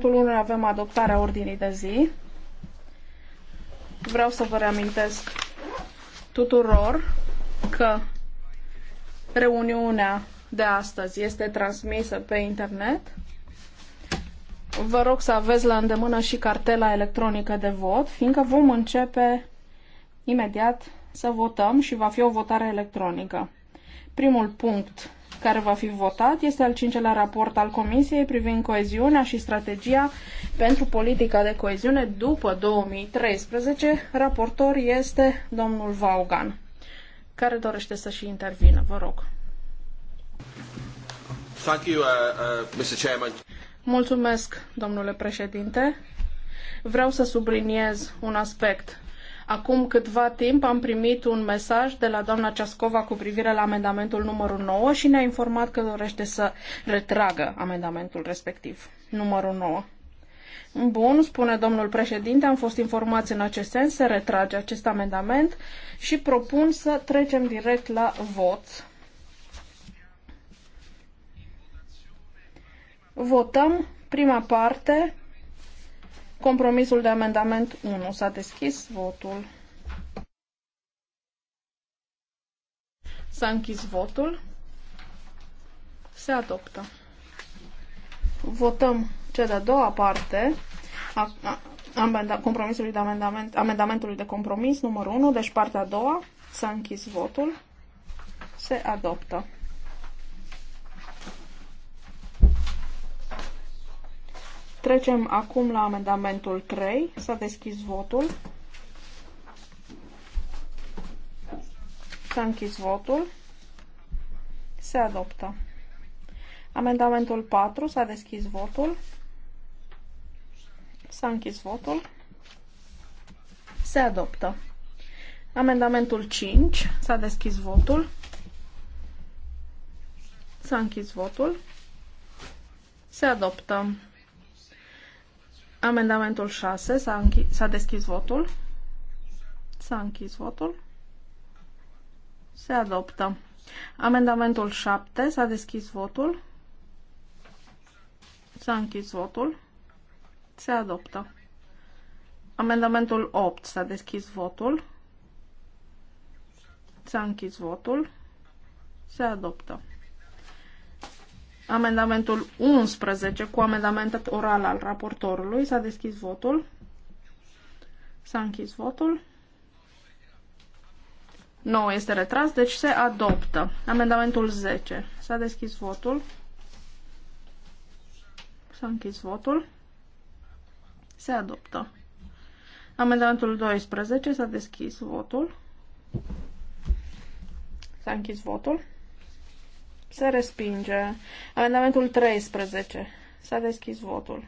Punctul 1 avem adoptarea ordinii de zi. Vreau să vă reamintesc tuturor că reuniunea de astăzi este transmisă pe internet. Vă rog să aveți la îndemână și cartela electronică de vot, fiindcă vom începe imediat să votăm și va fi o votare electronică. Primul punct care va fi votat este al cincelea raport al Comisiei privind coeziunea și strategia pentru politica de coeziune după 2013. Raportor este domnul Vaughan, care dorește să și intervină. Vă rog. Thank you, uh, uh, Mr. Chairman. Mulțumesc, domnule președinte. Vreau să subliniez un aspect Acum câtva timp am primit un mesaj de la doamna Ceascova cu privire la amendamentul numărul 9 și ne-a informat că dorește să retragă amendamentul respectiv, numărul 9. Bun, spune domnul președinte, am fost informați în acest sens, se retrage acest amendament și propun să trecem direct la vot. Votăm prima parte Compromisul de amendament 1. S-a deschis votul. S-a închis votul. Se adoptă. Votăm cea de-a doua parte a, a, compromisului de amendament, amendamentului de compromis numărul 1, deci partea a doua. S-a închis votul. Se adoptă. Trecem acum la amendamentul 3. S-a deschis votul. S-a închis votul. Se adoptă. Amendamentul 4. S-a deschis votul. S-a închis votul. Se adoptă. Amendamentul 5. S-a deschis votul. S-a închis votul. Se adoptă. Amendamentul 6. S-a, închi- s-a deschis votul. S-a închis votul. Se adoptă. Amendamentul 7. S-a deschis votul. S-a închis votul. Se adoptă. Amendamentul 8. S-a deschis votul. S-a închis votul. Se adoptă. Amendamentul 11 cu amendament oral al raportorului. S-a deschis votul. S-a închis votul. 9 este retras, deci se adoptă. Amendamentul 10. S-a deschis votul. S-a închis votul. Se adoptă. Amendamentul 12. S-a deschis votul. S-a închis votul. Se respinge. Amendamentul 13. S-a deschis votul.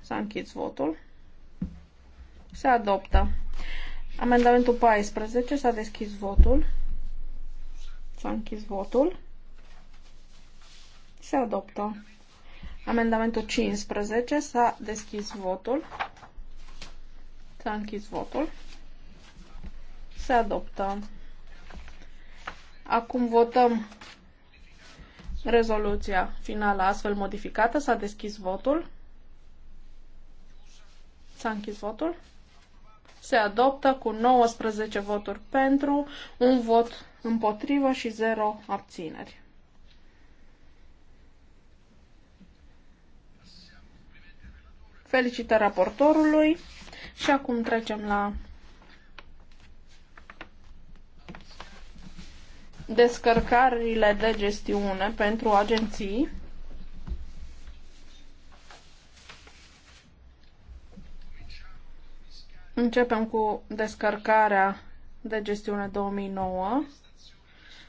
S-a închis votul. Se adoptă. Amendamentul 14. S-a deschis votul. S-a închis votul. Se adoptă. Amendamentul 15. S-a deschis votul. S-a închis votul. Se adoptă. Acum votăm rezoluția finală astfel modificată. S-a deschis votul. S-a închis votul. Se adoptă cu 19 voturi pentru, un vot împotrivă și 0 abțineri. Felicitări raportorului și acum trecem la descărcările de gestiune pentru agenții. Începem cu descărcarea de gestiune 2009,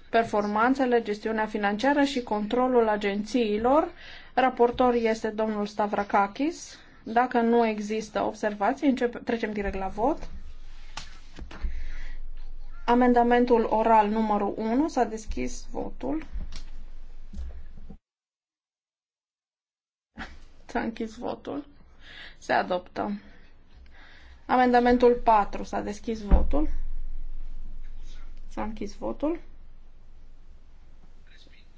performanțele, gestiunea financiară și controlul agențiilor. Raportor este domnul Stavrakakis. Dacă nu există observații, începe, trecem direct la vot. Amendamentul oral numărul 1. S-a deschis votul. S-a închis votul. Se adoptă. Amendamentul 4. S-a deschis votul. S-a închis votul.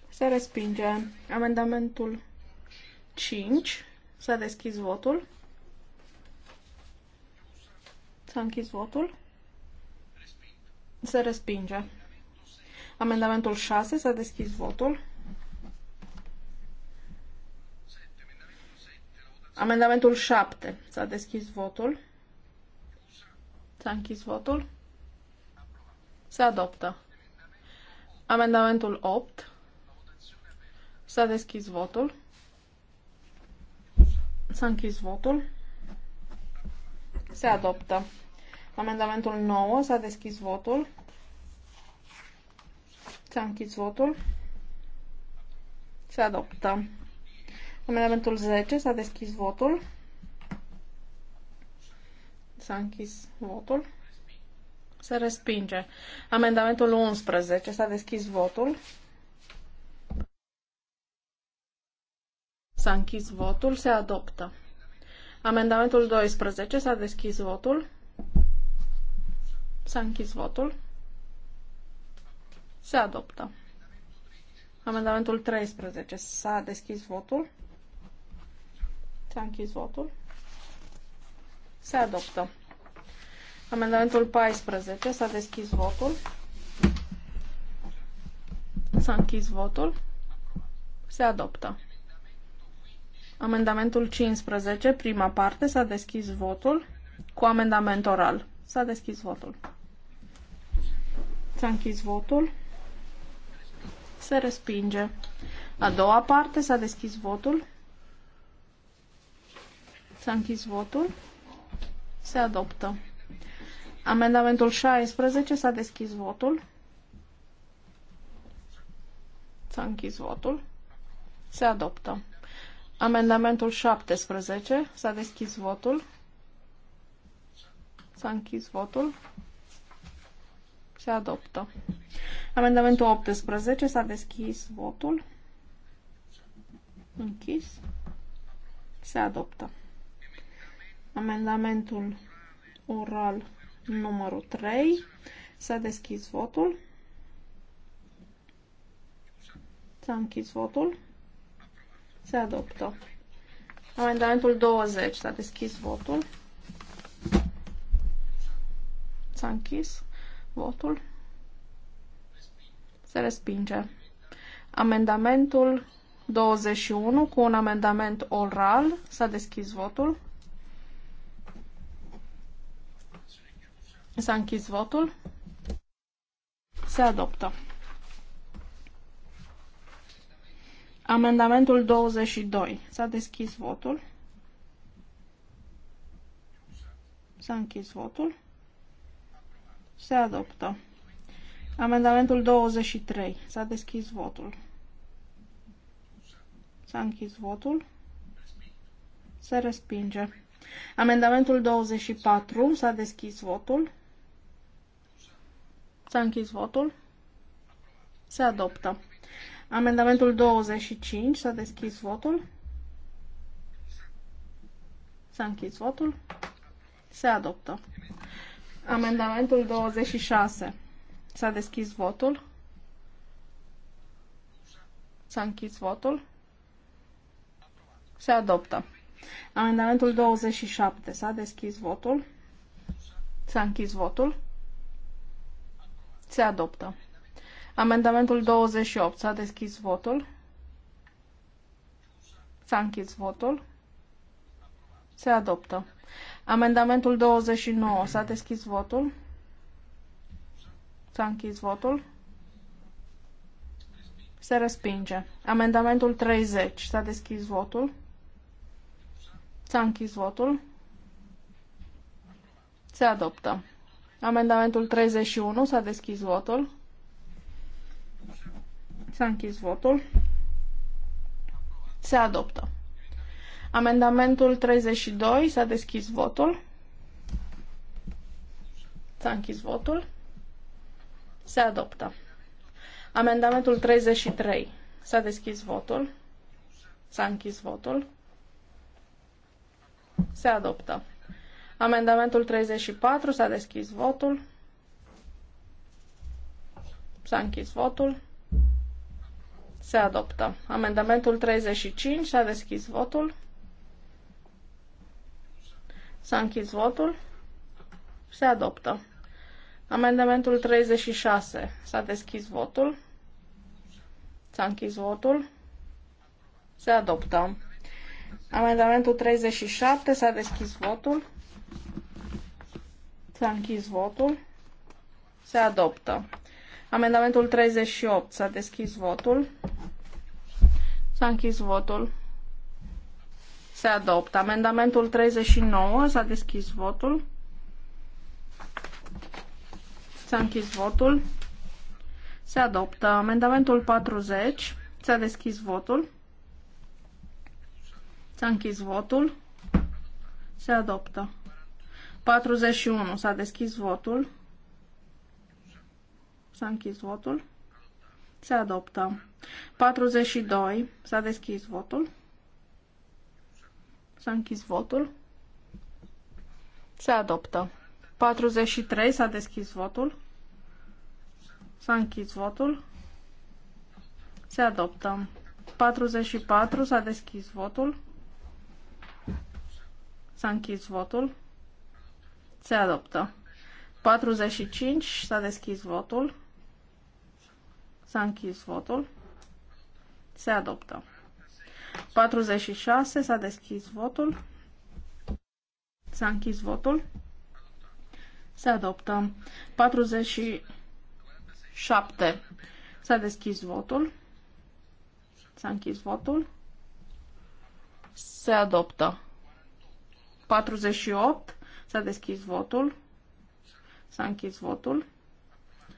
Se respinge. Amendamentul 5. S-a deschis votul. S-a închis votul. Se respinge. Amendamentul 6. S-a deschis votul. Amendamentul 7. S-a deschis votul. S-a închis votul. Se adoptă. Amendamentul 8. S-a deschis votul. S-a închis votul. Se adoptă. Amendamentul 9. S-a deschis votul. S-a închis votul. Se adoptă. Amendamentul 10. S-a deschis votul. S-a închis votul. Se respinge. Amendamentul 11. S-a deschis votul. S-a închis votul. Se adoptă. Amendamentul 12. S-a deschis votul. S-a închis votul. Se adoptă. Amendamentul 13. S-a deschis votul. S-a închis votul. Se adoptă. Amendamentul 14. S-a deschis votul. S-a închis votul. Se adoptă. Amendamentul 15, prima parte, s-a deschis votul cu amendament oral. S-a deschis votul s închis votul. Se respinge. A doua parte s-a deschis votul. S-a închis votul. Se adoptă. Amendamentul 16 s-a deschis votul. S-a închis votul. Se adoptă. Amendamentul 17 s-a deschis votul. S-a închis votul. Se adoptă. Amendamentul 18. S-a deschis votul. Închis. Se adoptă. Amendamentul oral numărul 3. S-a deschis votul. S-a închis votul. Se adoptă. Amendamentul 20. S-a deschis votul. S-a închis. Votul. Se respinge. Amendamentul 21 cu un amendament oral. S-a deschis votul. S-a închis votul. Se adoptă. Amendamentul 22. S-a deschis votul. S-a închis votul. Se adoptă. Amendamentul 23. S-a deschis votul. S-a închis votul. Se respinge. Amendamentul 24. S-a deschis votul. S-a închis votul. Se adoptă. Amendamentul 25. S-a deschis votul. S-a închis votul. Se adoptă. Amendamentul 26. S-a deschis votul. S-a închis votul. Se adoptă. Amendamentul 27. S-a deschis votul. S-a închis votul. Se adoptă. Amendamentul 28. S-a deschis votul. S-a închis votul. Se adoptă. Amendamentul 29. S-a deschis votul. S-a închis votul. Se respinge. Amendamentul 30. S-a deschis votul. S-a închis votul. Se adoptă. Amendamentul 31. S-a deschis votul. S-a închis votul. Se adoptă. Amendamentul 32. S-a deschis votul. S-a închis votul. Se adoptă. Amendamentul 33. S-a deschis votul. S-a închis votul. Se adoptă. Amendamentul 34. S-a deschis votul. S-a închis votul. Se adoptă. Amendamentul 35. S-a deschis votul. S-a închis votul. Se adoptă. Amendamentul 36. S-a deschis votul. S-a închis votul. Se adoptă. Amendamentul 37. S-a deschis votul. S-a închis votul. Se adoptă. Amendamentul 38. S-a deschis votul. S-a închis votul. Se adoptă. Amendamentul 39. S-a deschis votul. S-a închis votul. Se adoptă. Amendamentul 40. S-a deschis votul. S-a închis votul. Se adoptă. 41. S-a deschis votul. S-a închis votul. Se adoptă. 42. S-a deschis votul. S-a închis votul. Se adoptă. 43. S-a deschis votul. S-a închis votul. Se adoptă. 44. S-a deschis votul. S-a închis votul. Se adoptă. 45. S-a deschis votul. S-a închis votul. Se adoptă. 46 s-a deschis votul. S-a închis votul. Se adoptă. 47 s-a deschis votul. S-a închis votul. Se adoptă. 48 s-a deschis votul. S-a închis votul.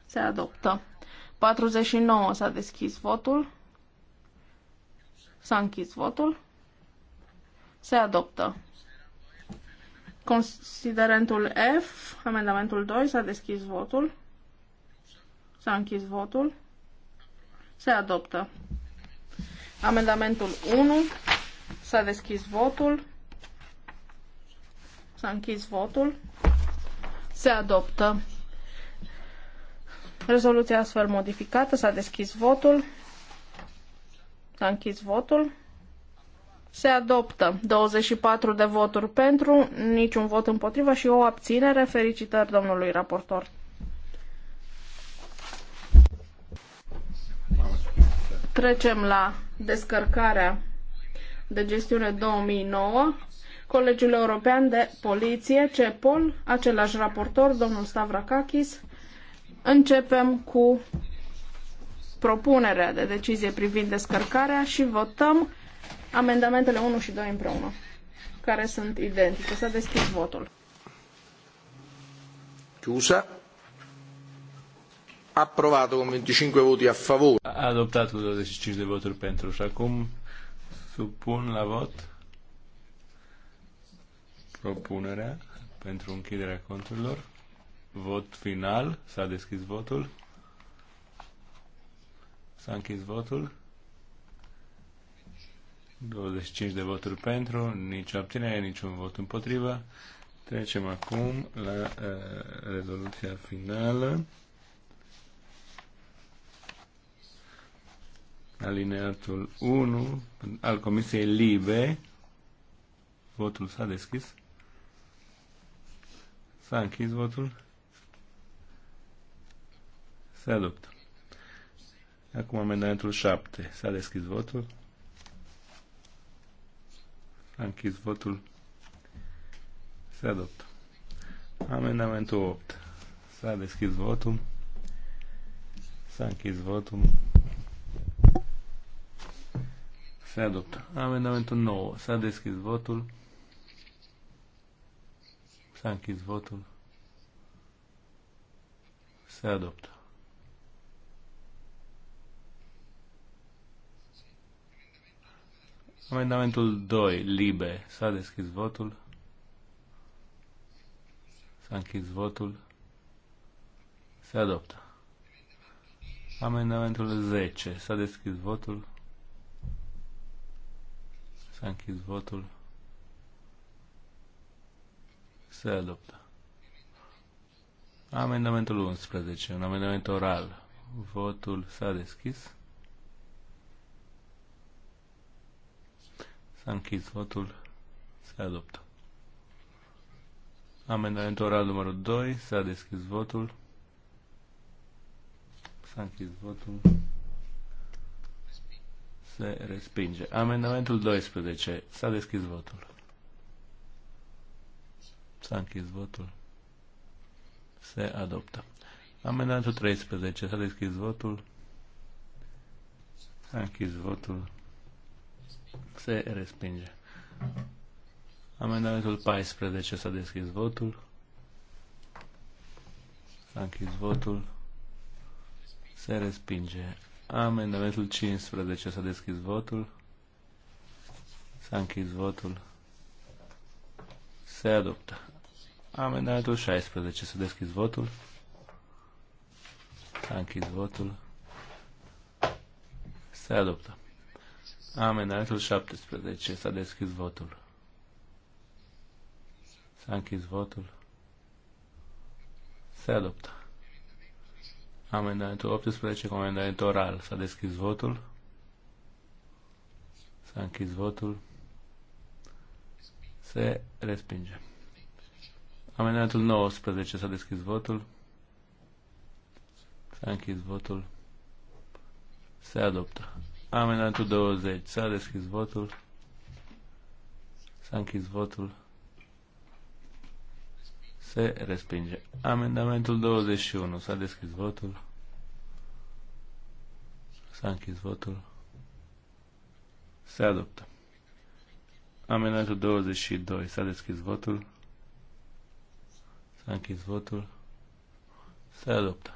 Se adoptă. 49 s-a deschis votul. S-a închis votul. Se adoptă. Considerentul F, amendamentul 2, s-a deschis votul. S-a închis votul. Se adoptă. Amendamentul 1, s-a deschis votul. S-a închis votul. Se adoptă. Rezoluția astfel modificată, s-a deschis votul a închis votul. Se adoptă 24 de voturi pentru, niciun vot împotrivă și o abținere. Felicitări domnului raportor. Trecem la descărcarea de gestiune 2009. Colegiul European de Poliție, CEPOL, același raportor, domnul Stavrakakis. Începem cu propunerea de decizie privind descărcarea și votăm amendamentele 1 și 2 împreună, care sunt identice. S-a deschis votul. Chiusa. Aprovat cu 25 voti a favoare. Adoptat cu 25 de voturi pentru. Și acum supun la vot propunerea pentru închiderea conturilor. Vot final. S-a deschis votul. S-a închis votul. 25 de voturi pentru, nici abținere, niciun vot împotrivă. Trecem acum la uh, rezoluția finală. Alineatul 1 al Comisiei Libe. Votul s-a deschis. S-a închis votul. Se adoptă. Acum amendamentul 7. S-a deschis votul. S-a închis votul. Se adoptă. Amendamentul 8. S-a deschis votul. S-a închis votul. Se adoptă. Amendamentul 9. S-a deschis votul. S-a închis votul. Se adoptă. Amendamentul 2, libe. S-a deschis votul. S-a închis votul. Se adoptă. Amendamentul 10. S-a deschis votul. S-a închis votul. Se adoptă. Amendamentul 11. Un amendament oral. Votul s-a deschis. S-a închis votul. Se adoptă. Amendamentul oral numărul 2. S-a deschis votul. S-a închis votul. Se respinge. Amendamentul 12. S-a deschis votul. S-a închis votul. Se adoptă. Amendamentul 13. S-a deschis votul. S-a închis votul. Se respinge. Amendamentul 14 s-a deschis votul. S-a închis votul. Se respinge. Amendamentul 15 s-a deschis votul. S-a închis votul. Se adoptă. Amendamentul 16 s-a deschis votul. S-a închis votul. Se adoptă. Amendamentul 17. S-a deschis votul. S-a închis votul. Se adoptă. Amendamentul 18, comandament oral. S-a deschis votul. S-a închis votul. Se respinge. Amendamentul 19, s-a deschis votul. S-a închis votul. Se adoptă. Amendamentul 20. S-a deschis votul. S-a închis votul. Se respinge. Amendamentul 21. S-a deschis votul. S-a închis votul. Se adoptă. Amendamentul 22. S-a deschis votul. S-a închis votul. Se adoptă.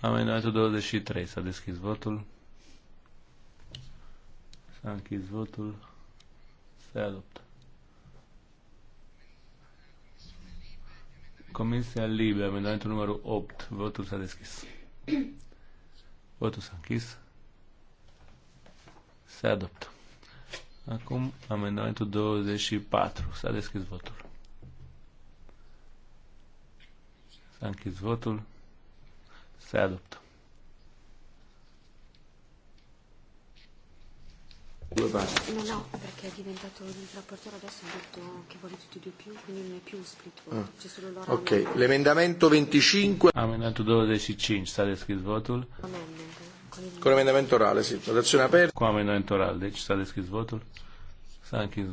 Amendamentul 23. S-a deschis votul. S-a închis votul. Se adoptă. Comisia Libe, amendamentul numărul 8. Votul s-a deschis. Votul s-a închis. Se adoptă. Acum amendamentul 24. S-a deschis votul. S-a închis votul. Se adoptă. Due parti. No, no, perché è diventato il rapportore adesso ha detto che vuole tutti e due più, quindi non è più split vote, ah. c'è solo l'ora. Ok, l'emendamento 25. Amendamento 25, sta descritto il voto. Con emendamento orale, sì. Votazione aperta. Con emendamento orale, deci sta deschis votul. S-a închis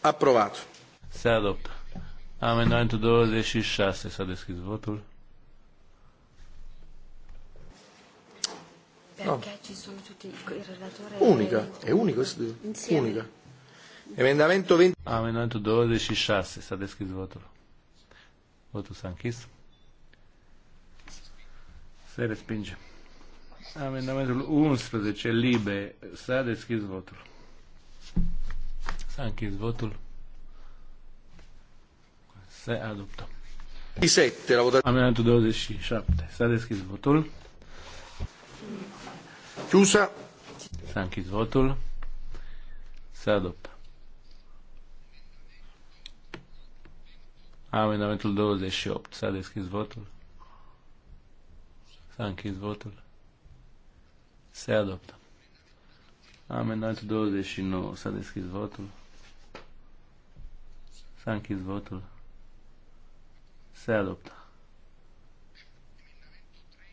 Aprobat. Se adoptă. Amendamentul 26 s-a deschis votul. no. ci sono tutti i relatori? unica, è questo. Insieme. unica. Emendamentul 20. Amendamentul 26. S-a deschis votul. Votul s Se respinge. Amendamentul 11. Libe. S-a deschis votul. S-a închis votul. Se adoptă. 7, la votat... Amendamentul 27. S-a deschis votul. Mm. Chiusa. S-a închis votul. Se adoptă. Amendamentul 28. S-a deschis votul. S-a închis votul. Se adoptă. Amendamentul 29. S-a deschis votul. S-a închis votul. Se adoptă.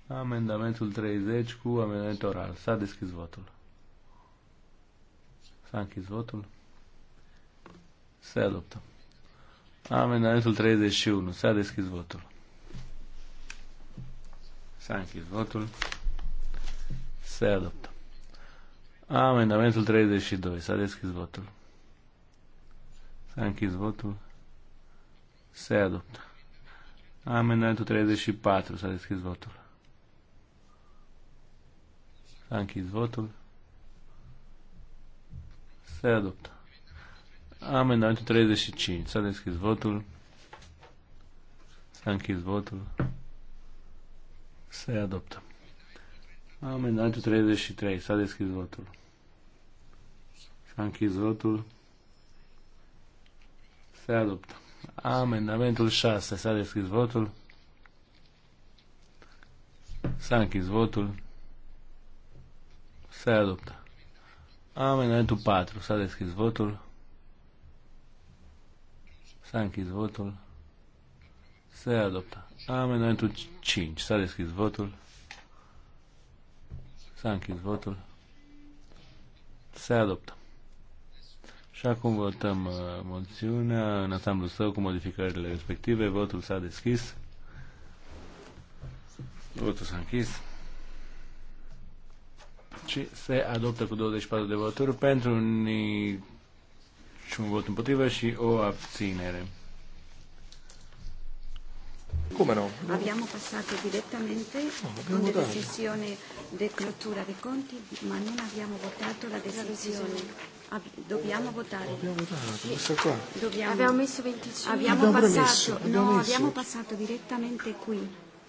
Amendamentul 30 cu amendament oral. S-a deschis votul. S-a închis votul. Se adoptă. Amendamentul 31. S-a deschis votul. S-a închis votul. Se adoptă. Amendamentul 32. S-a deschis votul. S-a închis votul. Se adoptă. Amendamentul 34. S-a deschis votul. S-a închis votul. Se adoptă. Amendamentul 35. S-a deschis votul. S-a închis votul. Se adoptă. Amendamentul 33. S-a deschis votul. S-a închis votul. Se adoptă. Amendamentul 6. S-a deschis votul. S-a închis votul. Se adoptă. Amendamentul 4. S-a deschis votul. S-a închis votul. Se adoptă. Amendamentul 5. S-a deschis votul. S-a închis votul. Se adoptă. Și acum votăm uh, moțiunea în ansamblu său cu modificările respective. Votul s-a deschis. Votul s-a închis și se adoptă cu 24 de voturi pentru niciun vot împotrivă și o abținere. Come no? Abbiamo passato direttamente no, ah, con la decisione di clottura dei conti, ma non abbiamo votato la decisione. Ab- dobbiamo votare. Abbiamo votato, questa qua. Dobbiamo. Abbiamo messo 25. Abbiamo, abbiamo passato, premesso, no, abbiamo, abbiamo passato direttamente qui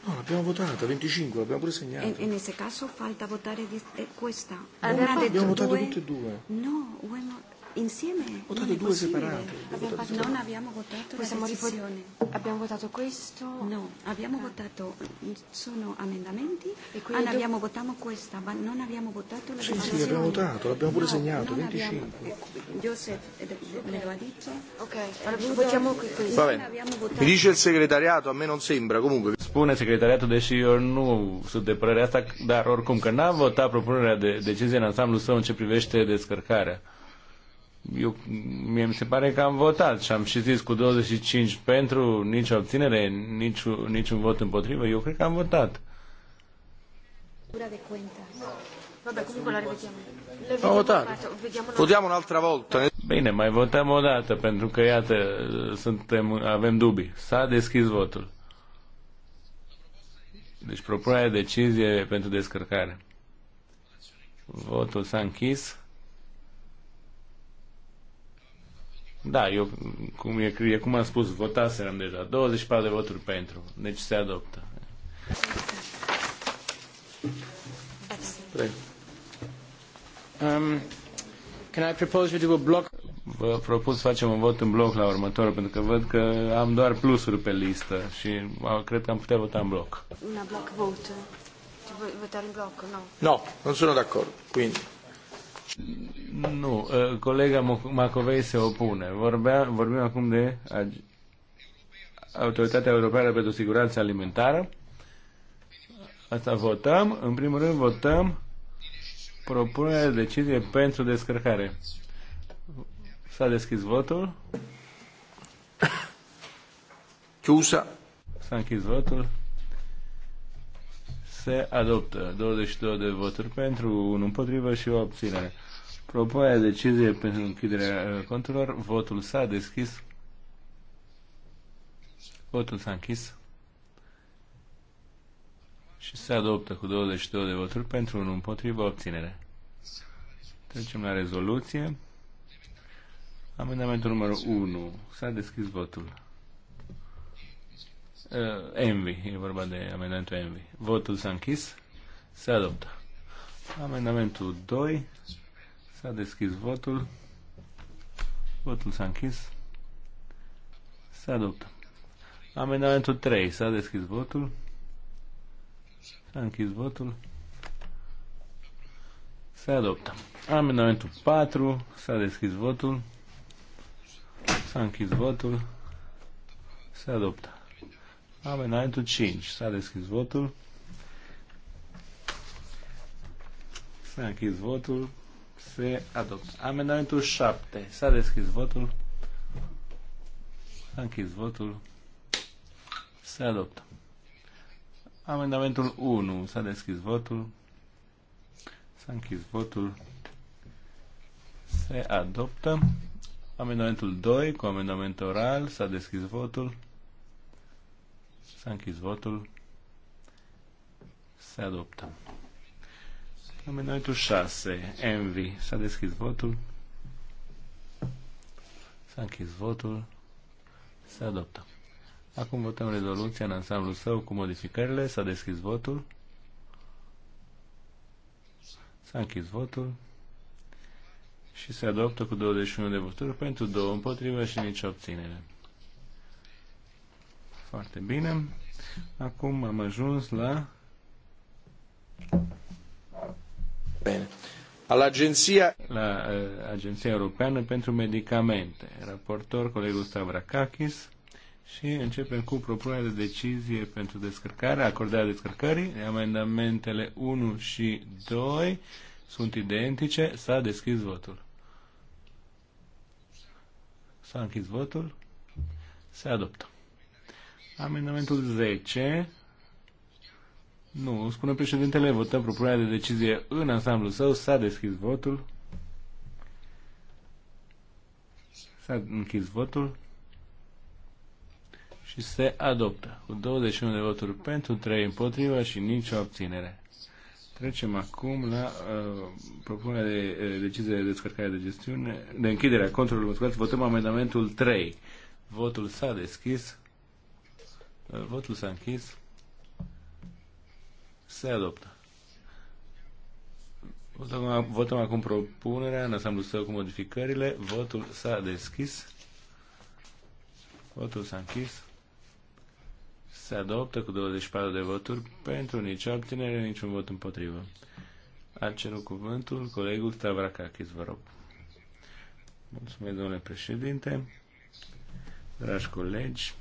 No, ah, l'abbiamo votata, 25, l'abbiamo pure segnata. E, in questo caso falta votare di, eh, questa. Una no, abbiamo due... votato tutte e due. No, bueno, insieme? Votate due separate. Abbiamo fatto, non abbiamo votato da. Possiamo la decisione. Abbiamo votato questo? No, abbiamo ah. votato, sono emendamenti, e quindi ah, abbiamo, votato questa, ma non abbiamo votato la decisione. Sì, sì, abbiamo votato, l'abbiamo pure no, segnato, 25. Joseph me lo ha detto. Ok, allora votiamo questo. Mi dice il segretariato, a me non sembra, comunque. Spune secretariatul, deși eu nu sunt de părerea asta, dar oricum că n-am votat propunerea de decizie în ansamblu său în ce privește descărcarea eu, mie mi se pare că am votat și am și zis cu 25 pentru, nicio obținere, nici, niciun vot împotrivă, eu cred că am votat. Da, da, am votat. o un'altra volta. Bine, mai votăm o dată, pentru că, iată, suntem, avem dubii. S-a deschis votul. Deci propunerea de decizie pentru descărcare. Votul s-a închis. Da, eu, cum, e, eu, cum am spus, votaseram deja. 24 de voturi pentru. Deci se adoptă. Um, can I propose we do a block? Vă propun să facem un vot în bloc la următorul, pentru că văd că am doar plusuri pe listă și cred că am putea vota în bloc. Una bloc vot, Votare în bloc, nu. No. no, non sono d'accordo, quindi. Nu, ă, colega Macovei se opune. Vorbea, vorbim acum de Autoritatea Europeană pentru Siguranță Alimentară. Asta votăm. În primul rând votăm propunerea de decizie pentru descărcare. S-a deschis votul. Chiusa. S-a închis votul se adoptă. 22 de voturi pentru, 1 împotrivă și o abținere. Propoia decizie pentru închiderea uh, conturilor. Votul s-a deschis. Votul s-a închis. Și se adoptă cu 22 de voturi pentru, 1 împotrivă, obținere. Trecem la rezoluție. Amendamentul numărul 1. S-a deschis votul. Uh, Envi, e vorba de amendamentul Envi. Votul s-a închis, se adoptă. Amendamentul 2, s-a deschis votul, votul s-a închis, se adoptă. Amendamentul 3, s-a deschis votul, s-a închis votul, se adoptă. Amendamentul 4, s-a deschis votul, s-a închis votul, se adoptă. Amendamentul 5. S-a deschis votul. S-a închis votul. Se adoptă. Amendamentul 7. S-a deschis votul. S-a închis votul. Se adoptă. Amendamentul 1. S-a deschis votul. S-a închis votul. Se adoptă. Amendamentul 2 cu amendament oral. S-a deschis votul. S-a închis votul. Se adoptă. Amendamentul 6. Envy. S-a deschis votul. S-a închis votul. Se adoptă. Acum votăm rezoluția în ansamblul său cu modificările. S-a deschis votul. S-a închis votul și se adoptă cu 21 de voturi pentru 2 împotrivă și nici obținere. Foarte bine. Acum am ajuns la... Bine. La uh, Agenția Europeană pentru Medicamente. Raportor, colegul Stavrakakis. Și începem cu propunerea de decizie pentru descărcare, acordarea descărcării. Amendamentele 1 și 2 sunt identice. S-a deschis votul. S-a închis votul. Se adoptă. Amendamentul 10. Nu, spune președintele, votăm propunerea de decizie în ansamblu său. S-a deschis votul. S-a închis votul și se adoptă cu 21 de voturi pentru, 3 împotriva și nicio abținere. Trecem acum la uh, propunerea de uh, decizie de descărcare de gestiune, de închidere a controlului. Votăm amendamentul 3. Votul s-a deschis. Votul s-a închis. Se adoptă. Votăm, votăm acum propunerea în asamblu său cu modificările. Votul s-a deschis. Votul s-a închis. Se adoptă cu 24 de voturi pentru nicio obținere, niciun vot împotrivă. A cerut cuvântul colegul Stavrakakis, vă rog. Mulțumesc, domnule președinte, dragi colegi.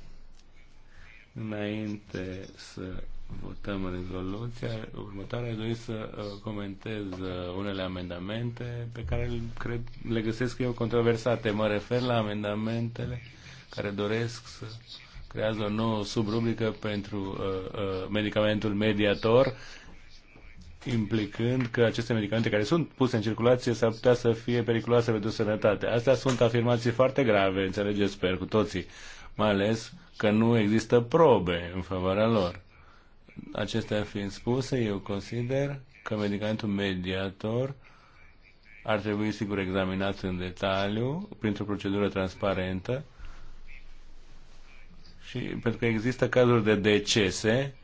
Înainte să votăm rezoluția Următoarea aș dori să uh, comentez uh, unele amendamente pe care cred, le găsesc eu controversate. Mă refer la amendamentele care doresc să creează o nouă subrubrică pentru uh, uh, medicamentul mediator, implicând că aceste medicamente care sunt puse în circulație s-ar putea să fie periculoase pentru sănătate. Astea sunt afirmații foarte grave, înțelegeți, sper, cu toții mai ales că nu există probe în favoarea lor. Acestea fiind spuse, eu consider că medicamentul mediator ar trebui, sigur, examinat în detaliu, printr-o procedură transparentă, și pentru că există cazuri de decese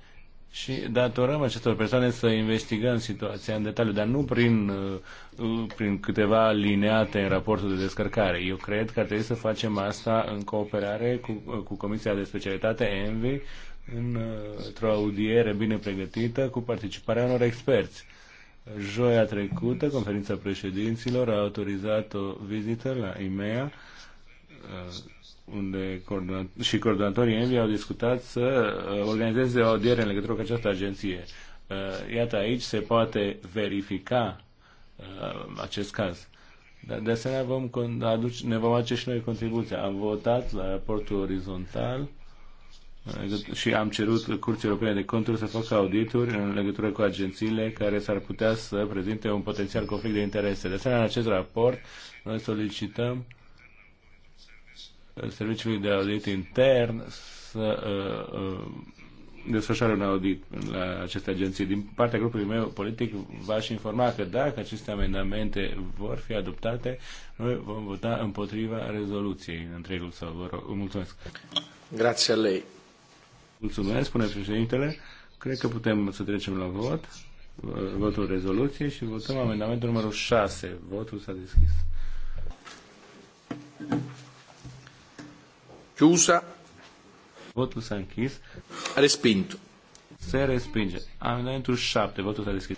și datorăm acestor persoane să investigăm situația în detaliu, dar nu prin, uh, uh, prin câteva lineate în raportul de descărcare. Eu cred că ar trebui să facem asta în cooperare cu, uh, cu Comisia de Specialitate ENVI într-o audiere bine pregătită cu participarea unor experți. Joia trecută, conferința președinților a autorizat o vizită la IMEA unde coordonat- și coordonatorii Envi au discutat să uh, organizeze o audiere în legătură cu această agenție. Uh, iată, aici se poate verifica uh, acest caz. Dar de asemenea vom aduce, ne vom face și noi contribuția. Am votat la raportul orizontal și am cerut Curții Europene de Conturi să facă audituri în legătură cu agențiile care s-ar putea să prezinte un potențial conflict de interese. De asemenea, în acest raport noi solicităm Serviciului de Audit Intern să uh, uh, desfășoare un audit la aceste agenții. Din partea grupului meu politic v-aș informa că dacă aceste amendamente vor fi adoptate, noi vom vota împotriva rezoluției în întregul sau vă rog. Mulțumesc. Grație lei. Mulțumesc, spune președintele. Cred că putem să trecem la vot. Votul rezoluției și votăm amendamentul numărul 6. Votul s-a deschis. Chiusa. Votul s-a închis. Respinto. Se respinge. Amendamentul 7. Votul s-a deschis.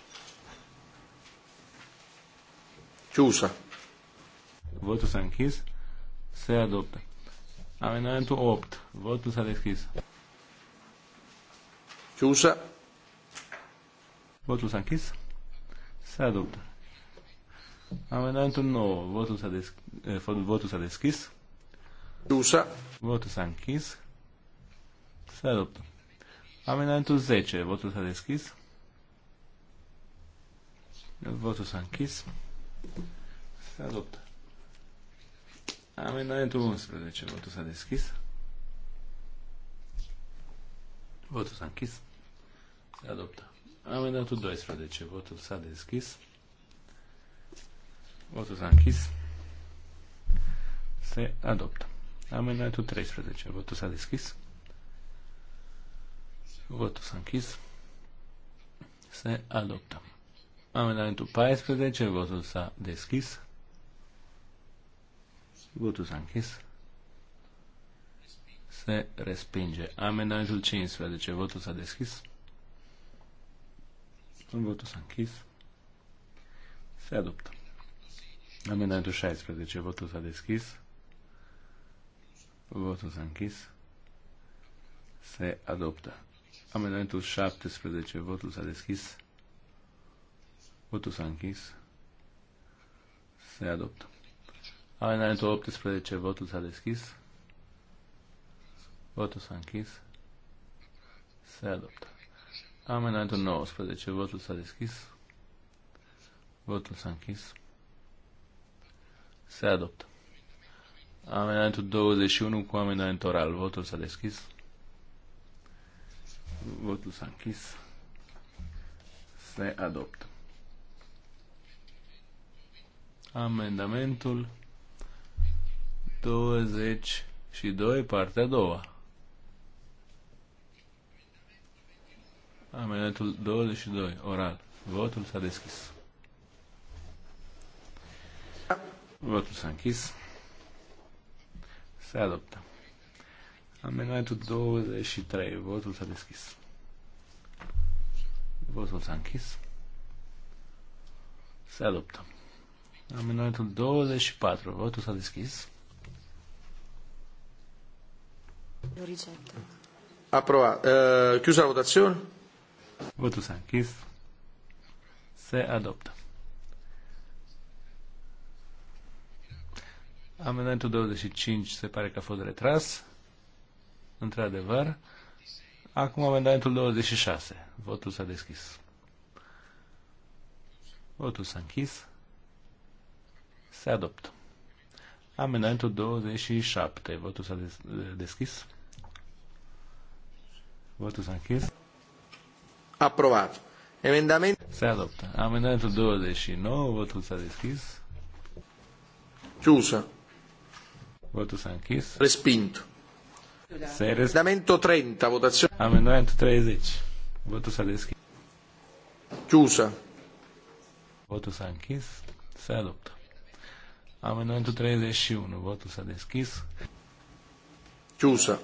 Chiusa. Votul s-a închis. Se adoptă. Amendamentul 8. Votul s-a deschis. Chiusa. Votul s-a închis. Se adoptă. Amendamentul 9. Eh, votul s-a, deschis. votul s-a deschis. Usa. Votul s-a închis. Se adoptă. Amendamentul 10. Votul s-a deschis. Votul s-a închis. Se adoptă. Amendamentul 11. Votul s-a deschis. Votul s-a închis. Se adoptă. Amendamentul 12. Votul s-a deschis. Votul s-a închis. Se adoptă. Amendamentul 13. Votul s-a deschis. Votul s-a închis. Se adoptă. Amendamentul 14. Votul s-a deschis. Votul s-a închis. Se respinge. Amendamentul 15. Votul s-a deschis. Votul s-a închis. Se adoptă. Amendamentul 16. Votul s-a deschis. Votul s-a închis. Se adoptă. Amendamentul 17. Votul s-a deschis. Votul s-a închis. Se adoptă. Amendamentul 18. Votul s-a deschis. Votul s-a închis. Se adoptă. Amendamentul 19. Votul s-a deschis. Votul s-a închis. Se adoptă. Amendamentul 21 cu amendament oral. Votul s-a deschis. Votul s-a închis. Se adoptă. Amendamentul 22, partea a doua. Amendamentul 22, oral. Votul s-a deschis. Votul s-a închis. Se adoptă. Amendamentul 23. Votul s-a deschis. Votul s-a închis. Se adoptă. Amendamentul 24. Votul s-a deschis. Aprova. Uh, chiusa la votazione. Votul s-a închis. Se adoptă. Amendamentul 25 se pare că a fost retras. Într-adevăr. Acum amendamentul 26. Votul s-a deschis. Votul s-a închis. Se adoptă. Amendamentul 27. Votul s-a deschis. Votul s-a închis. Aprobat. Amendament. Se adoptă. Amendamentul 29. Votul s-a deschis. Chiusa. Votul s-a închis. Respinto. Se res... Amendamento 30, votazione. Amendamento 30. Votul s-a deschis. Chiusa. Votul s-a închis. Se adoptă. Amendamentul 31. Votul s-a deschis. Chiusa.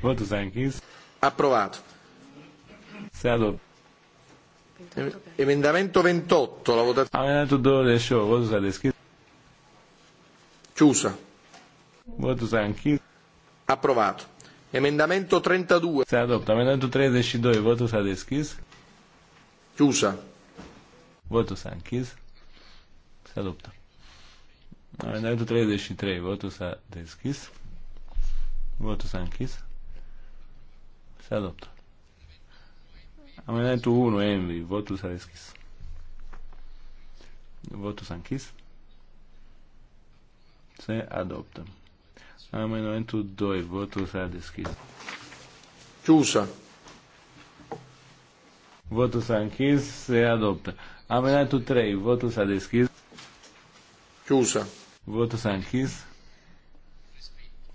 Votul s-a închis. Approvato. Se adoptă. Emendamento 28, la votazione. Amendamentul 28, votul s-a deschis. Chiusa. Votul s-a închis. Aprobat. Emendamentul 32. Se adoptă. Amendamentul 32. Votul s-a deschis. Chiusa. Votul s-a închis. Se adoptă. Amendamentul 33. Votul s-a deschis. Votul s-a închis. Se adoptă. Amendamentul 1. Envy. Votul s-a deschis. Votul s-a închis. Se adoptă. Amendamentul 2. Votul s-a deschis. Ciusa. Votul s-a închis. Se adoptă. Amendamentul 3. Votul s-a deschis. Ciusa. Votul s-a închis.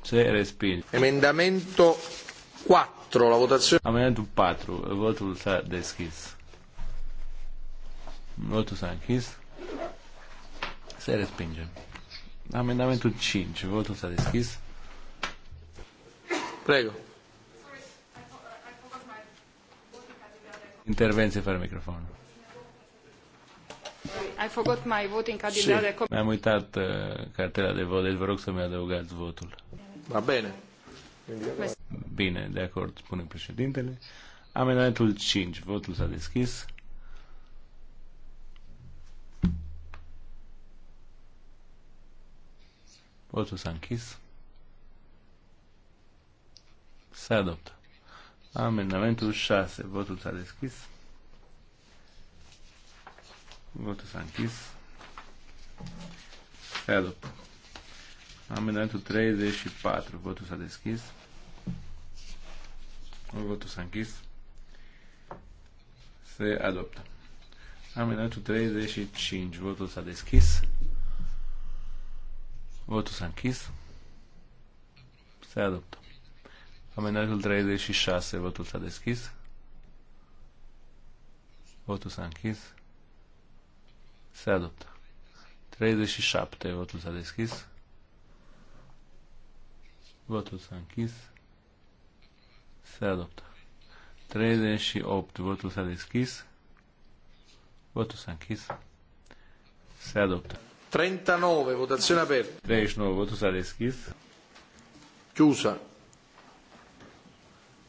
Se respinge. Emendamentul 4. La votazione. Amendamentul 4. Votul s-a deschis. Votul s-a închis. Se respinge. Amendamentul 5. Votul s-a deschis. Prego. Intervenție fără microfon. I forgot my voting card sì. Mi-am uitat uh, cartela de vot, deci vă rog să-mi adăugați votul. Va bine. Bine, de acord, spune președintele. Amendamentul 5, votul s-a deschis. Votul s-a închis. Se adoptă. Amendamentul 6. Votul s-a deschis. Votul s-a închis. Se adoptă. Amendamentul 34. Votul s-a deschis. Votul s-a închis. Se adoptă. Amendamentul 35. Votul s-a deschis. Votul s-a închis. Se adoptă. Amendamentul 36, votul s-a deschis. Votul s-a închis. Se adoptă. 37, votul s-a deschis. Votul s-a închis. Se adoptă. 38, votul s-a deschis. Votul s-a închis. Se adoptă. 39, votazione aperta. 39, votul s-a deschis. Chiusa.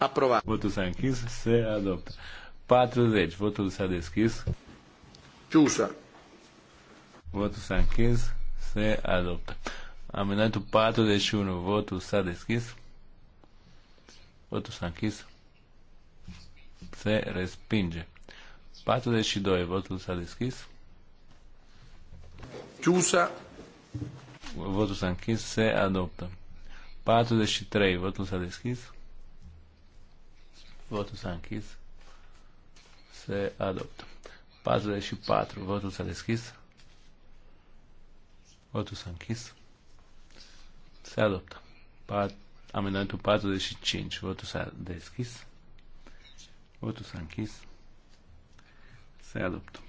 Aprobat. Votul s-a închis, se adoptă. 40. Votul s-a deschis. Ciusa. Votul s-a închis, se adoptă. Amendamentul 41. Votul s-a deschis. Votul s-a închis. Se respinge. 42. Votul s-a deschis. Ciusa. Votul s-a închis. Se adoptă. 43. Votul s-a deschis. Votul s-a închis. Se adoptă. 44. Votul s-a deschis. Votul s-a închis. Se adoptă. Pat... Amendamentul 45. Votul s-a deschis. Votul s-a închis. Se adoptă.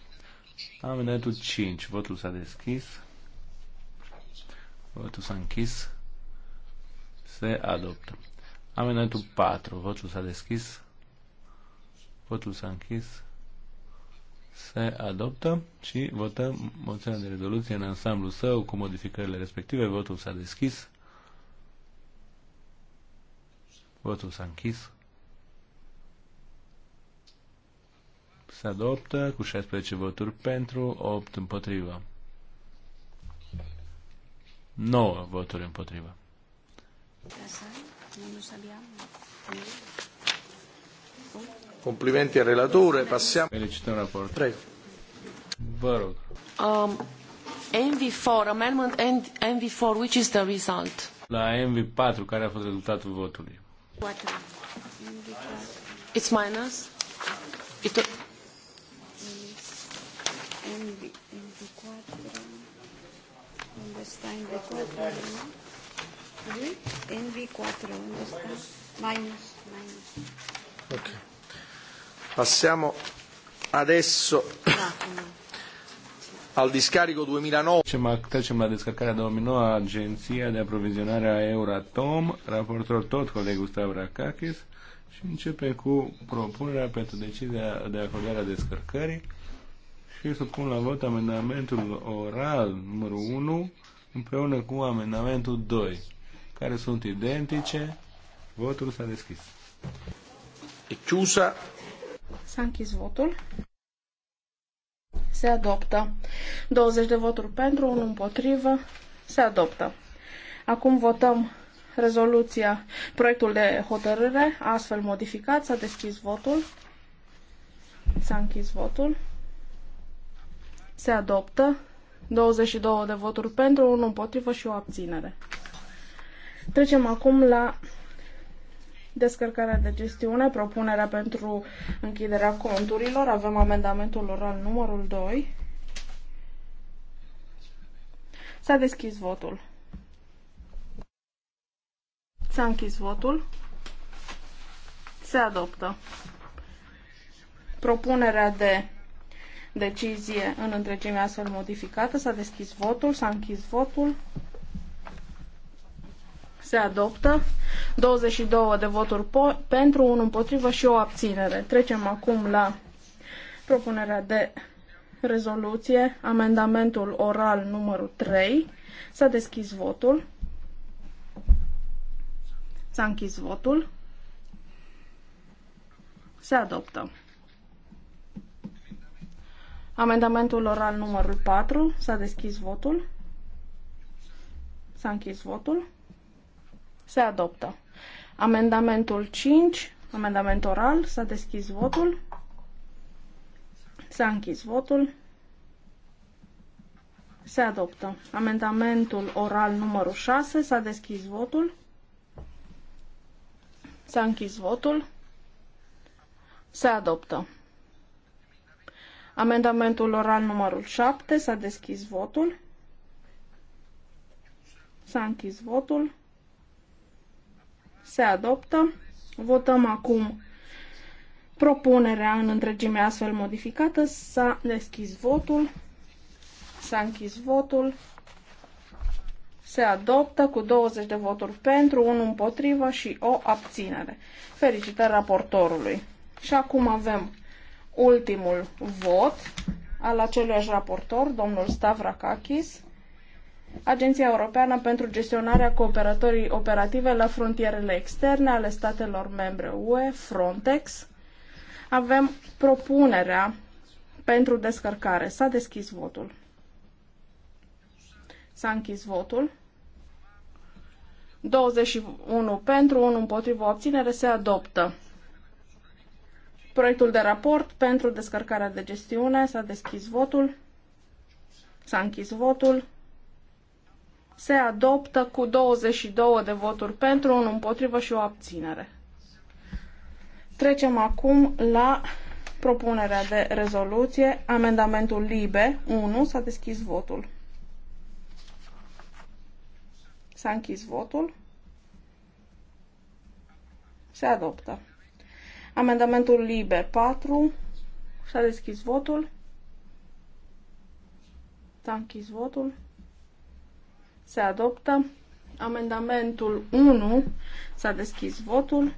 Amendamentul 5. Votul s-a deschis. Votul s-a închis. Se adoptă. Amendamentul 4. Votul s-a deschis. Votul s-a închis. Se adoptă și votăm moțiunea de rezoluție în ansamblu său cu modificările respective. Votul s-a deschis. Votul s-a închis. Se adoptă cu 16 voturi pentru, 8 împotrivă. 9 voturi împotrivă. Casa, Complimenti al relatore, passiamo... Felicităm raport. Prego. Vă rog. Um, 4 amendment nv 4 which is the result? La MV4, care a fost rezultatul votului? What? It's minus? It... MV, 4 unde sta nv 4 nv 4 minus. Okay. Passiamo adesso al discarico 2009. Trecem la descărcarea 2009 Agenția de Aprovizionare a Euratom, al tot le Gustavo Rakakis și începe cu propunerea pentru decizia de acordare a descărcării și supun la vot amendamentul oral numărul 1 împreună cu amendamentul 2 care sunt identice. Votul s-a deschis. E chiusa. S-a închis votul. Se adoptă. 20 de voturi pentru, 1 împotrivă. Se adoptă. Acum votăm rezoluția, proiectul de hotărâre, astfel modificat. S-a deschis votul. S-a închis votul. Se adoptă. 22 de voturi pentru, 1 împotrivă și o abținere. Trecem acum la descărcarea de gestiune, propunerea pentru închiderea conturilor, avem amendamentul oral numărul 2. S-a deschis votul. S-a închis votul. Se adoptă. Propunerea de decizie în întregime astfel modificată. S-a deschis votul, s-a închis votul. Se adoptă 22 de voturi pentru, 1 împotrivă și o abținere. Trecem acum la propunerea de rezoluție, amendamentul oral numărul 3. S-a deschis votul. S-a închis votul. Se adoptă. Amendamentul oral numărul 4. S-a deschis votul. S-a închis votul. Se adoptă. Amendamentul 5, amendament oral, s-a deschis votul. S-a închis votul. Se adoptă. Amendamentul oral numărul 6, s-a deschis votul. S-a închis votul. Se adoptă. Amendamentul oral numărul 7, s-a deschis votul. S-a închis votul se adoptă. Votăm acum propunerea în întregime astfel modificată. S-a deschis votul. S-a închis votul. Se adoptă cu 20 de voturi pentru, 1 împotrivă și o abținere. Felicitări raportorului. Și acum avem ultimul vot al acelui raportor, domnul Stavrakakis. Agenția Europeană pentru gestionarea cooperatorii operative la frontierele externe ale statelor membre UE, Frontex. Avem propunerea pentru descărcare. S-a deschis votul. S-a închis votul. 21 pentru, 1 împotrivă, obținere se adoptă. Proiectul de raport pentru descărcarea de gestiune s-a deschis votul. S-a închis votul se adoptă cu 22 de voturi pentru, un împotrivă și o abținere. Trecem acum la propunerea de rezoluție, amendamentul LIBE 1, s-a deschis votul. S-a închis votul. Se adoptă. Amendamentul LIBE 4, s-a deschis votul. S-a închis votul. Se adoptă. Amendamentul 1. S-a deschis votul.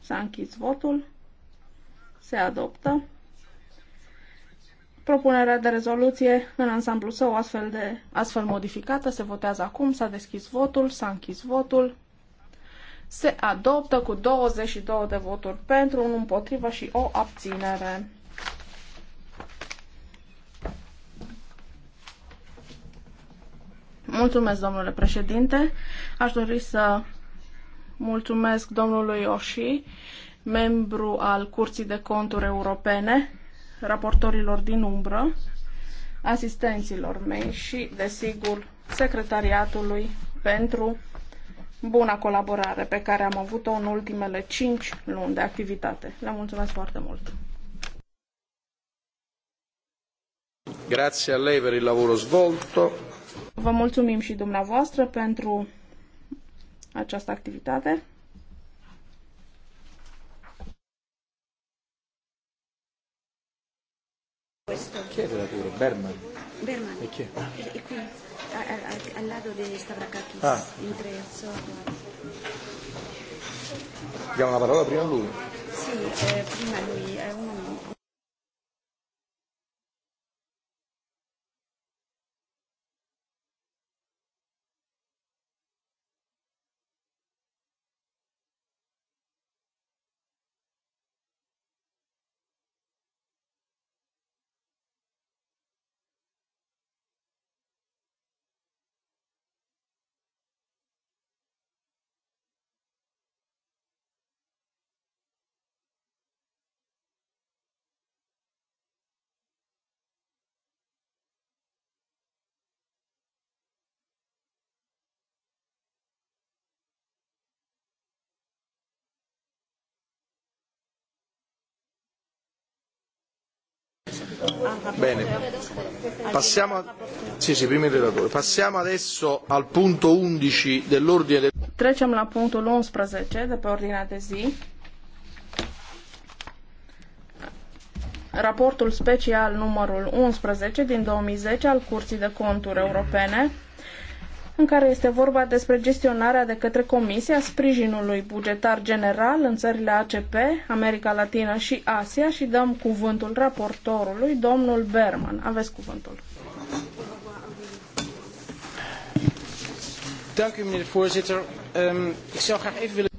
S-a închis votul. Se adoptă. Propunerea de rezoluție în ansamblu său astfel, de, astfel modificată se votează acum. S-a deschis votul. S-a închis votul. Se adoptă cu 22 de voturi pentru, un împotrivă și o abținere. Mulțumesc, domnule președinte. Aș dori să mulțumesc domnului Oși, membru al Curții de Conturi Europene, raportorilor din umbră, asistenților mei și, desigur, secretariatului pentru buna colaborare pe care am avut-o în ultimele 5 luni de activitate. Le mulțumesc foarte mult! Grazie a lei per il lavoro svolto. Vă mulțumim și dumneavoastră pentru această activitate. Questo. Chi è pure? Berman? Berman. E chi E qui, al, lado de lato di ah. in tre. So. Diamo la parola prima lui? Sì, eh, prima lui, è un momento. Bene. Passiamo, a... sì, sì, prima il relatore. Passiamo adesso al punto 11 dell'ordine del... Trecem la punctul 11 de pe ordinea de zi. Raportul special numărul 11 din 2010 al Curții de Conturi Europene în care este vorba despre gestionarea de către Comisia sprijinului bugetar general în țările ACP, America Latină și Asia și dăm cuvântul raportorului, domnul Berman. Aveți cuvântul. Ehm,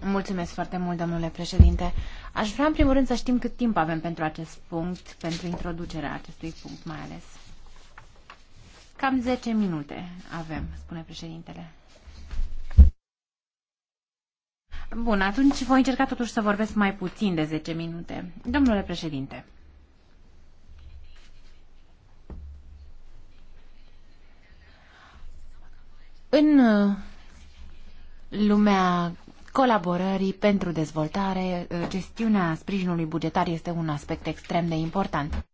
Mulțumesc foarte mult, domnule președinte. Aș vrea, în primul rând, să știm cât timp avem pentru acest punct, pentru introducerea acestui punct mai ales. Cam 10 minute avem, spune președintele. Bun, atunci voi încerca totuși să vorbesc mai puțin de 10 minute. Domnule președinte. În uh, lumea colaborării pentru dezvoltare, uh, gestiunea sprijinului bugetar este un aspect extrem de important.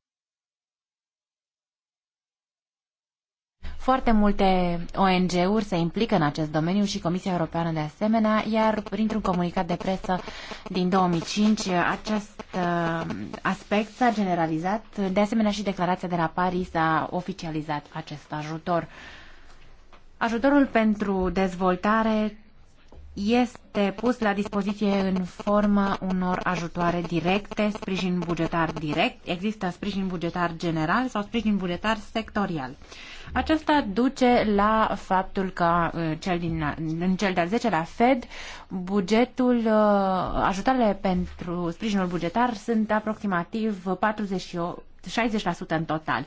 Foarte multe ONG-uri se implică în acest domeniu și Comisia Europeană de asemenea, iar printr-un comunicat de presă din 2005 acest uh, aspect s-a generalizat. De asemenea și declarația de la Paris a oficializat acest ajutor. Ajutorul pentru dezvoltare este pus la dispoziție în formă unor ajutoare directe, sprijin bugetar direct, există sprijin bugetar general sau sprijin bugetar sectorial. Aceasta duce la faptul că uh, cel din, uh, în cel de-al 10-lea Fed, bugetul, uh, ajutoarele pentru sprijinul bugetar sunt aproximativ 48, 60% în total.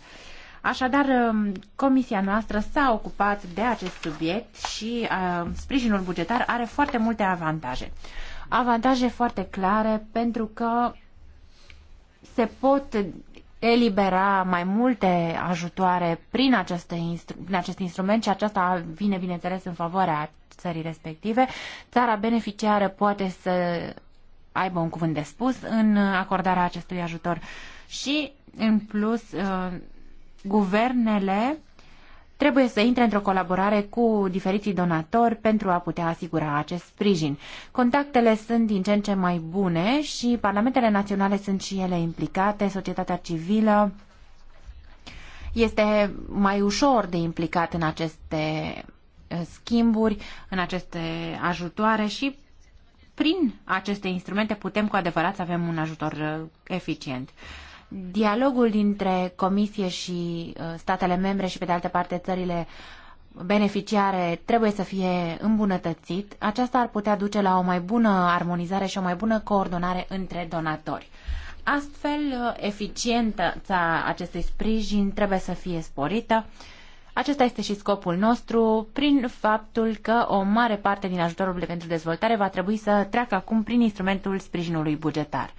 Așadar, um, comisia noastră s-a ocupat de acest subiect și uh, sprijinul bugetar are foarte multe avantaje. Avantaje foarte clare pentru că se pot elibera mai multe ajutoare prin, aceste instru- prin acest instrument și aceasta vine, bineînțeles, în favoarea țării respective. Țara beneficiară poate să aibă un cuvânt de spus în acordarea acestui ajutor și, în plus, uh, guvernele trebuie să intre într-o colaborare cu diferiții donatori pentru a putea asigura acest sprijin. Contactele sunt din ce în ce mai bune și parlamentele naționale sunt și ele implicate, societatea civilă este mai ușor de implicat în aceste uh, schimburi, în aceste ajutoare și prin aceste instrumente putem cu adevărat să avem un ajutor uh, eficient. Dialogul dintre Comisie și uh, statele membre și, pe de altă parte, țările beneficiare trebuie să fie îmbunătățit. Aceasta ar putea duce la o mai bună armonizare și o mai bună coordonare între donatori. Astfel, uh, eficiența acestui sprijin trebuie să fie sporită. Acesta este și scopul nostru prin faptul că o mare parte din ajutorul pentru dezvoltare va trebui să treacă acum prin instrumentul sprijinului bugetar.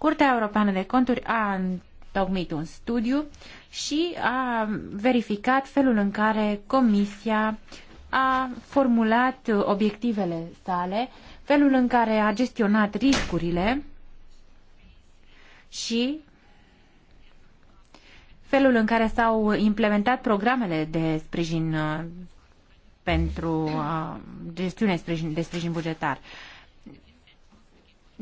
Curtea Europeană de Conturi a întocmit un studiu și a verificat felul în care Comisia a formulat obiectivele sale, felul în care a gestionat riscurile și felul în care s-au implementat programele de sprijin uh, pentru uh, gestiune de sprijin bugetar.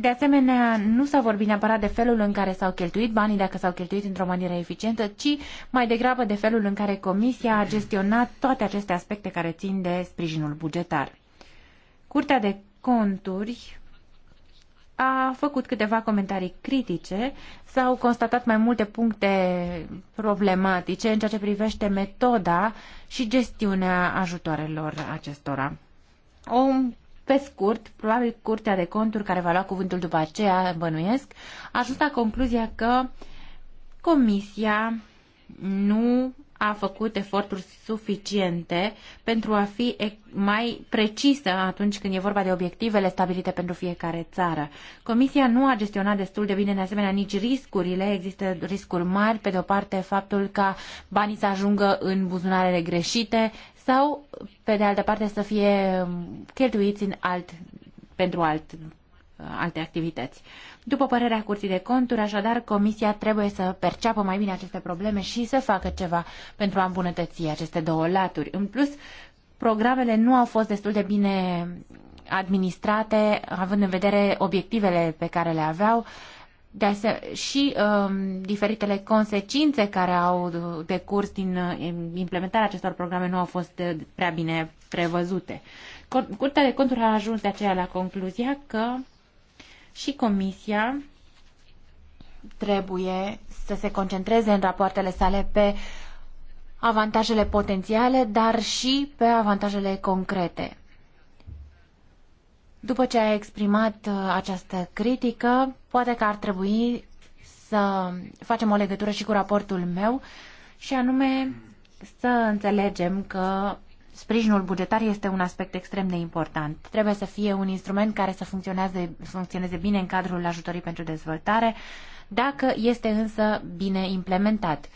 De asemenea, nu s-a vorbit neapărat de felul în care s-au cheltuit banii, dacă s-au cheltuit într-o manieră eficientă, ci mai degrabă de felul în care Comisia a gestionat toate aceste aspecte care țin de sprijinul bugetar. Curtea de conturi a făcut câteva comentarii critice, s-au constatat mai multe puncte problematice în ceea ce privește metoda și gestiunea ajutoarelor acestora. O pe scurt, probabil Curtea de Conturi, care va lua cuvântul după aceea, bănuiesc, a ajuns la concluzia că Comisia nu a făcut eforturi suficiente pentru a fi mai precisă atunci când e vorba de obiectivele stabilite pentru fiecare țară. Comisia nu a gestionat destul de bine, de asemenea, nici riscurile. Există riscuri mari, pe de o parte, faptul ca banii să ajungă în buzunarele greșite sau, pe de altă parte, să fie cheltuiți în alt, pentru alt, uh, alte activități. După părerea Curții de Conturi, așadar, Comisia trebuie să perceapă mai bine aceste probleme și să facă ceva pentru a îmbunătăți aceste două laturi. În plus, programele nu au fost destul de bine administrate, având în vedere obiectivele pe care le aveau de asemenea, și um, diferitele consecințe care au decurs din uh, implementarea acestor programe nu au fost uh, prea bine prevăzute. Curtea de conturi a ajuns de aceea la concluzia că și Comisia trebuie să se concentreze în rapoartele sale pe avantajele potențiale, dar și pe avantajele concrete. După ce a exprimat uh, această critică, poate că ar trebui să facem o legătură și cu raportul meu și anume să înțelegem că sprijinul bugetar este un aspect extrem de important. Trebuie să fie un instrument care să funcționeze, funcționeze bine în cadrul ajutorii pentru dezvoltare, dacă este însă bine implementat.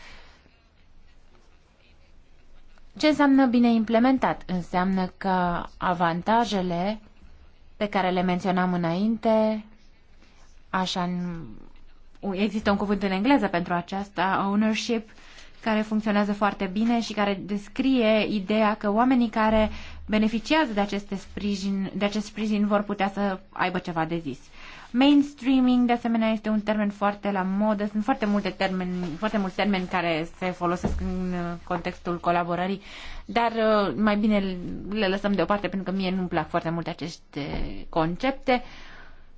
Ce înseamnă bine implementat? Înseamnă că avantajele pe care le menționam înainte, așa există un cuvânt în engleză pentru aceasta, ownership, care funcționează foarte bine și care descrie ideea că oamenii care beneficiază de, aceste sprijin, de acest sprijin vor putea să aibă ceva de zis. Mainstreaming, de asemenea, este un termen foarte la modă. Sunt foarte multe termeni, foarte mulți termeni care se folosesc în uh, contextul colaborării, dar uh, mai bine le lăsăm deoparte pentru că mie nu-mi plac foarte mult aceste concepte.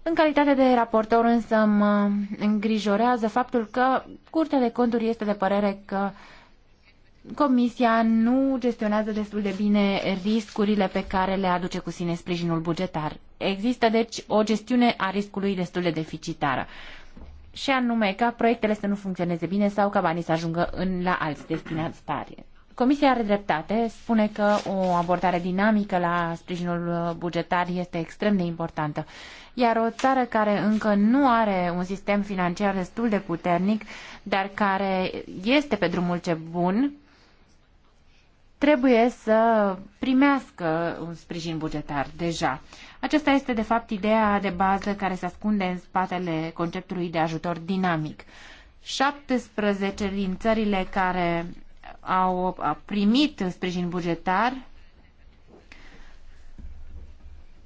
În calitate de raportor însă mă îngrijorează faptul că Curtea de Conturi este de părere că Comisia nu gestionează destul de bine riscurile pe care le aduce cu sine sprijinul bugetar. Există, deci, o gestiune a riscului destul de deficitară. Și anume ca proiectele să nu funcționeze bine sau ca banii să ajungă în, la alți destinatari. Comisia are dreptate, spune că o abordare dinamică la sprijinul bugetar este extrem de importantă. Iar o țară care încă nu are un sistem financiar destul de puternic, dar care este pe drumul ce bun, trebuie să primească un sprijin bugetar deja. Aceasta este, de fapt, ideea de bază care se ascunde în spatele conceptului de ajutor dinamic. 17 din țările care au primit sprijin bugetar,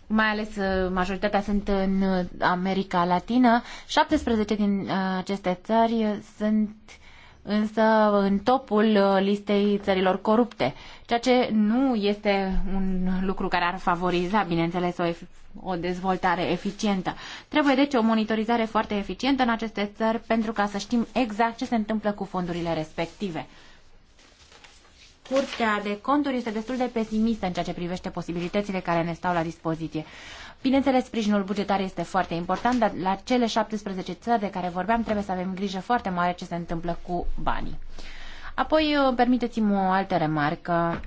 mai ales uh, majoritatea sunt în America Latină, 17 din uh, aceste țări sunt însă în topul uh, listei țărilor corupte, ceea ce nu este un lucru care ar favoriza, bineînțeles, o, o dezvoltare eficientă. Trebuie deci o monitorizare foarte eficientă în aceste țări pentru ca să știm exact ce se întâmplă cu fondurile respective. Curtea de conturi este destul de pesimistă în ceea ce privește posibilitățile care ne stau la dispoziție. Bineînțeles, sprijinul bugetar este foarte important, dar la cele 17 țări de care vorbeam trebuie să avem grijă foarte mare ce se întâmplă cu banii. Apoi, uh, permiteți-mi o altă remarcă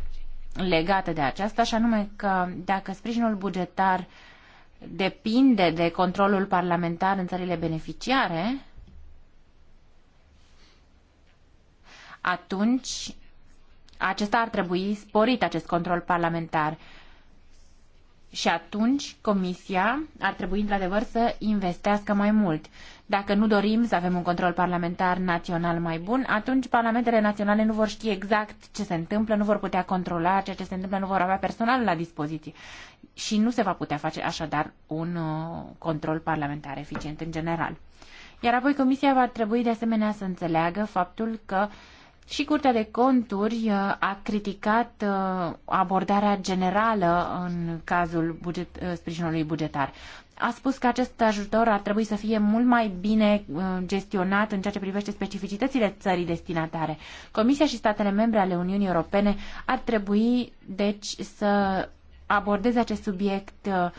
legată de aceasta, și anume că dacă sprijinul bugetar depinde de controlul parlamentar în țările beneficiare, atunci acesta ar trebui sporit, acest control parlamentar. Și atunci Comisia ar trebui, într-adevăr, să investească mai mult. Dacă nu dorim să avem un control parlamentar național mai bun, atunci parlamentele naționale nu vor ști exact ce se întâmplă, nu vor putea controla ceea ce se întâmplă, nu vor avea personal la dispoziție. Și nu se va putea face așadar un uh, control parlamentar eficient în general. Iar apoi Comisia va trebui de asemenea să înțeleagă faptul că uh, și Curtea de Conturi uh, a criticat uh, abordarea generală în cazul buget, uh, sprijinului bugetar. A spus că acest ajutor ar trebui să fie mult mai bine gestionat în ceea ce privește specificitățile țării destinatare. Comisia și statele membre ale Uniunii Europene ar trebui, deci, să abordeze acest subiect uh,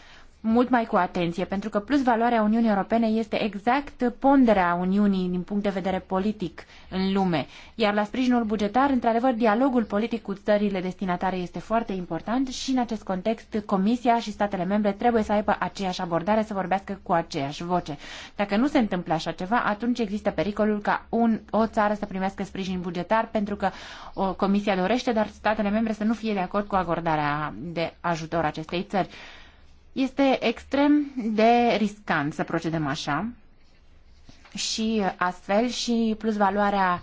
mult mai cu atenție, pentru că plus valoarea Uniunii Europene este exact ponderea Uniunii din punct de vedere politic în lume. Iar la sprijinul bugetar, într-adevăr, dialogul politic cu țările destinatare este foarte important și în acest context Comisia și statele membre trebuie să aibă aceeași abordare, să vorbească cu aceeași voce. Dacă nu se întâmplă așa ceva, atunci există pericolul ca un, o țară să primească sprijin bugetar pentru că o, Comisia dorește, dar statele membre să nu fie de acord cu acordarea de ajutor acestei țări. Este extrem de riscant să procedăm așa și astfel și plus valoarea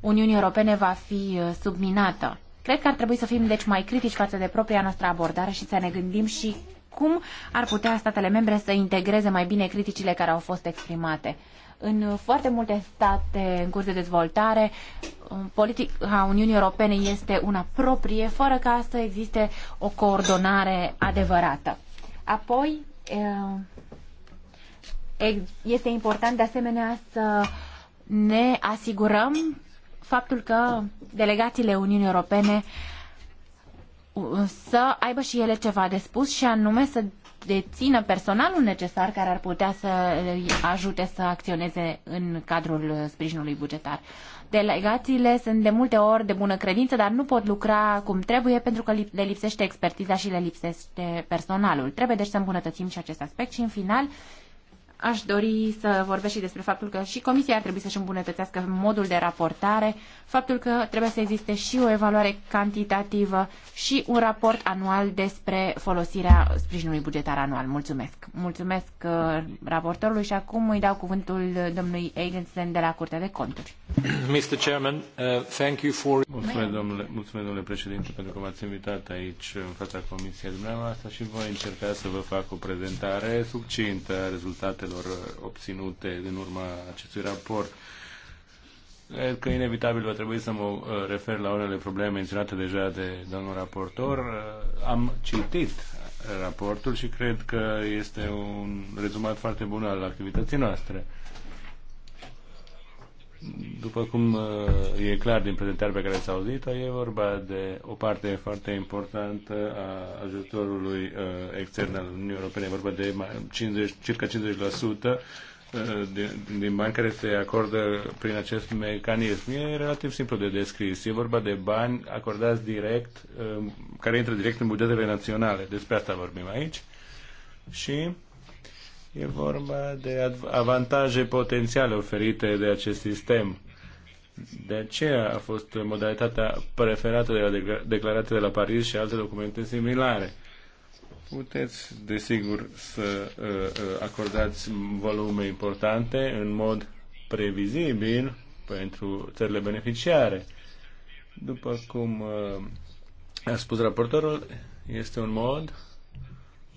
Uniunii Europene va fi uh, subminată. Cred că ar trebui să fim deci mai critici față de propria noastră abordare și să ne gândim și cum ar putea statele membre să integreze mai bine criticile care au fost exprimate. În uh, foarte multe state în curs de dezvoltare, uh, politica Uniunii Europene este una proprie, fără ca să existe o coordonare adevărată. Apoi, este important de asemenea să ne asigurăm faptul că delegațiile Uniunii Europene să aibă și ele ceva de spus și anume să dețină personalul necesar care ar putea să îi ajute să acționeze în cadrul sprijinului bugetar. Delegațiile sunt de multe ori de bună credință, dar nu pot lucra cum trebuie pentru că le lipsește expertiza și le lipsește personalul. Trebuie deci să îmbunătățim și acest aspect și în final Aș dori să vorbesc și despre faptul că și Comisia ar trebui să-și îmbunătățească modul de raportare, faptul că trebuie să existe și o evaluare cantitativă și un raport anual despre folosirea sprijinului bugetar anual. Mulțumesc! Mulțumesc uh, raportorului și acum îi dau cuvântul domnului Eigensen de la Curtea de Conturi. Mr. Chairman, uh, thank you for... Mulțumesc, domnule, mulțumesc, domnule președinte, pentru că m-ați invitat aici în fața Comisiei dumneavoastră și voi încerca să vă fac o prezentare succintă a rezultatelor rezultatelor uh, obținute din urma acestui raport. Cred că inevitabil va trebui să mă uh, refer la unele probleme menționate deja de domnul raportor. Uh, am citit raportul și cred că este un rezumat foarte bun al activității noastre. După cum uh, e clar din prezentarea pe care s-a auzit e vorba de o parte foarte importantă a ajutorului uh, extern al Uniunii Europene. E vorba de 50, circa 50% uh, din, din bani care se acordă prin acest mecanism. E relativ simplu de descris. E vorba de bani acordați direct, care intră direct în bugetele naționale. Despre asta vorbim aici. Și E vorba de avantaje potențiale oferite de acest sistem. De aceea a fost modalitatea preferată de la declarația de la Paris și alte documente similare. Puteți, desigur, să uh, uh, acordați volume importante în mod previzibil pentru țările beneficiare. După cum uh, a spus raportorul, este un mod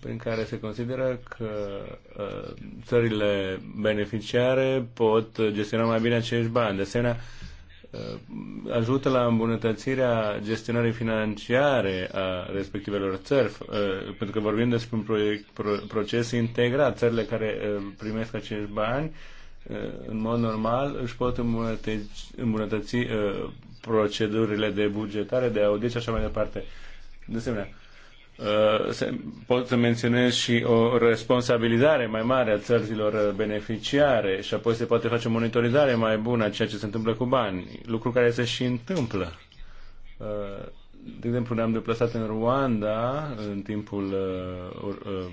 prin care se consideră că ă, țările beneficiare pot gestiona mai bine acești bani. De asemenea, ă, ajută la îmbunătățirea gestionării financiare a respectivelor țări, ă, pentru că vorbim despre un proiect, proces integrat. Țările care primesc acești bani, în mod normal, își pot îmbunătăți, îmbunătăți procedurile de bugetare, de audit și așa mai departe. De asemenea, Uh, se, pot să menționez și o responsabilizare mai mare a țărților beneficiare și apoi se poate face o monitorizare mai bună a ceea ce se întâmplă cu bani, lucru care se și întâmplă. Uh, de exemplu, ne-am deplasat în Rwanda în timpul uh,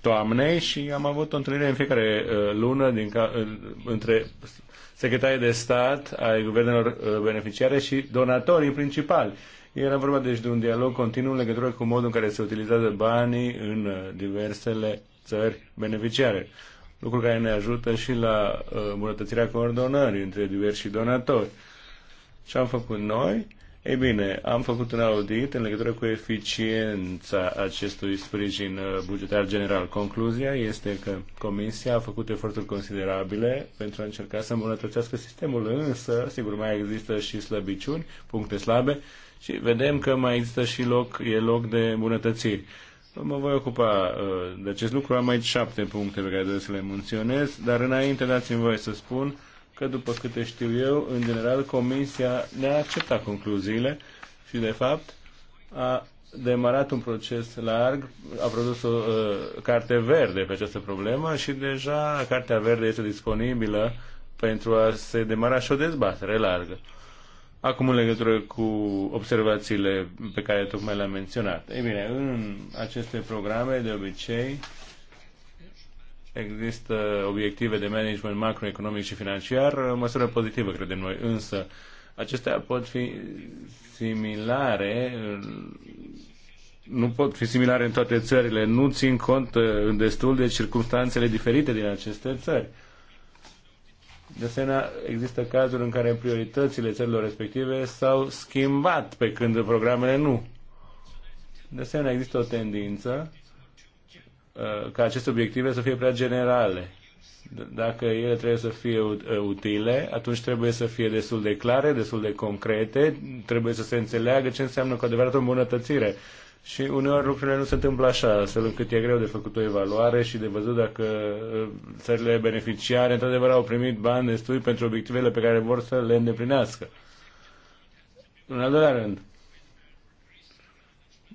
toamnei și am avut o întâlnire în fiecare lună din ca, între secretarii de stat ai guvernelor beneficiare și donatorii principali era vorba deci de un dialog continuu în legătură cu modul în care se utilizează banii în uh, diversele țări beneficiare, lucru care ne ajută și la uh, îmbunătățirea coordonării între diversi donatori. Ce am făcut noi? Ei bine, am făcut un audit în legătură cu eficiența acestui sprijin uh, bugetar general. Concluzia este că Comisia a făcut eforturi considerabile pentru a încerca să îmbunătățească sistemul, însă, sigur, mai există și slăbiciuni, puncte slabe și vedem că mai există și loc, e loc de îmbunătățiri. Mă voi ocupa uh, de acest lucru, am aici șapte puncte pe care doresc să le menționez, dar înainte dați-mi voie să spun că, după câte știu eu, în general, Comisia ne-a acceptat concluziile și, de fapt, a demarat un proces larg, a produs o uh, carte verde pe această problemă și deja cartea verde este disponibilă pentru a se demara și o dezbatere largă. Acum, în legătură cu observațiile pe care tocmai le-am menționat. Ei bine, în aceste programe, de obicei, Există obiective de management macroeconomic și financiar, măsură pozitivă, credem noi, însă acestea pot fi similare nu pot fi similare în toate țările, nu țin cont în uh, destul de circunstanțele diferite din aceste țări. De asemenea, există cazuri în care prioritățile țărilor respective s-au schimbat pe când programele nu. De asemenea, există o tendință Uh, ca aceste obiective să fie prea generale. Dacă ele trebuie să fie uh, utile, atunci trebuie să fie destul de clare, destul de concrete, trebuie să se înțeleagă ce înseamnă cu adevărat o îmbunătățire. Și uneori lucrurile nu se întâmplă așa, astfel încât e greu de făcut o evaluare și de văzut dacă uh, țările beneficiare într-adevăr au primit bani destui pentru obiectivele pe care vor să le îndeplinească. În al doilea rând,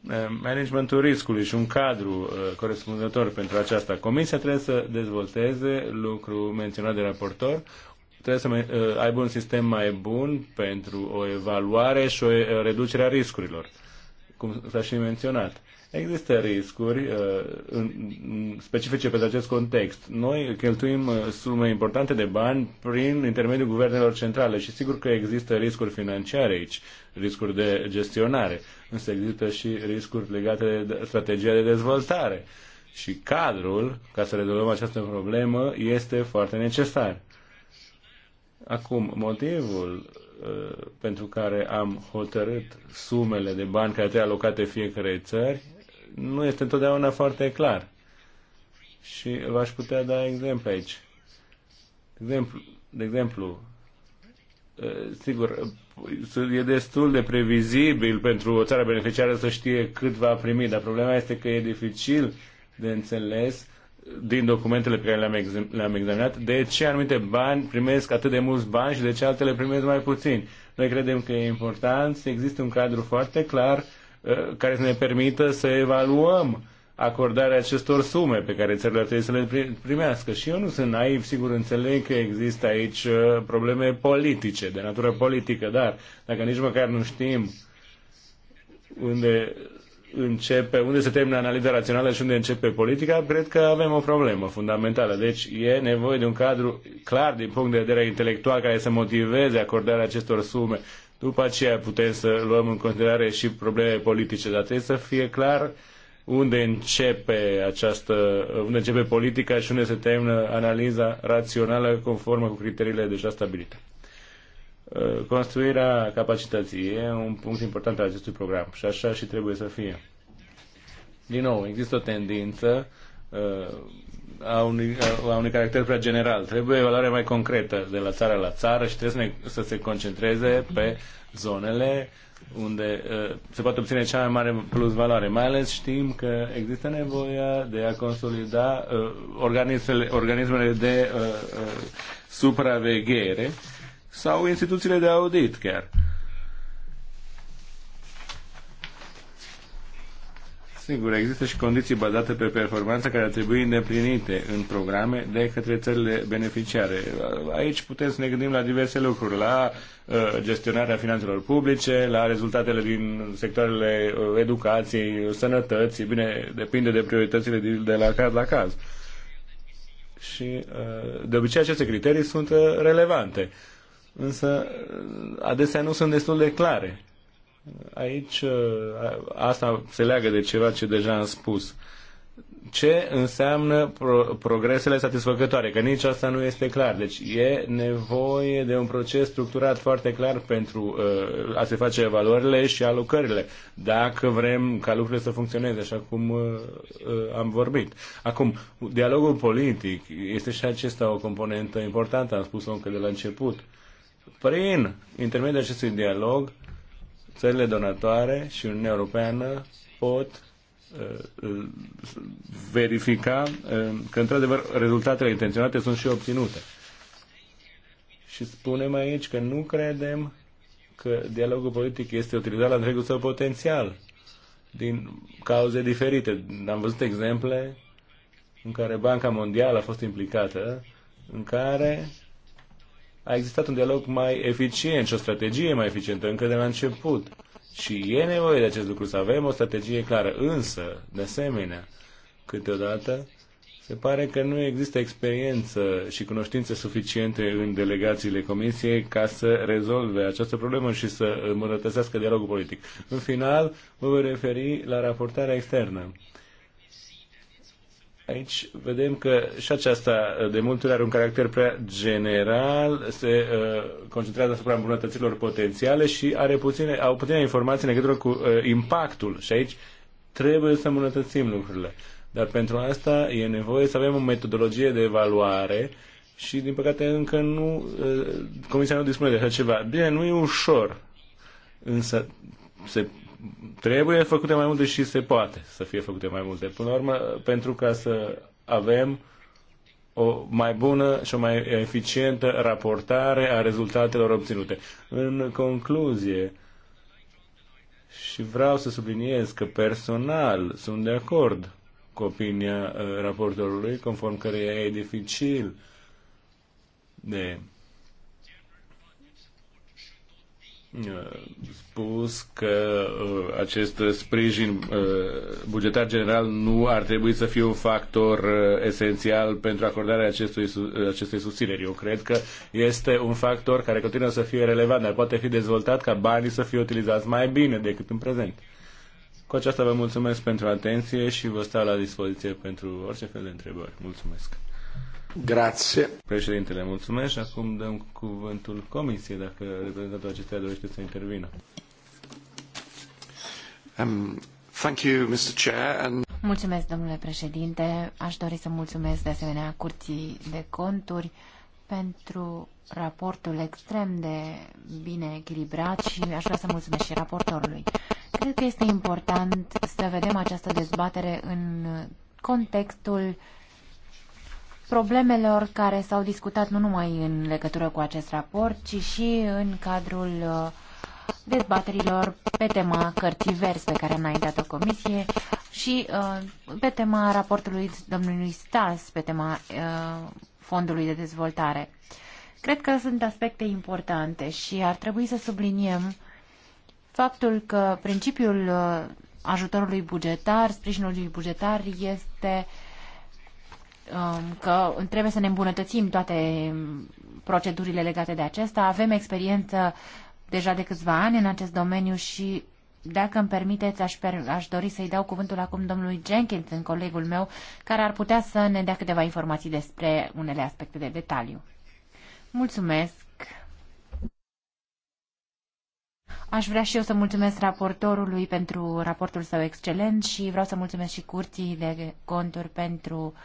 Eh, managementul riscului și un cadru eh, corespunzător pentru aceasta. Comisia trebuie să dezvolteze, lucru menționat de raportor, trebuie să eh, aibă un sistem mai bun pentru o evaluare și o reducere a riscurilor, cum s-a și menționat. Există riscuri uh, specifice pentru acest context. Noi cheltuim uh, sume importante de bani prin intermediul guvernelor centrale și sigur că există riscuri financiare aici, riscuri de gestionare, însă există și riscuri legate de strategia de dezvoltare. Și cadrul, ca să rezolvăm această problemă, este foarte necesar. Acum, motivul uh, pentru care am hotărât sumele de bani care trebuie alocate fiecare țări nu este întotdeauna foarte clar. Și v-aș putea da exemple aici. De exemplu, de exemplu ă, sigur, e destul de previzibil pentru o țară beneficiară să știe cât va primi, dar problema este că e dificil de înțeles din documentele pe care le-am, le examinat, de ce anumite bani primesc atât de mulți bani și de ce altele primesc mai puțin. Noi credem că e important să există un cadru foarte clar Uh, care să ne permită să evaluăm acordarea acestor sume pe care țările ar trebui să le primească. Și eu nu sunt naiv, sigur înțeleg că există aici uh, probleme politice, de natură politică, dar dacă nici măcar nu știm unde începe, unde se termină analiza rațională și unde începe politica, cred că avem o problemă fundamentală. Deci e nevoie de un cadru clar din punct de vedere intelectual care să motiveze acordarea acestor sume după aceea putem să luăm în considerare și probleme politice, dar trebuie să fie clar unde începe această, unde începe politica și unde se termină analiza rațională conformă cu criteriile deja stabilite. Uh, construirea capacității e un punct important al acestui program și așa și trebuie să fie. Din nou, există o tendință uh, a unui, a unui caracter prea general. Trebuie evaluare mai concretă de la țară la țară și trebuie să, ne, să se concentreze pe zonele unde uh, se poate obține cea mai mare plus valoare. Mai ales știm că există nevoia de a consolida uh, organismele, organismele de uh, uh, supraveghere sau instituțiile de audit chiar. Uh, Sigur, există și condiții bazate pe performanță care ar trebui îndeplinite în programe de către țările beneficiare. Aici putem să ne gândim la diverse lucruri, la uh, gestionarea finanțelor publice, la rezultatele din sectoarele uh, educației, sănătății, bine, depinde de prioritățile de, de la caz la caz. Și uh, de obicei aceste criterii sunt uh, relevante, însă uh, adesea nu sunt destul de clare aici uh, asta se leagă de ceva ce deja am spus. Ce înseamnă pro- progresele satisfăcătoare? Că nici asta nu este clar. Deci e nevoie de un proces structurat foarte clar pentru uh, a se face evaluările și alocările, dacă vrem ca lucrurile să funcționeze așa cum uh, uh, am vorbit. Acum, dialogul politic este și acesta o componentă importantă, am spus-o încă de la început. Prin intermediul acestui dialog, uh, țările donatoare și Uniunea Europeană pot uh, verifica uh, că, într-adevăr, rezultatele intenționate sunt și obținute. Și spunem aici că nu credem că dialogul politic este utilizat la întregul său potențial, din cauze diferite. Am văzut exemple în care Banca Mondială a fost implicată, în care a existat un dialog mai eficient și o strategie mai eficientă încă de la început. Și e nevoie de acest lucru, să avem o strategie clară. Însă, de asemenea, câteodată se pare că nu există experiență și cunoștințe suficiente în delegațiile Comisiei ca să rezolve această problemă și să îmbunătățească dialogul politic. În final, mă voi referi la raportarea externă. Aici vedem că și aceasta de multe ori are un caracter prea general, se uh, concentrează asupra îmbunătățirilor potențiale și are puține, au puține informații în legătură cu uh, impactul și aici trebuie să îmbunătățim lucrurile. Dar pentru asta e nevoie să avem o metodologie de evaluare și, din păcate, încă nu, uh, Comisia nu dispune de așa ceva. Bine, nu e ușor, însă se trebuie făcute mai multe și se poate să fie făcute mai multe. Până la urmă, pentru ca să avem o mai bună și o mai eficientă raportare a rezultatelor obținute. În concluzie, și vreau să subliniez că personal sunt de acord cu opinia uh, raportorului, conform căreia e dificil de spus că uh, acest sprijin uh, bugetar general nu ar trebui să fie un factor uh, esențial pentru acordarea acestui, acestei susțineri. Eu cred că este un factor care continuă să fie relevant, dar poate fi dezvoltat ca banii să fie utilizați mai bine decât în prezent. Cu aceasta vă mulțumesc pentru atenție și vă stau la dispoziție pentru orice fel de întrebări. Mulțumesc! Grazie. Președintele, mulțumesc și acum dăm cuvântul comisiei dacă reprezentantul acesteia dorește să intervină. Um, thank you, Mr. Chair, and... Mulțumesc, domnule președinte. Aș dori să mulțumesc de asemenea Curții de Conturi pentru raportul extrem de bine echilibrat și aș vrea să mulțumesc și raportorului. Cred că este important să vedem această dezbatere în contextul uh, problemelor care s-au discutat nu numai în legătură cu acest raport, ci și în cadrul uh, dezbaterilor pe tema cărții verzi pe care a înaintat o comisie și uh, pe tema raportului domnului Stas, pe tema uh, fondului de dezvoltare. Cred că sunt aspecte importante și ar trebui să subliniem faptul că principiul ajutorului bugetar, sprijinului bugetar este uh, Um, că trebuie să ne îmbunătățim toate um, procedurile legate de acesta. Avem experiență deja de câțiva ani în acest domeniu și dacă îmi permiteți, aș, per- aș dori să-i dau cuvântul acum domnului Jenkins, în colegul meu, care ar putea să ne dea câteva informații despre unele aspecte de detaliu. Mulțumesc! Aș vrea și eu să mulțumesc raportorului pentru raportul său excelent și vreau să mulțumesc și curții de conturi pentru uh,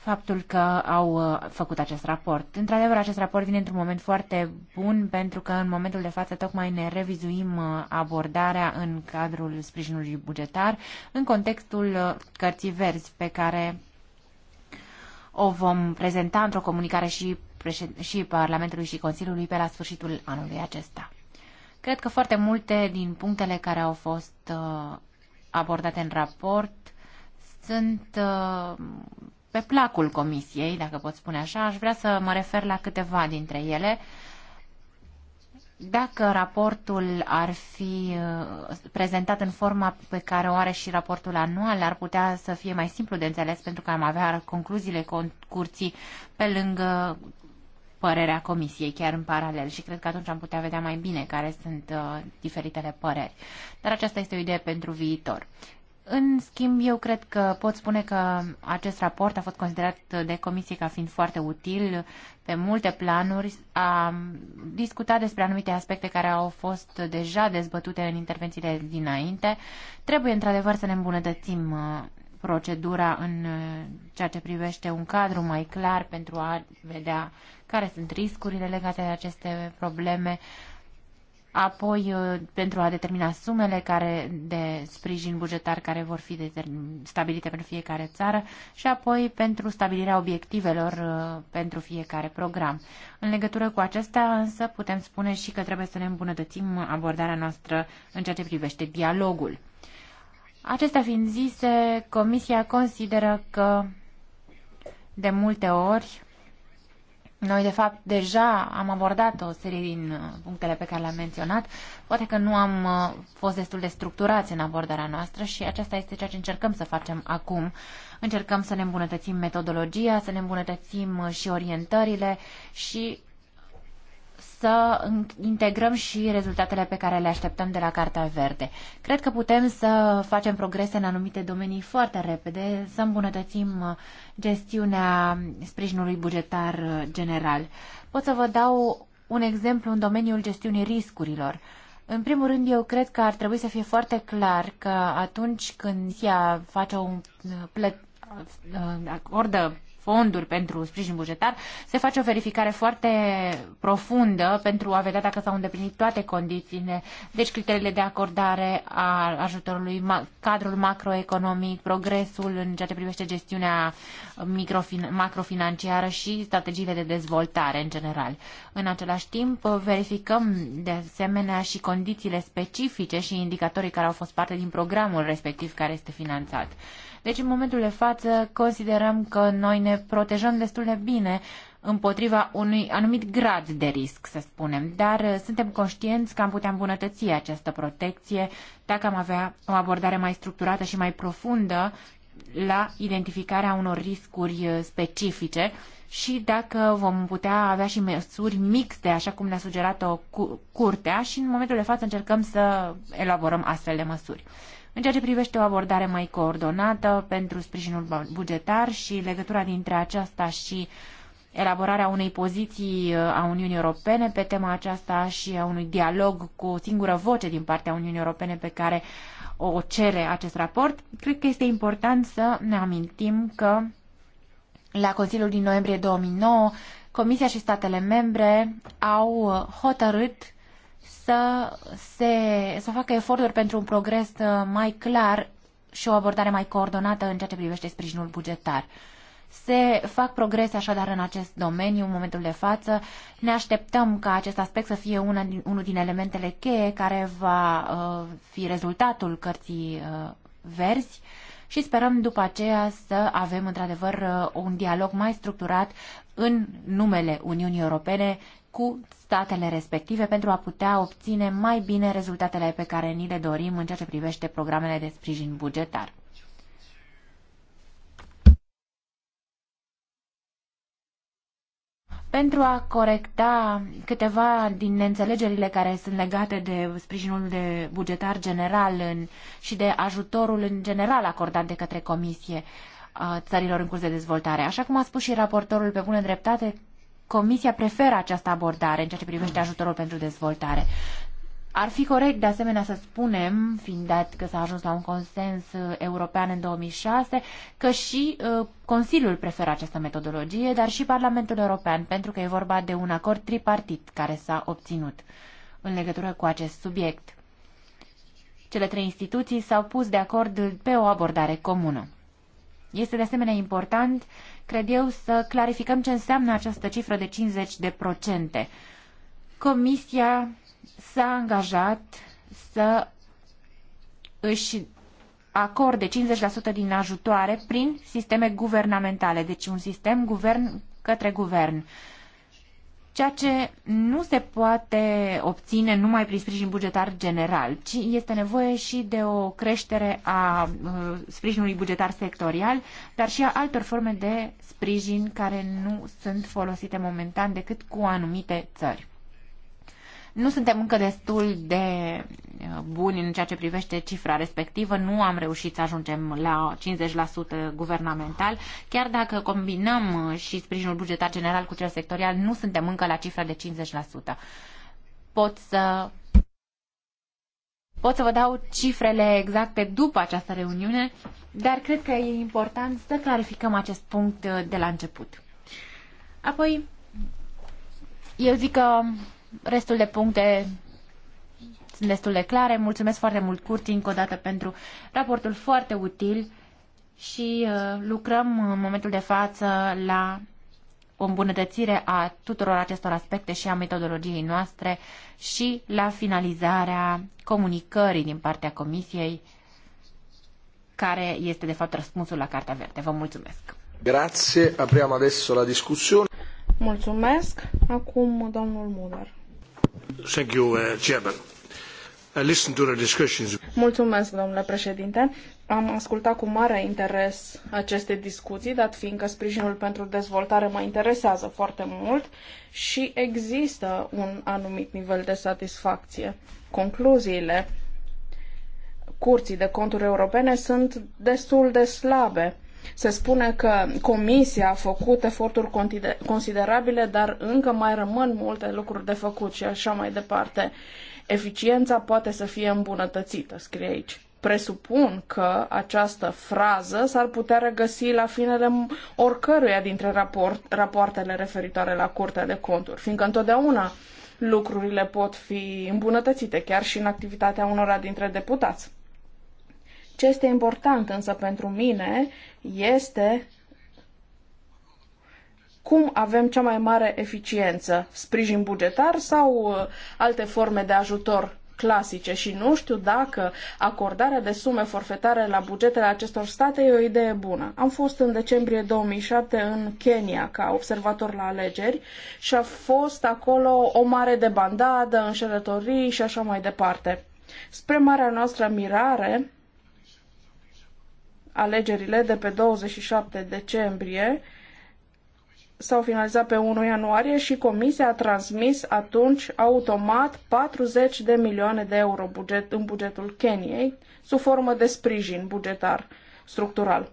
faptul că au uh, făcut acest raport. Într-adevăr, acest raport vine într-un moment foarte bun pentru că în momentul de față tocmai ne revizuim uh, abordarea în cadrul sprijinului bugetar în contextul uh, cărții verzi pe care o vom prezenta într-o comunicare și, și Parlamentului și Consiliului pe la sfârșitul anului acesta. Cred că foarte multe din punctele care au fost abordate în raport sunt pe placul comisiei, dacă pot spune așa. Aș vrea să mă refer la câteva dintre ele. Dacă raportul ar fi uh, prezentat în forma pe care o are și raportul anual, ar putea să fie mai simplu de înțeles pentru că am avea concluziile curții pe lângă părerea comisiei chiar în paralel și cred că atunci am putea vedea mai bine care sunt uh, diferitele păreri. Dar aceasta este o idee pentru viitor. În schimb, eu cred că pot spune că acest raport a fost considerat de comisie ca fiind foarte util pe multe planuri. A discutat despre anumite aspecte care au fost deja dezbătute în intervențiile dinainte. Trebuie într-adevăr să ne îmbunătățim uh, procedura în uh, ceea ce privește un cadru mai clar pentru a vedea care sunt riscurile legate de aceste probleme, apoi uh, pentru a determina sumele care de sprijin bugetar care vor fi stabilite pentru fiecare țară și apoi pentru stabilirea obiectivelor uh, pentru fiecare program. În legătură cu acestea însă putem spune și că trebuie să ne îmbunătățim abordarea noastră în ceea ce privește dialogul. Acestea fiind zise, Comisia consideră că de multe ori noi, de fapt, deja am abordat o serie din uh, punctele pe care le-am menționat. Poate că nu am uh, fost destul de structurați în abordarea noastră și aceasta este ceea ce încercăm să facem acum. Încercăm să ne îmbunătățim metodologia, să ne îmbunătățim uh, și orientările și să integrăm și rezultatele pe care le așteptăm de la Carta Verde. Cred că putem să facem progrese în anumite domenii foarte repede, să îmbunătățim uh, gestiunea sprijinului bugetar uh, general. Pot să vă dau un exemplu în domeniul gestiunii riscurilor. În primul rând, eu cred că ar trebui să fie foarte clar că atunci când ea face un uh, plăt, acordă fonduri pentru sprijin bugetar, se face o verificare foarte profundă pentru a vedea dacă s-au îndeplinit toate condițiile, deci criteriile de acordare a ajutorului, cadrul macroeconomic, progresul în ceea ce privește gestiunea macrofinanciară și strategiile de dezvoltare în general. În același timp, verificăm de asemenea și condițiile specifice și indicatorii care au fost parte din programul respectiv care este finanțat. Deci, în momentul de față, considerăm că noi ne protejăm destul de bine împotriva unui anumit grad de risc, să spunem, dar uh, suntem conștienți că am putea îmbunătăți această protecție dacă am avea o abordare mai structurată și mai profundă la identificarea unor riscuri uh, specifice și dacă vom putea avea și măsuri mixte, așa cum ne-a sugerat-o curtea și în momentul de față încercăm să elaborăm astfel de măsuri. În ceea ce privește o abordare mai coordonată pentru sprijinul bugetar și legătura dintre aceasta și elaborarea unei poziții uh, a Uniunii Europene pe tema aceasta și a unui dialog cu o singură voce din partea Uniunii Europene pe care o cere acest raport, cred că este important să ne amintim că la Consiliul din noiembrie 2009 Comisia și statele membre au uh, hotărât să, se, să facă eforturi pentru un progres uh, mai clar și o abordare mai coordonată în ceea ce privește sprijinul bugetar. Se fac progrese așadar în acest domeniu în momentul de față. Ne așteptăm ca acest aspect să fie una unul din elementele cheie care va uh, fi rezultatul cărții uh, verzi și sperăm după aceea să avem într-adevăr uh, un dialog mai structurat în numele Uniunii Europene cu statele respective pentru a putea obține mai bine rezultatele pe care ni le dorim în ceea ce privește programele de sprijin bugetar. Pentru a corecta câteva din neînțelegerile care sunt legate de sprijinul de bugetar general în, și de ajutorul în general acordat de către Comisie uh, țărilor în curs de dezvoltare. Așa cum a spus și raportorul pe bună dreptate, Comisia preferă această abordare în ceea ce privește ajutorul pentru dezvoltare. Ar fi corect, de asemenea, să spunem, fiind dat că s-a ajuns la un consens uh, european în 2006, că și uh, Consiliul preferă această metodologie, dar și Parlamentul European, pentru că e vorba de un acord tripartit care s-a obținut în legătură cu acest subiect. Cele trei instituții s-au pus de acord pe o abordare comună. Este de asemenea important cred eu, să clarificăm ce înseamnă această cifră de 50 de procente. Comisia s-a angajat să își acorde 50% din ajutoare prin sisteme guvernamentale, deci un sistem guvern către guvern ceea ce nu se poate obține numai prin sprijin bugetar general, ci este nevoie și de o creștere a uh, sprijinului bugetar sectorial, dar și a altor forme de sprijin care nu sunt folosite momentan decât cu anumite țări. Nu suntem încă destul de uh, buni în ceea ce privește cifra respectivă, nu am reușit să ajungem la 50% guvernamental. Chiar dacă combinăm uh, și sprijinul bugetar general cu cel sectorial, nu suntem încă la cifra de 50%. Pot să Pot să vă dau cifrele exacte după această reuniune, dar cred că e important să clarificăm acest punct uh, de la început. Apoi, eu zic că Restul de puncte sunt destul de clare. Mulțumesc foarte mult, Curti, încă o dată pentru raportul foarte util și uh, lucrăm în momentul de față la o îmbunătățire a tuturor acestor aspecte și a metodologiei noastre și la finalizarea comunicării din partea Comisiei, care este de fapt răspunsul la Cartea Verde. Vă mulțumesc! Grazie, apriamo adesso la discussione. Mulțumesc. Acum domnul Muller. Uh, uh, Mulțumesc, domnule președinte. Am ascultat cu mare interes aceste discuții, dat fiindcă sprijinul pentru dezvoltare mă interesează foarte mult și există un anumit nivel de satisfacție. Concluziile curții de conturi europene sunt destul de slabe se spune că Comisia a făcut eforturi considerabile, dar încă mai rămân multe lucruri de făcut și așa mai departe. Eficiența poate să fie îmbunătățită, scrie aici. Presupun că această frază s-ar putea regăsi la finele oricăruia dintre raport, rapoartele referitoare la Curtea de Conturi, fiindcă întotdeauna lucrurile pot fi îmbunătățite, chiar și în activitatea unora dintre deputați. Ce este important însă pentru mine este cum avem cea mai mare eficiență, sprijin bugetar sau uh, alte forme de ajutor clasice și nu știu dacă acordarea de sume forfetare la bugetele acestor state e o idee bună. Am fost în decembrie 2007 în Kenya ca observator la alegeri și a fost acolo o mare debandadă, înșelătorii și așa mai departe. Spre marea noastră mirare, alegerile de pe 27 decembrie s-au finalizat pe 1 ianuarie și Comisia a transmis atunci automat 40 de milioane de euro buget, în bugetul Keniei sub formă de sprijin bugetar structural.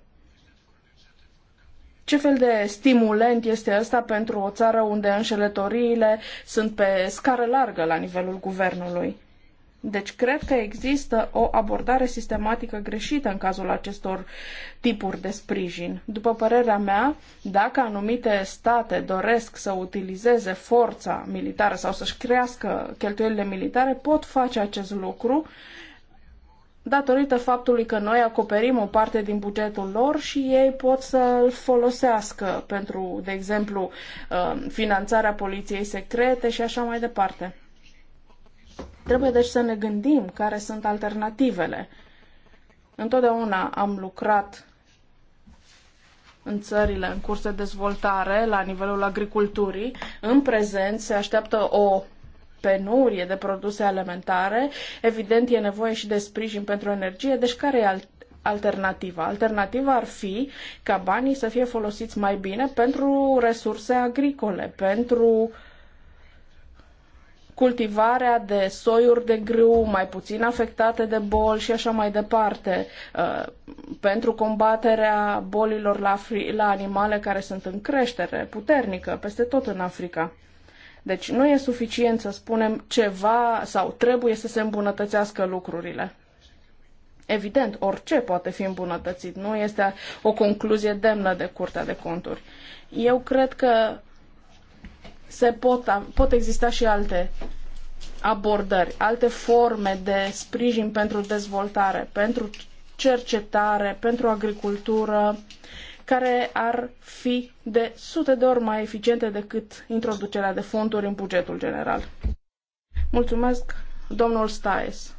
Ce fel de stimulent este ăsta pentru o țară unde înșelătoriile sunt pe scară largă la nivelul guvernului? Deci cred că există o abordare sistematică greșită în cazul acestor tipuri de sprijin. După părerea mea, dacă anumite state doresc să utilizeze forța militară sau să-și crească cheltuielile militare, pot face acest lucru datorită faptului că noi acoperim o parte din bugetul lor și ei pot să-l folosească pentru, de exemplu, uh, finanțarea poliției secrete și așa mai departe. Trebuie deci să ne gândim care sunt alternativele. Întotdeauna am lucrat în țările în curs de dezvoltare, la nivelul agriculturii. În prezent se așteaptă o penurie de produse alimentare. Evident, e nevoie și de sprijin pentru energie. Deci, care e alternativa? Alternativa ar fi ca banii să fie folosiți mai bine pentru resurse agricole, pentru uh, cultivarea de soiuri de grâu mai puțin afectate de boli și așa mai departe, uh, pentru combaterea bolilor la, la animale care sunt în creștere puternică peste tot în Africa. Deci nu e suficient să spunem ceva sau trebuie să se îmbunătățească lucrurile. Evident, orice poate fi îmbunătățit, nu este o concluzie demnă de Curtea de Conturi. Eu cred că se pot, pot exista și alte abordări, alte forme de sprijin pentru dezvoltare, pentru cercetare, pentru agricultură, care ar fi de sute de ori mai eficiente decât introducerea de fonduri în bugetul general. Mulțumesc, domnul Staes.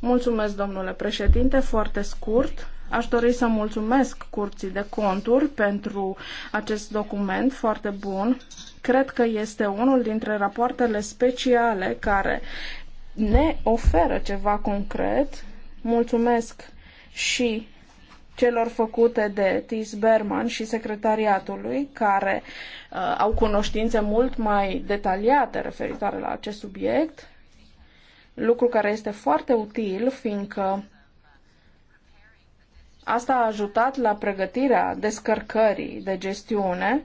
Mulțumesc, domnule președinte, foarte scurt. Aș dori să mulțumesc Curții de Conturi pentru acest document foarte bun. Cred că este unul dintre rapoartele speciale care ne oferă ceva concret. Mulțumesc și celor făcute de Tis Berman și secretariatului, care uh, au cunoștințe mult mai detaliate referitoare la acest subiect, lucru care este foarte util, fiindcă asta a ajutat la pregătirea descărcării de gestiune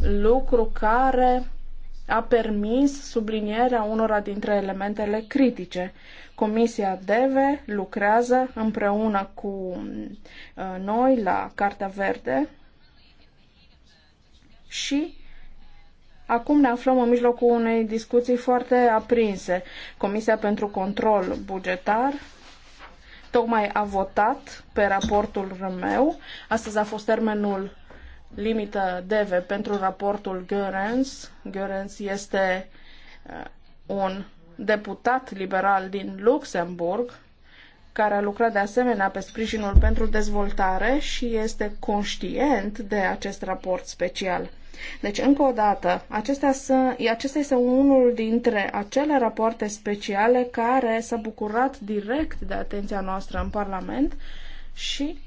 lucru care a permis sublinierea unora dintre elementele critice. Comisia DEVE lucrează împreună cu uh, noi la Cartea Verde și Acum ne aflăm în mijlocul unei discuții foarte aprinse. Comisia pentru Control Bugetar tocmai a votat pe raportul meu. Astăzi a fost termenul limită DEVE pentru raportul Görens. Görens este uh, un deputat liberal din Luxemburg care a lucrat de asemenea pe sprijinul pentru dezvoltare și este conștient de acest raport special. Deci, încă o dată, acestea sunt, acesta este unul dintre acele rapoarte speciale care s-a bucurat direct de atenția noastră în Parlament și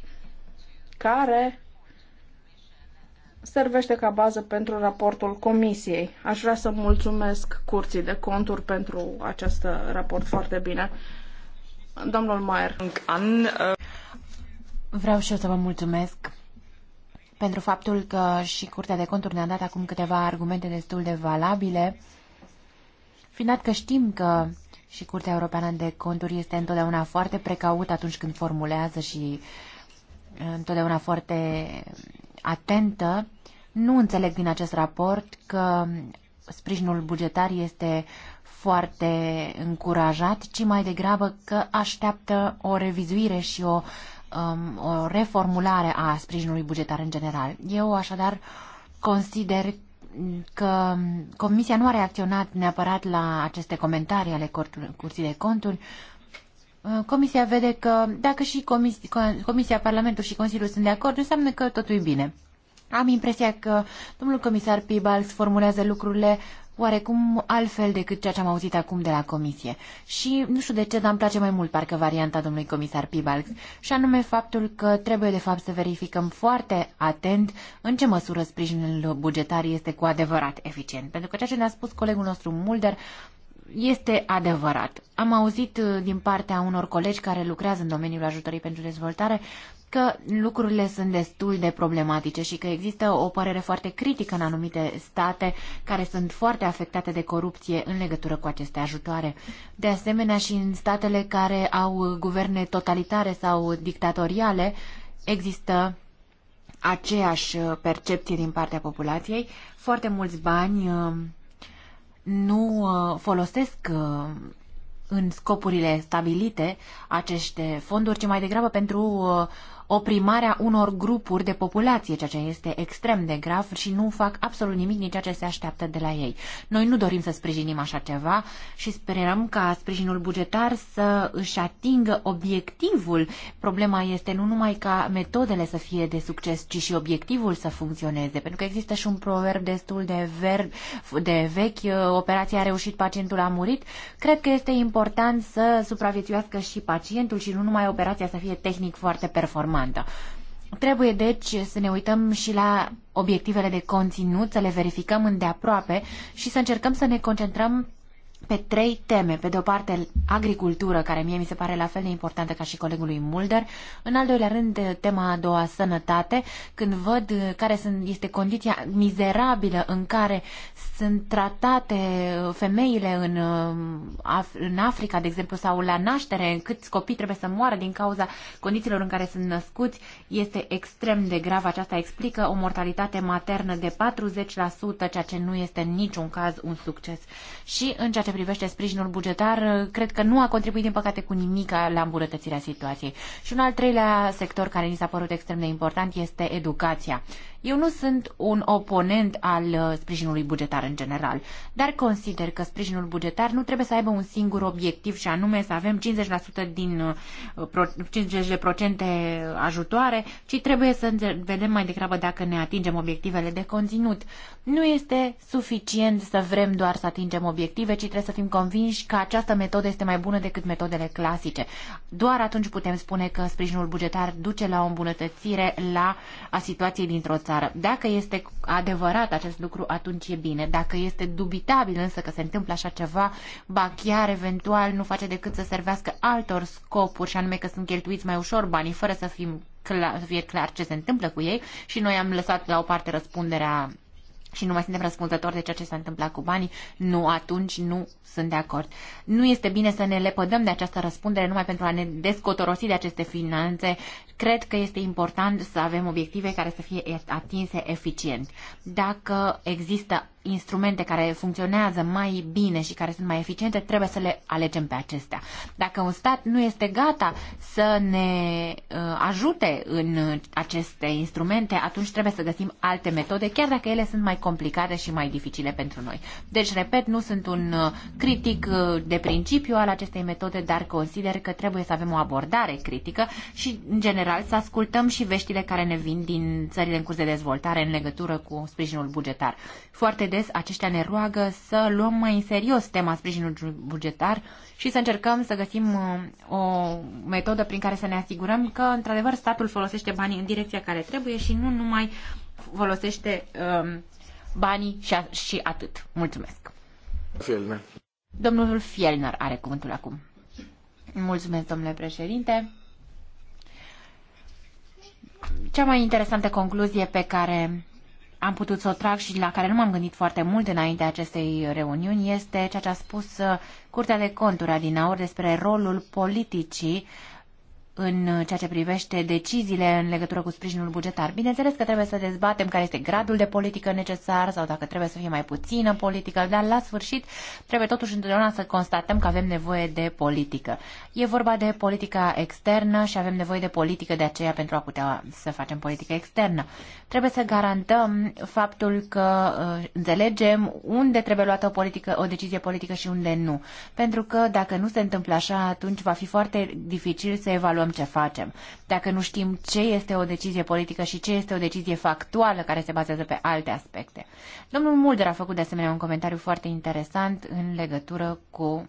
care servește ca bază pentru raportul comisiei. Aș vrea să mulțumesc curții de conturi pentru acest raport foarte bine. Domnul Maier. Vreau și eu să vă mulțumesc pentru faptul că și Curtea de Conturi ne-a dat acum câteva argumente destul de valabile, fiind dat că știm că și Curtea Europeană de Conturi este întotdeauna foarte precaută atunci când formulează și întotdeauna foarte atentă nu înțeleg din acest raport că sprijinul bugetar este foarte încurajat, ci mai degrabă că așteaptă o revizuire și o, um, o reformulare a sprijinului bugetar în general. Eu așadar consider că Comisia nu a reacționat neapărat la aceste comentarii ale Curții de Conturi. Uh, Comisia vede că dacă și Comisia, Comisia Parlamentul și Consiliul sunt de acord, înseamnă că totul e bine. Am impresia că domnul comisar Pibals formulează lucrurile oarecum altfel decât ceea ce am auzit acum de la comisie. Și nu știu de ce, dar îmi place mai mult parcă varianta domnului comisar Pibalx, și anume faptul că trebuie de fapt să verificăm foarte atent în ce măsură sprijinul bugetar este cu adevărat eficient. Pentru că ceea ce ne-a spus colegul nostru Mulder este adevărat. Am auzit uh, din partea unor colegi care lucrează în domeniul ajutorii pentru dezvoltare că lucrurile sunt destul de problematice și că există o părere foarte critică în anumite state care sunt foarte afectate de corupție în legătură cu aceste ajutoare. De asemenea și în statele care au guverne totalitare sau dictatoriale există aceeași percepție din partea populației. Foarte mulți bani uh, nu uh, folosesc uh, în scopurile stabilite aceste fonduri, ci mai degrabă pentru oprimarea unor grupuri de populație, ceea ce este extrem de grav și nu fac absolut nimic nici ceea ce se așteaptă de la ei. Noi nu dorim să sprijinim așa ceva și sperăm ca sprijinul bugetar să își atingă obiectivul. Problema este nu numai ca metodele să fie de succes, ci și obiectivul să funcționeze, pentru că există și un proverb destul de, ver, de vechi, uh, operația a reușit, pacientul a murit. Cred că este important să supraviețuiască și pacientul și nu numai operația să fie tehnic foarte performant performantă. Trebuie deci să ne uităm și la obiectivele de conținut, să le verificăm îndeaproape și să încercăm să ne concentrăm pe trei teme. Pe de o parte, agricultură, care mie mi se pare la fel de importantă ca și colegului Mulder. În al doilea rând, tema a doua, sănătate, când văd care sunt, este condiția mizerabilă în care sunt tratate femeile în, în Africa, de exemplu, sau la naștere, câți copii trebuie să moară din cauza condițiilor în care sunt născuți, este extrem de grav. Aceasta explică o mortalitate maternă de 40%, ceea ce nu este în niciun caz un succes. Și în ceea ce privește sprijinul bugetar, cred că nu a contribuit, din păcate, cu nimic la îmbunătățirea situației. Și un al treilea sector care ni s-a părut extrem de important este educația. Eu nu sunt un oponent al uh, sprijinului bugetar în general, dar consider că sprijinul bugetar nu trebuie să aibă un singur obiectiv și anume să avem 50% din 50% uh, ajutoare, ci trebuie să vedem mai degrabă dacă ne atingem obiectivele de conținut. Nu este suficient să vrem doar să atingem obiective, ci trebuie să fim convinși că această metodă este mai bună decât metodele clasice. Doar atunci putem spune că sprijinul bugetar duce la o îmbunătățire la a situației dintr-o țară țară. Dacă este adevărat acest lucru, atunci e bine. Dacă este dubitabil însă că se întâmplă așa ceva, ba chiar eventual nu face decât să servească altor scopuri, și anume că sunt cheltuiți mai ușor banii, fără să, fim clar, să fie clar ce se întâmplă cu ei și noi am lăsat la o parte răspunderea și nu mai suntem răspunzători de ceea ce s-a întâmplat cu banii, nu, atunci nu sunt de acord. Nu este bine să ne lepădăm de această răspundere numai pentru a ne descotorosi de aceste finanțe. Cred că este important să avem obiective care să fie atinse eficient. Dacă există instrumente care funcționează mai bine și care sunt mai eficiente, trebuie să le alegem pe acestea. Dacă un stat nu este gata să ne uh, ajute în aceste instrumente, atunci trebuie să găsim alte metode, chiar dacă ele sunt mai complicate și mai dificile pentru noi. Deci, repet, nu sunt un uh, critic uh, de principiu al acestei metode, dar consider că trebuie să avem o abordare critică și, în general, să ascultăm și veștile care ne vin din țările în curs de dezvoltare în legătură cu sprijinul bugetar. Foarte des aceștia ne roagă să luăm mai în serios tema sprijinului bugetar și să încercăm să găsim uh, o metodă prin care să ne asigurăm că, într-adevăr, statul folosește banii în direcția care trebuie și nu numai folosește um, banii și, a, și atât. Mulțumesc. Fielner. Domnul Fielner are cuvântul acum. Mulțumesc, domnule președinte. Cea mai interesantă concluzie pe care am putut să o trag și la care nu m-am gândit foarte mult înainte acestei reuniuni este ceea ce a spus uh, Curtea de Conturi din aur despre rolul politicii în uh, ceea ce privește deciziile în legătură cu sprijinul bugetar. Bineînțeles că trebuie să dezbatem care este gradul de politică necesar sau dacă trebuie să fie mai puțină politică, dar la sfârșit trebuie totuși întotdeauna să constatăm că avem nevoie de politică. E vorba de politica externă și avem nevoie de politică de aceea pentru a putea să facem politică externă. Trebuie să garantăm faptul că uh, înțelegem unde trebuie luată o, politică, o decizie politică și unde nu. Pentru că dacă nu se întâmplă așa, atunci va fi foarte dificil să evaluăm ce facem. Dacă nu știm ce este o decizie politică și ce este o decizie factuală care se bazează pe alte aspecte. Domnul Mulder a făcut de asemenea un comentariu foarte interesant în legătură cu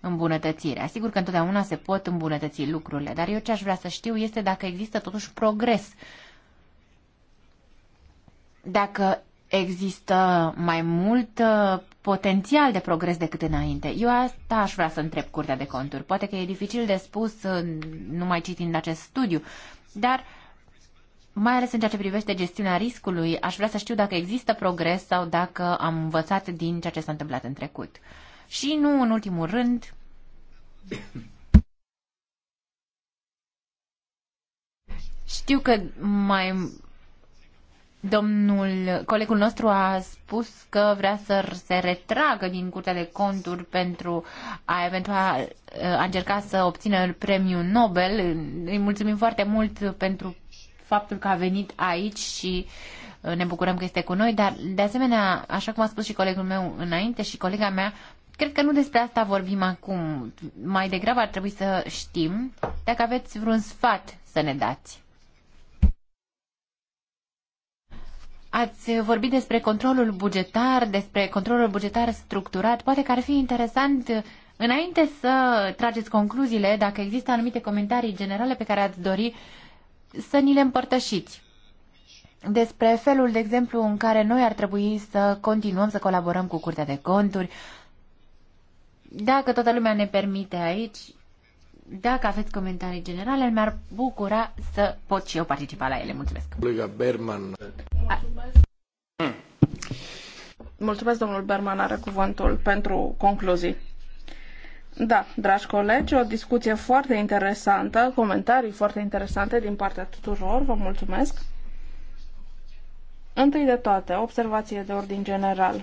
îmbunătățirea. Sigur că întotdeauna se pot îmbunătăți lucrurile, dar eu ce aș vrea să știu este dacă există totuși progres dacă există mai mult uh, potențial de progres decât înainte. Eu asta aș vrea să întreb Curtea de Conturi. Poate că e dificil de spus uh, numai citind acest studiu, dar mai ales în ceea ce privește gestiunea riscului, aș vrea să știu dacă există progres sau dacă am învățat din ceea ce s-a întâmplat în trecut. Și nu în ultimul rând, știu că mai Domnul, colegul nostru a spus că vrea să se retragă din Curtea de Conturi pentru a eventual a încerca să obțină premiul Nobel. Îi mulțumim foarte mult pentru faptul că a venit aici și uh, ne bucurăm că este cu noi, dar de asemenea, așa cum a spus și colegul meu înainte și colega mea, cred că nu despre asta vorbim acum. Mai degrabă ar trebui să știm dacă aveți vreun sfat să ne dați. Ați vorbit despre controlul bugetar, despre controlul bugetar structurat. Poate că ar fi interesant, înainte să trageți concluziile, dacă există anumite comentarii generale pe care ați dori să ni le împărtășiți. Despre felul, de exemplu, în care noi ar trebui să continuăm să colaborăm cu Curtea de Conturi. Dacă toată lumea ne permite aici, dacă aveți comentarii generale, mi-ar bucura să pot și eu participa la ele. Mulțumesc. Berman. Mulțumesc, domnul Berman, are cuvântul pentru concluzii. Da, dragi colegi, o discuție foarte interesantă, comentarii foarte interesante din partea tuturor, vă mulțumesc. Întâi de toate, observație de ordin general.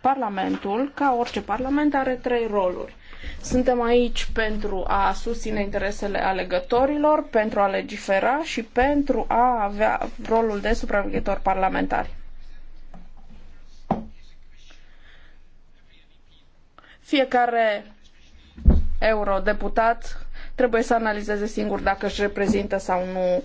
Parlamentul, ca orice parlament, are trei roluri. Suntem aici pentru a susține interesele alegătorilor, pentru a legifera și pentru a avea rolul de supraveghetori parlamentari. Fiecare eurodeputat trebuie să analizeze singur dacă își reprezintă sau nu uh,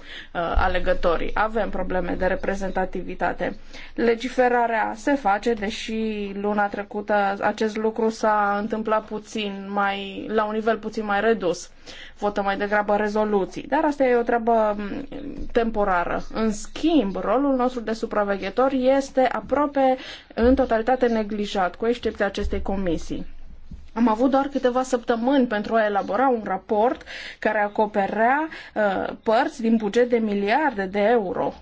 alegătorii. Avem probleme de reprezentativitate. Legiferarea se face, deși luna trecută acest lucru s-a întâmplat puțin mai, la un nivel puțin mai redus. Votăm mai degrabă rezoluții, dar asta e o treabă mm, temporară. În schimb, rolul nostru de supraveghetor este aproape în totalitate neglijat, cu excepția acestei comisii. Am avut doar câteva săptămâni pentru a elabora un raport care acoperea uh, părți din buget de miliarde de euro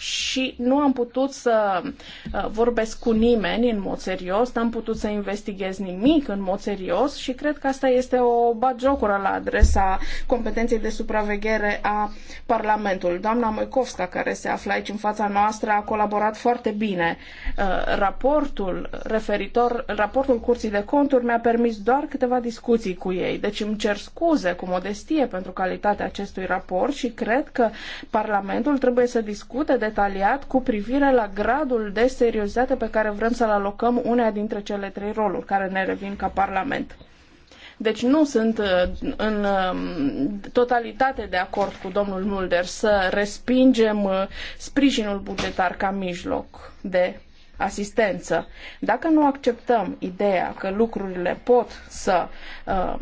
și nu am putut să uh, vorbesc cu nimeni în mod serios, n-am putut să investighez nimic în mod serios și cred că asta este o bagiocură la adresa competenței de supraveghere a Parlamentului. Doamna Moicovska, care se află aici în fața noastră, a colaborat foarte bine. Uh, raportul referitor, raportul Curții de Conturi mi-a permis doar câteva discuții cu ei, deci îmi cer scuze cu modestie pentru calitatea acestui raport și cred că Parlamentul trebuie să discute de detaliat cu privire la gradul de seriozitate pe care vrem să-l alocăm uneia dintre cele trei roluri care ne revin ca Parlament. Deci nu sunt uh, în um, totalitate de acord cu domnul Mulder să respingem uh, sprijinul bugetar ca mijloc de asistență. Dacă nu acceptăm ideea că lucrurile pot să uh,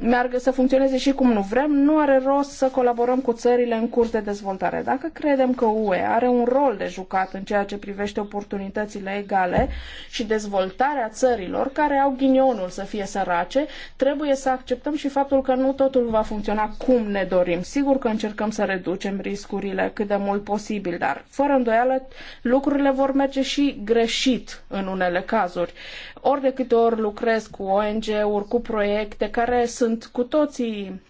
meargă să funcționeze și cum nu vrem, nu are rost să colaborăm cu țările în curs de dezvoltare. Dacă credem că UE are un rol de jucat în ceea ce privește oportunitățile egale și dezvoltarea țărilor care au ghinionul să fie sărace, trebuie să acceptăm și faptul că nu totul va funcționa cum ne dorim. Sigur că încercăm să reducem riscurile cât de mult posibil, dar fără îndoială lucrurile vor merge și greșit în unele cazuri. Ori de câte ori lucrez cu ONG-uri, cu proiecte care sunt cu toții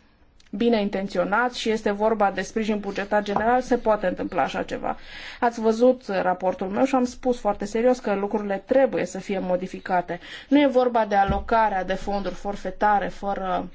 bine intenționat și este vorba de sprijin bugetar general, se poate întâmpla așa ceva. Ați văzut raportul meu și am spus foarte serios că lucrurile trebuie să fie modificate. Nu e vorba de alocarea de fonduri forfetare fără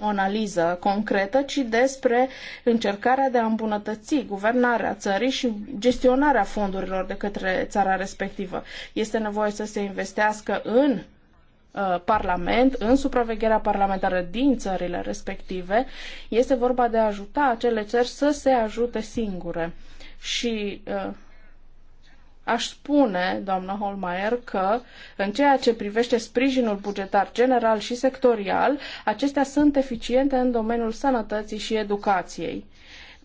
o analiză concretă, ci despre încercarea de a îmbunătăți guvernarea țării și gestionarea fondurilor de către țara respectivă. Este nevoie să se investească în uh, Parlament, în supravegherea parlamentară din țările respective, este vorba de a ajuta acele țări să se ajute singure. Și uh, Aș spune, doamnă Holmaier, că în ceea ce privește sprijinul bugetar general și sectorial, acestea sunt eficiente în domeniul sănătății și educației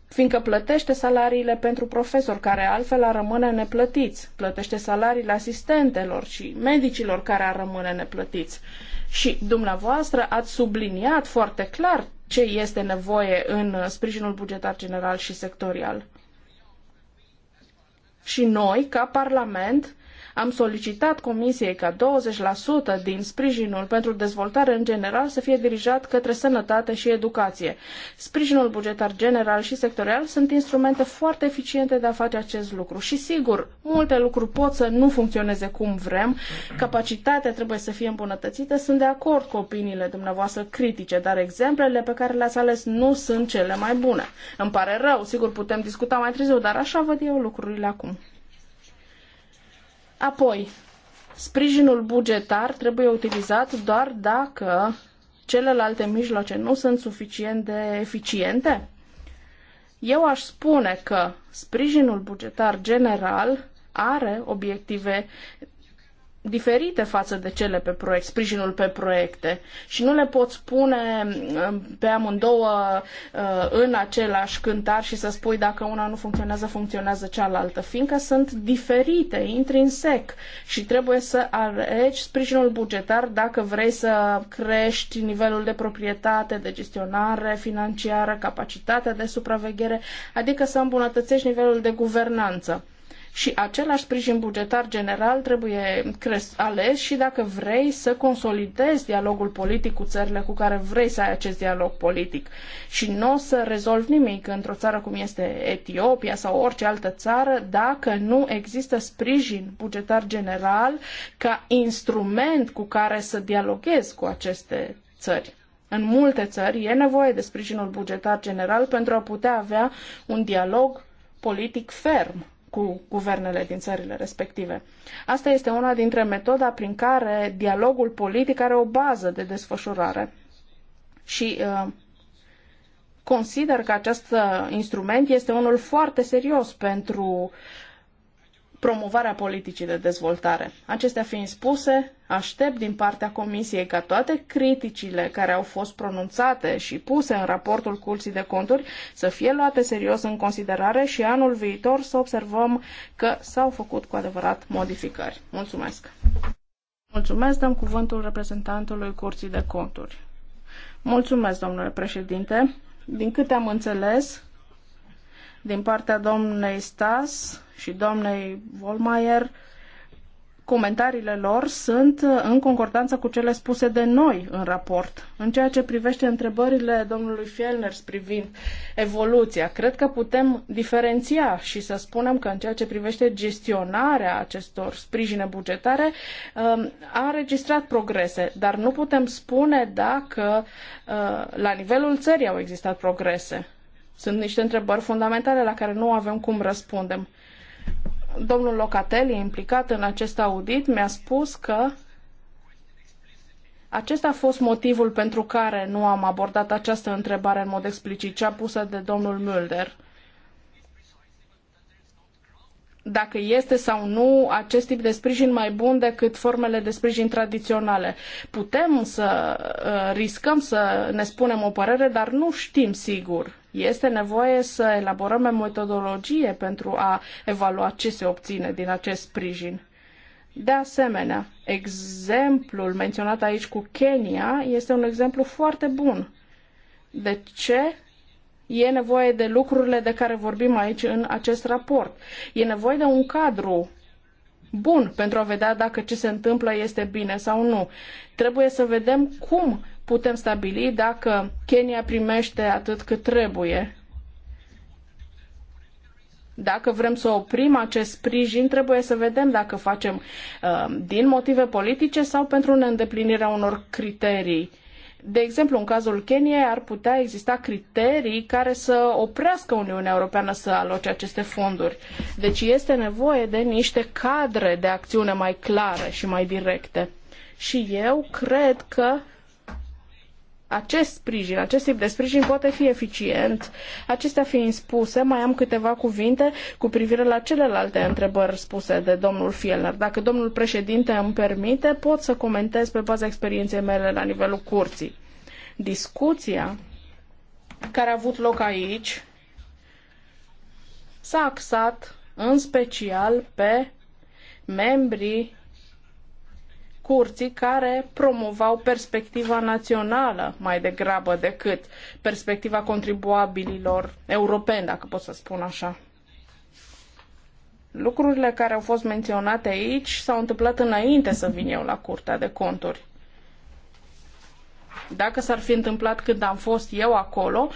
fiindcă plătește salariile pentru profesori care altfel ar rămâne neplătiți, plătește salariile asistentelor și medicilor care ar rămâne neplătiți. Și dumneavoastră ați subliniat foarte clar ce este nevoie în sprijinul bugetar general și sectorial și noi, ca Parlament, am solicitat Comisiei ca 20% din sprijinul pentru dezvoltare în general să fie dirijat către sănătate și educație. Sprijinul bugetar general și sectorial sunt instrumente foarte eficiente de a face acest lucru. Și sigur, multe lucruri pot să nu funcționeze cum vrem, capacitatea trebuie să fie îmbunătățită, sunt de acord cu opiniile dumneavoastră critice, dar exemplele pe care le-ați ales nu sunt cele mai bune. Îmi pare rău, sigur putem discuta mai târziu, dar așa văd eu lucrurile acum. Apoi, sprijinul bugetar trebuie utilizat doar dacă celelalte mijloace nu sunt suficient de eficiente? Eu aș spune că sprijinul bugetar general are obiective diferite față de cele pe proiect, sprijinul pe proiecte și nu le pot spune um, pe amândouă uh, în același cântar și să spui dacă una nu funcționează, funcționează cealaltă, fiindcă sunt diferite, intrinsec și trebuie să areci sprijinul bugetar dacă vrei să crești nivelul de proprietate, de gestionare financiară, capacitatea de supraveghere, adică să îmbunătățești nivelul de guvernanță și același sprijin bugetar general trebuie ales și dacă vrei să consolidezi dialogul politic cu țările cu care vrei să ai acest dialog politic. Și nu o să rezolvi nimic într-o țară cum este Etiopia sau orice altă țară dacă nu există sprijin bugetar general ca instrument cu care să dialoghezi cu aceste țări. În multe țări e nevoie de sprijinul bugetar general pentru a putea avea un dialog politic ferm cu guvernele din țările respective. Asta este una dintre metoda prin care dialogul politic are o bază de desfășurare. Și uh, consider că acest uh, instrument este unul foarte serios pentru promovarea politicii de dezvoltare. Acestea fiind spuse, aștept din partea Comisiei ca toate criticile care au fost pronunțate și puse în raportul Curții de Conturi să fie luate serios în considerare și anul viitor să observăm că s-au făcut cu adevărat modificări. Mulțumesc! Mulțumesc, dăm cuvântul reprezentantului Curții de Conturi. Mulțumesc, domnule președinte. Din câte am înțeles, din partea domnei Stas și doamnei Volmaier, comentariile lor sunt în concordanță cu cele spuse de noi în raport. În ceea ce privește întrebările domnului Fielners privind evoluția, cred că putem diferenția și să spunem că în ceea ce privește gestionarea acestor sprijine bugetare um, a înregistrat progrese, dar nu putem spune dacă uh, la nivelul țării au existat progrese. Sunt niște întrebări fundamentale la care nu avem cum răspundem. Domnul Locatelli, implicat în acest audit, mi-a spus că acesta a fost motivul pentru care nu am abordat această întrebare în mod explicit, cea pusă de domnul Mulder dacă este sau nu acest tip de sprijin mai bun decât formele de sprijin tradiționale. Putem să uh, riscăm să ne spunem o părere, dar nu știm sigur. Este nevoie să elaborăm o metodologie pentru a evalua ce se obține din acest sprijin. De asemenea, exemplul menționat aici cu Kenya este un exemplu foarte bun. De ce e nevoie de lucrurile de care vorbim aici în acest raport? E nevoie de un cadru bun pentru a vedea dacă ce se întâmplă este bine sau nu. Trebuie să vedem cum putem stabili dacă Kenya primește atât cât trebuie. Dacă vrem să oprim acest sprijin, trebuie să vedem dacă facem uh, din motive politice sau pentru neîndeplinirea unor criterii. De exemplu, în cazul Keniei ar putea exista criterii care să oprească Uniunea Europeană să aloce aceste fonduri. Deci este nevoie de niște cadre de acțiune mai clare și mai directe. Și eu cred că acest sprijin, acest tip de sprijin poate fi eficient. Acestea fiind spuse, mai am câteva cuvinte cu privire la celelalte întrebări spuse de domnul Fielner. Dacă domnul președinte îmi permite, pot să comentez pe baza experienței mele la nivelul curții. Discuția care a avut loc aici s-a axat în special pe membrii curții care promovau perspectiva națională mai degrabă decât perspectiva contribuabililor europeni, dacă pot să spun așa. Lucrurile care au fost menționate aici s-au întâmplat înainte să vin eu la Curtea de Conturi. Dacă s-ar fi întâmplat când am fost eu acolo,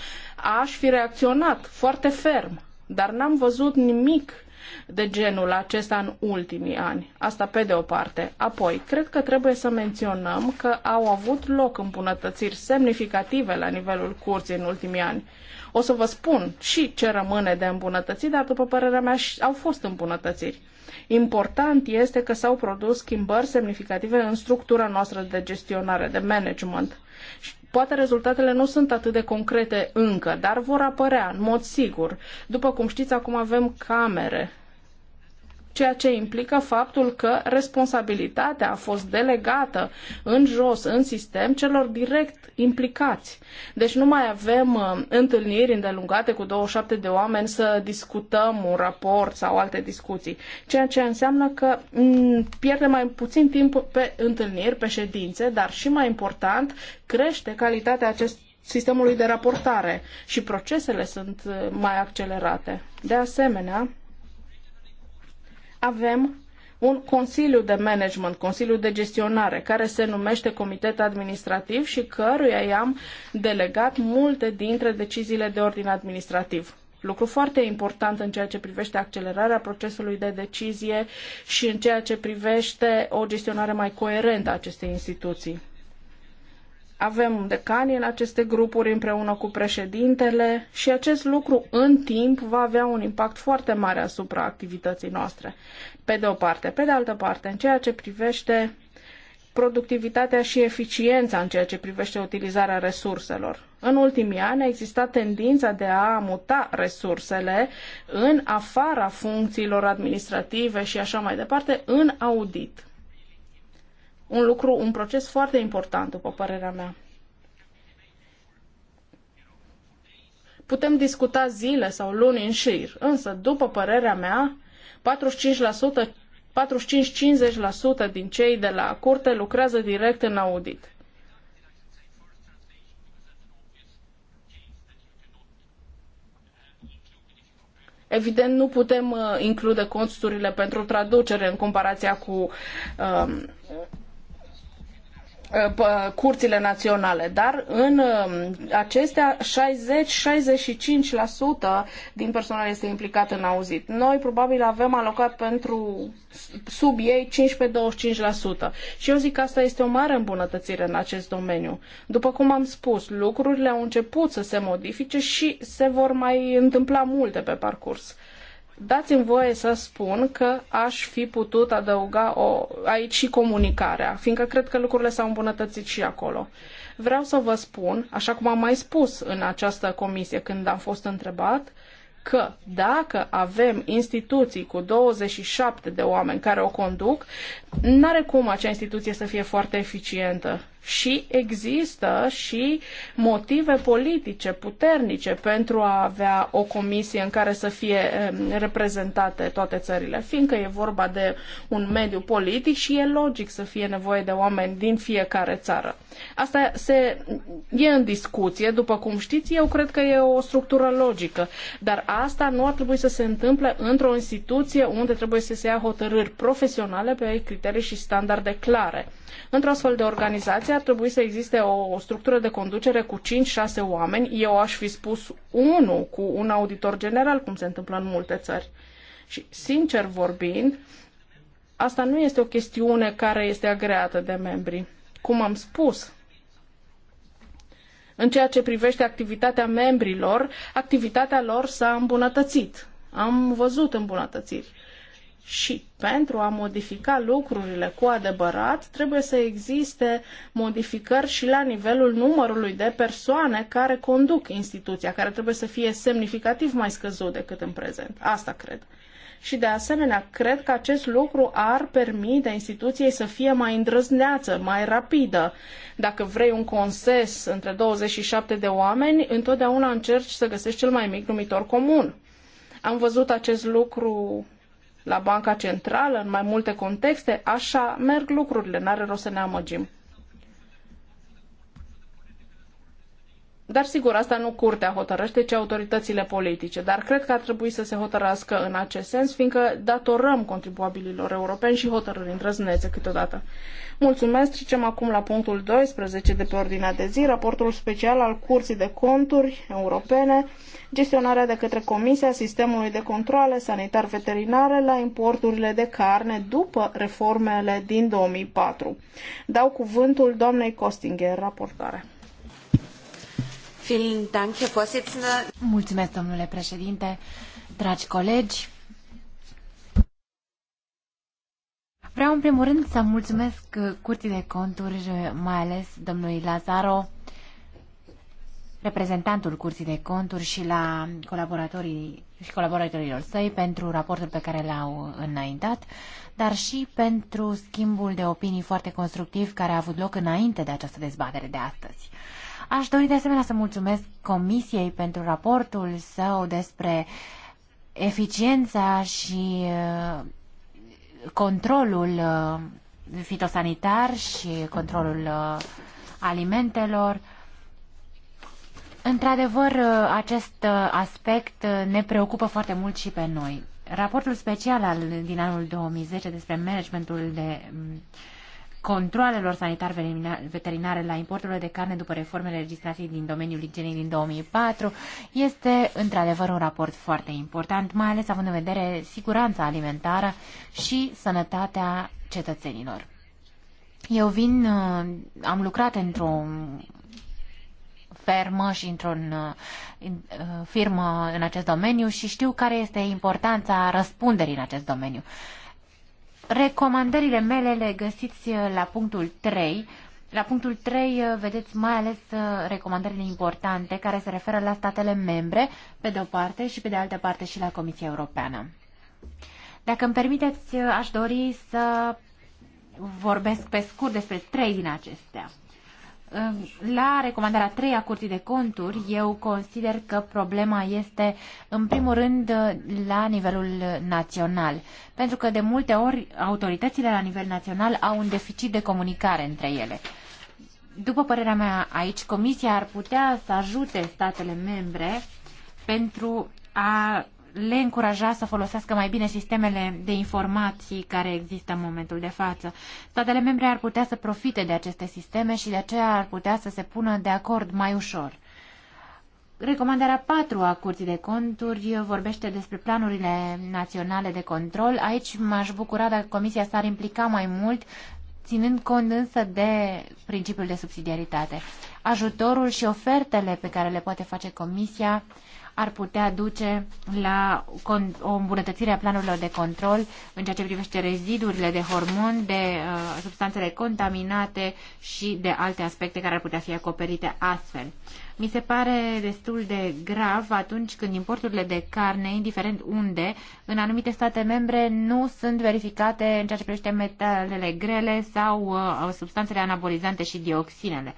aș fi reacționat foarte ferm, dar n-am văzut nimic de genul acesta în ultimii ani. Asta pe de o parte. Apoi, cred că trebuie să menționăm că au avut loc îmbunătățiri semnificative la nivelul curții în ultimii ani. O să vă spun și ce rămâne de îmbunătățit, dar după părerea mea au fost îmbunătățiri. Important este că s-au produs schimbări semnificative în structura noastră de gestionare, de management. Și Poate rezultatele nu sunt atât de concrete încă, dar vor apărea în mod sigur. După cum știți, acum avem camere ceea ce implică faptul că responsabilitatea a fost delegată în jos, în sistem, celor direct implicați. Deci nu mai avem uh, întâlniri îndelungate cu 27 de oameni să discutăm un raport sau alte discuții, ceea ce înseamnă că mm, pierdem mai puțin timp pe întâlniri, pe ședințe, dar și mai important, crește calitatea acestui sistemului de raportare și procesele sunt uh, mai accelerate. De asemenea, avem un consiliu de management, consiliu de gestionare, care se numește Comitet Administrativ și căruia i-am delegat multe dintre deciziile de ordin administrativ. Lucru foarte important în ceea ce privește accelerarea procesului de decizie și în ceea ce privește o gestionare mai coerentă a acestei instituții avem decanii în aceste grupuri împreună cu președintele și acest lucru în timp va avea un impact foarte mare asupra activității noastre, pe de o parte. Pe de altă parte, în ceea ce privește productivitatea și eficiența în ceea ce privește utilizarea resurselor. În ultimii ani a existat tendința de a muta resursele în afara funcțiilor administrative și așa mai departe în audit un lucru, un proces foarte important, după părerea mea. Putem discuta zile sau luni în șir, însă, după părerea mea, 45%, 45-50% din cei de la curte lucrează direct în audit. Evident, nu putem uh, include costurile pentru traducere în comparația cu um, Uh, curțile naționale, dar în um, acestea 60-65% din personal este implicat în auzit. Noi probabil avem alocat pentru sub ei 15-25% și eu zic că asta este o mare îmbunătățire în acest domeniu. După cum am spus, lucrurile au început să se modifice și se vor mai întâmpla multe pe parcurs. Dați-mi voie să spun că aș fi putut adăuga o, aici și comunicarea, fiindcă cred că lucrurile s-au îmbunătățit și acolo. Vreau să vă spun, așa cum am mai spus în această comisie când am fost întrebat, că dacă avem instituții cu 27 de oameni care o conduc, n-are cum acea instituție să fie foarte eficientă și există și motive politice puternice pentru a avea o comisie în care să fie reprezentate toate țările, fiindcă e vorba de un mediu politic și e logic să fie nevoie de oameni din fiecare țară. Asta se, e în discuție, după cum știți, eu cred că e o structură logică, dar asta nu ar trebui să se întâmple într-o instituție unde trebuie să se ia hotărâri profesionale pe criterii și standarde clare. Într-o astfel de organizație organizație ar trebui să existe o, o structură de conducere cu 5-6 oameni. Eu aș fi spus unul cu un auditor general, cum se întâmplă în multe țări. Și, sincer vorbind, asta nu este o chestiune care este agreată de membri. Cum am spus, în ceea ce privește activitatea membrilor, activitatea lor s-a îmbunătățit. Am văzut îmbunătățiri. Și pentru a modifica lucrurile cu adevărat, trebuie să existe modificări și la nivelul numărului de persoane care conduc instituția, care trebuie să fie semnificativ mai scăzut decât în prezent. Asta cred. Și de asemenea, cred că acest lucru ar permite instituției să fie mai îndrăzneață, mai rapidă. Dacă vrei un consens între 27 de oameni, întotdeauna încerci să găsești cel mai mic numitor comun. Am văzut acest lucru la Banca Centrală, în mai multe contexte, așa merg lucrurile, n-are rost să ne amăgim. Dar sigur, asta nu curtea hotărăște, ci autoritățile politice. Dar cred că ar trebui să se hotărască în acest sens, fiindcă datorăm contribuabililor europeni și hotărâri îndrăznețe câteodată. Mulțumesc, trecem acum la punctul 12 de pe ordinea de zi, raportul special al Curții de Conturi Europene, gestionarea de către Comisia Sistemului de Controle Sanitar-Veterinare la importurile de carne după reformele din 2004. Dau cuvântul doamnei Costinger, raportare. Mulțumesc, domnule președinte, dragi colegi. Vreau în primul rând să mulțumesc Curții de Conturi, mai ales domnului Lazaro, reprezentantul Curții de Conturi și la colaboratorii și colaboratorilor săi pentru raportul pe care l-au înaintat, dar și pentru schimbul de opinii foarte constructiv care a avut loc înainte de această dezbatere de astăzi. Aș dori de asemenea să mulțumesc Comisiei pentru raportul său despre eficiența și uh, controlul uh, fitosanitar și controlul uh, alimentelor. Într-adevăr, acest aspect ne preocupă foarte mult și pe noi. Raportul special al, din anul 2010 despre managementul de mm, controalelor sanitar veterinare la importurile de carne după reformele legislației din domeniul igienei din 2004 este într-adevăr un raport foarte important, mai ales având în vedere siguranța alimentară și sănătatea cetățenilor. Eu vin, uh, am lucrat într-o fermă și într-o uh, uh, firmă în acest domeniu și știu care este importanța răspunderii în acest domeniu. Recomandările mele le găsiți uh, la punctul 3. La punctul 3 uh, vedeți mai ales uh, recomandările importante care se referă la statele membre, pe de o parte și pe de altă parte și la Comisia Europeană. Dacă îmi permiteți, aș dori să vorbesc pe scurt despre trei din acestea. La recomandarea 3 a Curții de Conturi, eu consider că problema este, în primul rând, la nivelul național. Pentru că, de multe ori, autoritățile la nivel național au un deficit de comunicare între ele. După părerea mea, aici Comisia ar putea să ajute statele membre pentru a le încuraja să folosească mai bine sistemele de informații care există în momentul de față. Statele membre ar putea să profite de aceste sisteme și de aceea ar putea să se pună de acord mai ușor. Recomandarea 4 a Curții de Conturi vorbește despre planurile naționale de control. Aici m-aș bucura dacă Comisia s-ar implica mai mult, ținând cont însă de principiul de subsidiaritate. Ajutorul și ofertele pe care le poate face Comisia uh, ar putea duce la o îmbunătățire a planurilor de control în ceea ce privește rezidurile de hormon, de uh, substanțele contaminate și de alte aspecte care ar putea fi acoperite astfel. Mi se pare destul de grav atunci când importurile de carne, indiferent unde, în anumite state membre nu sunt verificate în ceea ce privește metalele grele sau uh, substanțele anabolizante și dioxinele.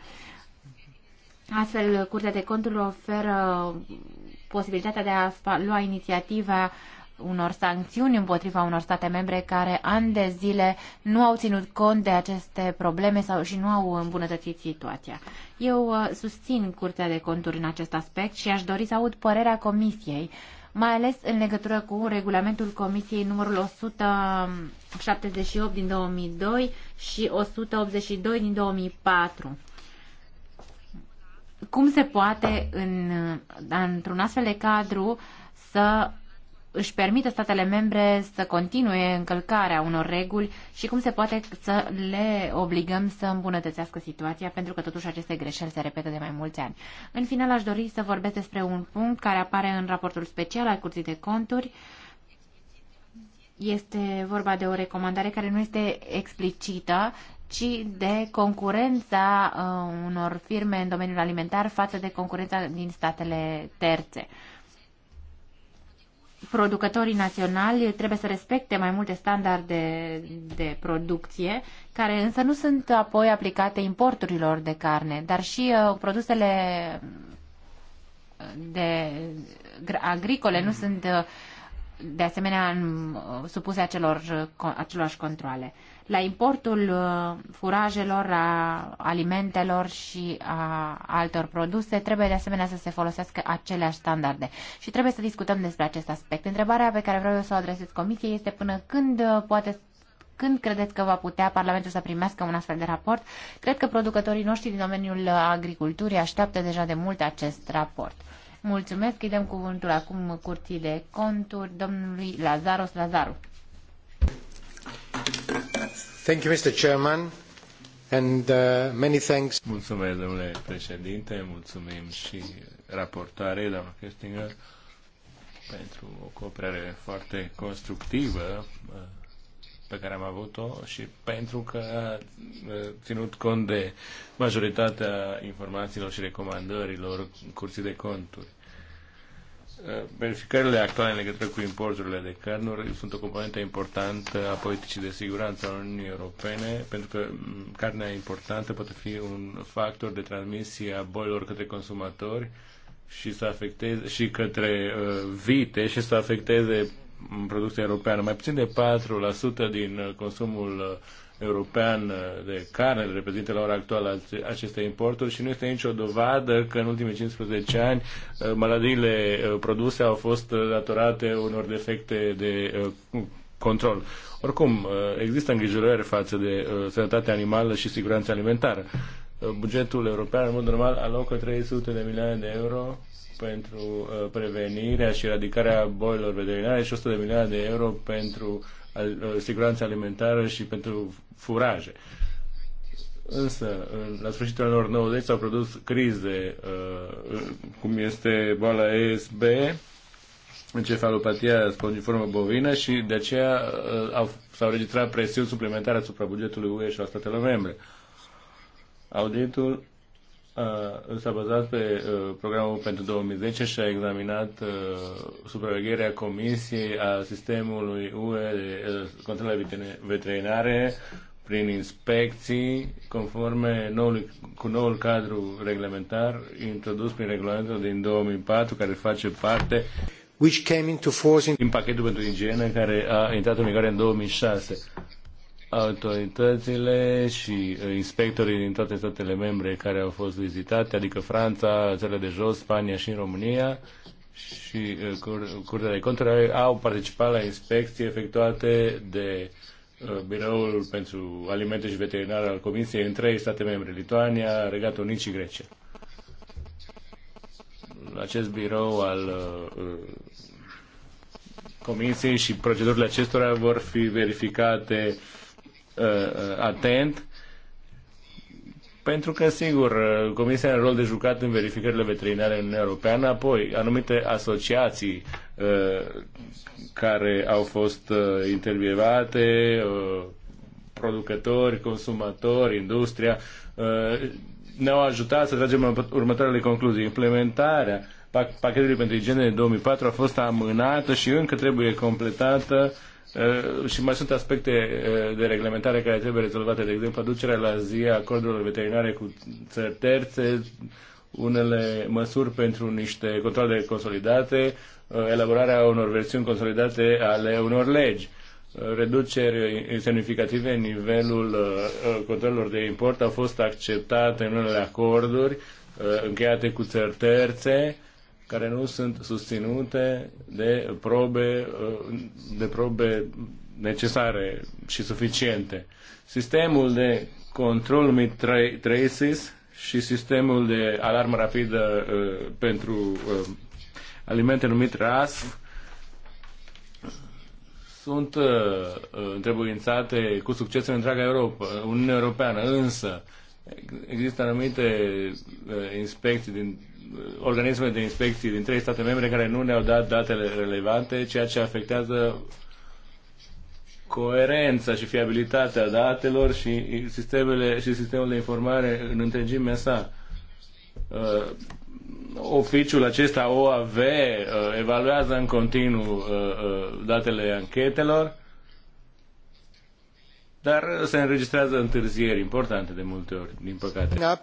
Astfel, Curtea de Conturi oferă posibilitatea de a lua inițiativa unor sancțiuni împotriva unor state membre care ani de zile nu au ținut cont de aceste probleme sau și nu au îmbunătățit situația. Eu uh, susțin Curtea de Conturi în acest aspect și aș dori să aud părerea Comisiei, mai ales în legătură cu regulamentul Comisiei numărul 178 din 2002 și 182 din 2004 cum se poate în, într-un astfel de cadru să își permită statele membre să continue încălcarea unor reguli și cum se poate să le obligăm să îmbunătățească situația, pentru că totuși aceste greșeli se repetă de mai mulți ani. În final aș dori să vorbesc despre un punct care apare în raportul special al Curții de Conturi. Este vorba de o recomandare care nu este explicită, ci de concurența uh, unor firme în domeniul alimentar față de concurența din statele terțe. Producătorii naționali trebuie să respecte mai multe standarde de producție, care însă nu sunt apoi aplicate importurilor de carne, dar și uh, produsele de agricole nu sunt uh, de asemenea supuse acelor, acelorași controle la importul uh, furajelor, a alimentelor și a altor produse, trebuie de asemenea să se folosească aceleași standarde. Și trebuie să discutăm despre acest aspect. Întrebarea pe care vreau eu să o adresez Comisiei este până când uh, poate când credeți că va putea Parlamentul să primească un astfel de raport? Cred că producătorii noștri din domeniul agriculturii așteaptă deja de mult acest raport. Mulțumesc, îi dăm cuvântul acum curții de conturi domnului Lazaros Lazaru. Thank you, Mr. Chairman. And uh, many thanks. Mulțumesc, domnule președinte, mulțumim și raportoarei, doamna Kestinger, pentru o cooperare foarte constructivă uh, pe care am avut-o și pentru că a ținut cont de majoritatea informațiilor și recomandărilor curții de conturi. Eh, verificările actuale în legătură cu importurile de cărnuri sunt o componentă importantă a politicii de siguranță a Uniunii Europene, pentru că mm, carnea importantă poate fi un factor de transmisie a bolilor către consumatori și să afecteze și către uh, vite și să afecteze producția europeană. Mai puțin de 4% din eh, consumul european uh, de carne reprezintă la ora actuală aceste importuri și nu este nicio dovadă că în ultimii 15 ani uh, maladiile uh, produse au fost datorate unor defecte de control. Oricum, există îngrijorări față de sănătatea animală și siguranța alimentară. Bugetul european, în mod normal, alocă 300 de milioane de euro pentru prevenirea și eradicarea bolilor veterinare și 100 de milioane de euro pentru uh, Uh, siguranța alimentară și pentru furaje. Însă, la sfârșitul anilor 90 s-au produs crize, uh, cum este boala ESB, encefalopatia spongiformă bovină și de aceea uh, au, s-au registrat presiuni suplimentare asupra bugetului UE și a statelor membre. Auditul s-a bazat pe programul pentru 2010 și a examinat supravegherea Comisiei a sistemului UE de controle veterinare prin inspecții conforme noului, cu noul cadru reglementar introdus prin regulamentul din 2004 care face parte which came into force in... din pachetul pentru igienă care a intrat în vigoare în 2006 autoritățile și uh, inspectorii din toate statele membre care au fost vizitate, adică Franța, țările de jos, Spania și România, și uh, Cur- Curtea de Conturi au participat la inspecții efectuate de uh, Biroul pentru Alimente și Veterinare al Comisiei în trei state membre, Lituania, Regatul Unit și Grecia. Acest birou al uh, Comisiei și procedurile acestora vor fi verificate uh, Uh, uh, atent, pentru că, sigur, uh, Comisia are rol de jucat în verificările veterinare în Uniunea Europeană, apoi anumite asociații uh, care au fost uh, intervievate, uh, producători, consumatori, industria, uh, ne-au ajutat să tragem următoarele concluzii. Implementarea pachetului pentru igiene de 2004 a fost amânată și încă trebuie completată uh, Uh, și mai sunt aspecte uh, de reglementare care trebuie rezolvate, de exemplu aducerea la zi a acordurilor veterinare cu țări terțe, unele măsuri pentru niște controle consolidate, uh, elaborarea unor versiuni consolidate ale unor legi, reduceri semnificative în nivelul controlelor de import au fost acceptate în unele acorduri încheiate cu țări terțe, care nu sunt susținute de probe, de probe necesare și suficiente. Sistemul de control traces și sistemul de alarmă rapidă uh, pentru uh, alimente numit RAS sunt uh, întrebuințate cu succes în întreaga Europa, Uniunea Europeană, însă există anumite inspecții din organismele de inspecții din trei state membre care nu ne-au dat datele relevante, ceea ce afectează coerența și fiabilitatea datelor și, sistemele, și sistemul de informare în întregimea sa. Uh, oficiul acesta OAV uh, evaluează în continuu uh, uh, datele anchetelor, dar se înregistrează întârzieri importante de multe ori, din păcate. Da.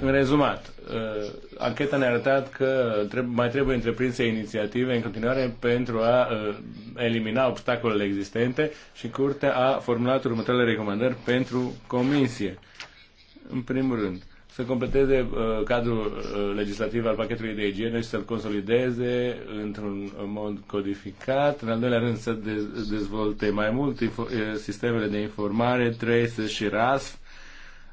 În rezumat, uh, ancheta ne-a arătat că mai trebuie întreprinse inițiative în continuare pentru a uh, elimina obstacolele existente și Curtea a formulat următoarele recomandări pentru Comisie. În primul rând, să completeze uh, cadrul legislativ al pachetului de igienă și să-l consolideze într-un mod codificat. În al doilea rând, să dezvolte mai mult sistemele de informare, 3 și RASF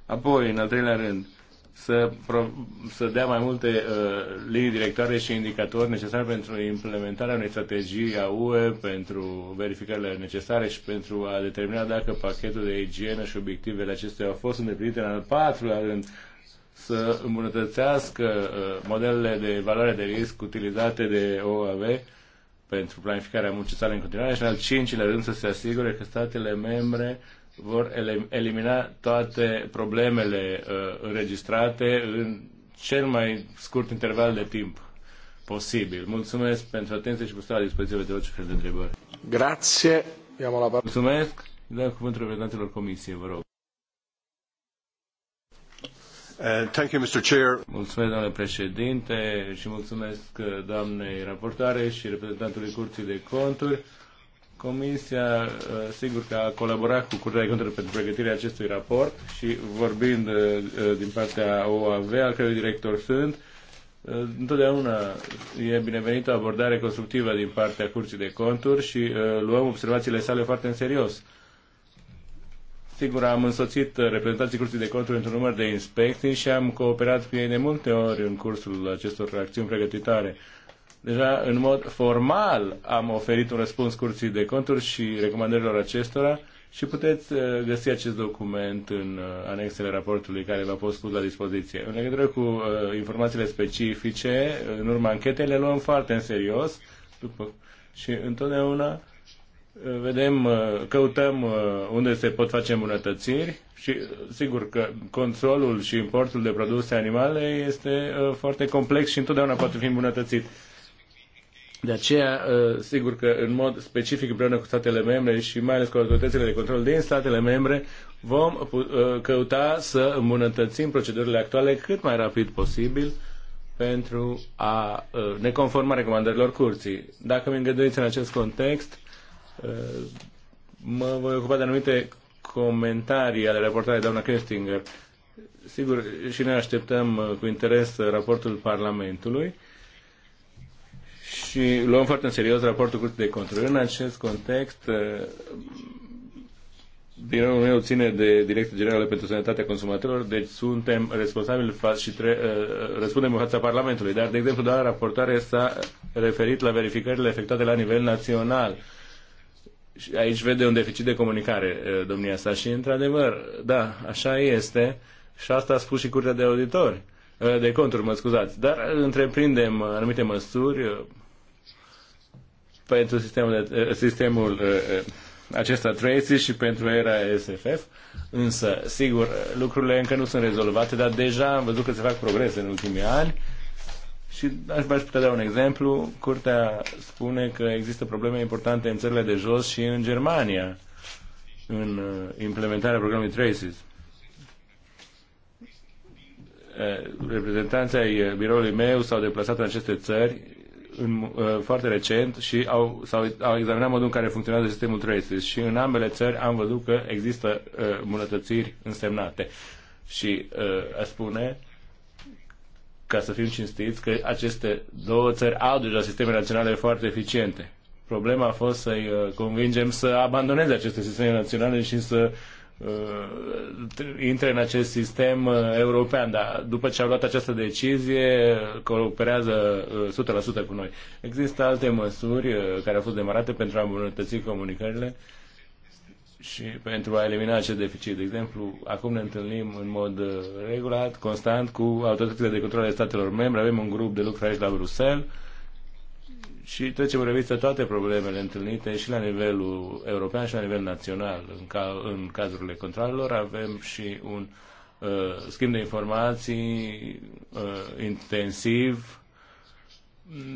Apoi, în al treilea rând, să, pro, să dea mai multe uh, linii directoare și indicatori necesari pentru implementarea unei strategii a UE, pentru verificările necesare și pentru a determina dacă pachetul de igienă și obiectivele acestea au fost îndeplinite în al patrulea rând, să îmbunătățească uh, modelele de valoare de risc utilizate de OAV pentru planificarea muncii sale în continuare și în al cincilea rând să se asigure că statele membre vor elimina toate problemele uh, înregistrate în cel mai scurt interval de timp posibil. Mulțumesc pentru atenție și vă stau la dispoziție pentru orice fel de întrebări. Grație. Iam la Mulțumesc. Dau cuvântul reprezentantelor comisiei, vă rog. And uh, thank you, Mr. Chair. Mulțumesc, doamne președinte, și mulțumesc uh, doamnei raportare și reprezentantului Curții de Conturi. Comisia, uh, sigur că a colaborat cu Curtea de Conturi pentru pregătirea acestui raport și vorbind uh, uh, din partea OAV, al cărui director sunt, întotdeauna e binevenită o abordare constructivă din partea Curții de Conturi și luăm observațiile sale foarte în serios. Sigur, am însoțit reprezentanții Curții de Conturi într-un număr de inspecții și am cooperat cu ei de multe ori în cursul acestor acțiuni pregătitoare. Deja, în mod formal, am oferit un răspuns curții de conturi și recomandărilor acestora și puteți uh, găsi acest document în uh, anexele raportului care v-a fost pus la dispoziție. În legătură cu uh, informațiile specifice, în urma anchetei le luăm foarte în serios după, și întotdeauna vedem, căutăm unde se pot face îmbunătățiri și sigur că controlul și importul de produse animale este foarte complex și întotdeauna poate fi îmbunătățit. De aceea, ă, sigur că în mod specific împreună cu statele membre și mai ales cu autoritățile de control din statele membre, vom ă, căuta să îmbunătățim procedurile actuale cât mai rapid posibil pentru a ă, ne conforma recomandărilor curții. Dacă mi îngăduiți în acest context, mă voi ocupa de anumite comentarii ale reportarei doamna Kestinger. Sigur, și ne așteptăm cu interes raportul Parlamentului și luăm foarte în serios raportul Curții de control În acest context, urmă, meu ține de Direcția Generală pentru Sănătatea Consumatorilor, deci suntem responsabili și tre- uh, răspundem în fața Parlamentului. Dar, de exemplu, doar raportare s-a referit la verificările efectuate la nivel național. Și aici vede un deficit de comunicare uh, domnia sa și, într-adevăr, da, așa este și asta a spus și Curtea de Auditori uh, de conturi, mă scuzați, dar întreprindem anumite măsuri pentru sistemul, eh, sistemul eh, acesta Tracy și pentru era SFF, însă, sigur, eh, lucrurile încă nu sunt rezolvate, dar deja am văzut că se fac progrese în ultimii ani și aș mai putea da un exemplu. Curtea spune că există probleme importante în țările de jos și în Germania în implementarea programului Traces. Reprezentanții ai biroului meu s-au deplasat în aceste țări în, uh, foarte recent și au, s-au, au examinat modul în care funcționează sistemul Traces și în ambele țări am văzut că există uh, îmbunătățiri însemnate. Și uh, a spune ca să fim cinstiți, că aceste două țări au deja sisteme naționale foarte eficiente. Problema a fost să-i uh, convingem să abandoneze aceste sisteme naționale și să Uh, intre în acest sistem uh, european, dar după ce au luat această decizie, cooperează uh, 100% cu noi. Există alte măsuri care au fost demarate pentru a îmbunătăți comunicările și pentru a elimina acest deficit. De exemplu, acum ne întâlnim în mod regulat, constant, cu autoritățile de control ale statelor membre. Avem un grup de lucru aici la Bruxelles și trecem în revistă toate problemele întâlnite și la nivelul european și la nivel național. În, ca, în cazurile controlelor avem și un uh, schimb de informații uh, intensiv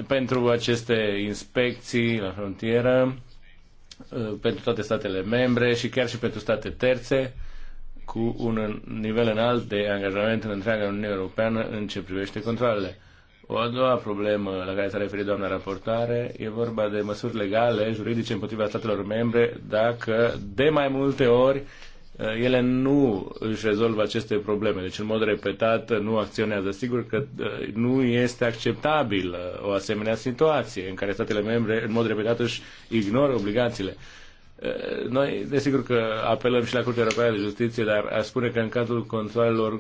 pentru aceste inspecții la frontieră, uh, pentru toate statele membre și chiar și pentru state terțe, cu un nivel înalt de angajament în întreaga Uniune Europeană în ce privește controlele o a doua problemă la care s-a referit doamna raportare e vorba de măsuri legale, juridice împotriva statelor membre dacă de mai multe ori eh, ele nu își rezolvă aceste probleme. Deci, în mod repetat, nu acționează. Sigur că eh, nu este acceptabil o asemenea situație în care statele membre, în mod repetat, își ignoră obligațiile. Eh, noi, desigur că apelăm și la Curtea Europeană de Justiție, dar a spune că în cazul controlelor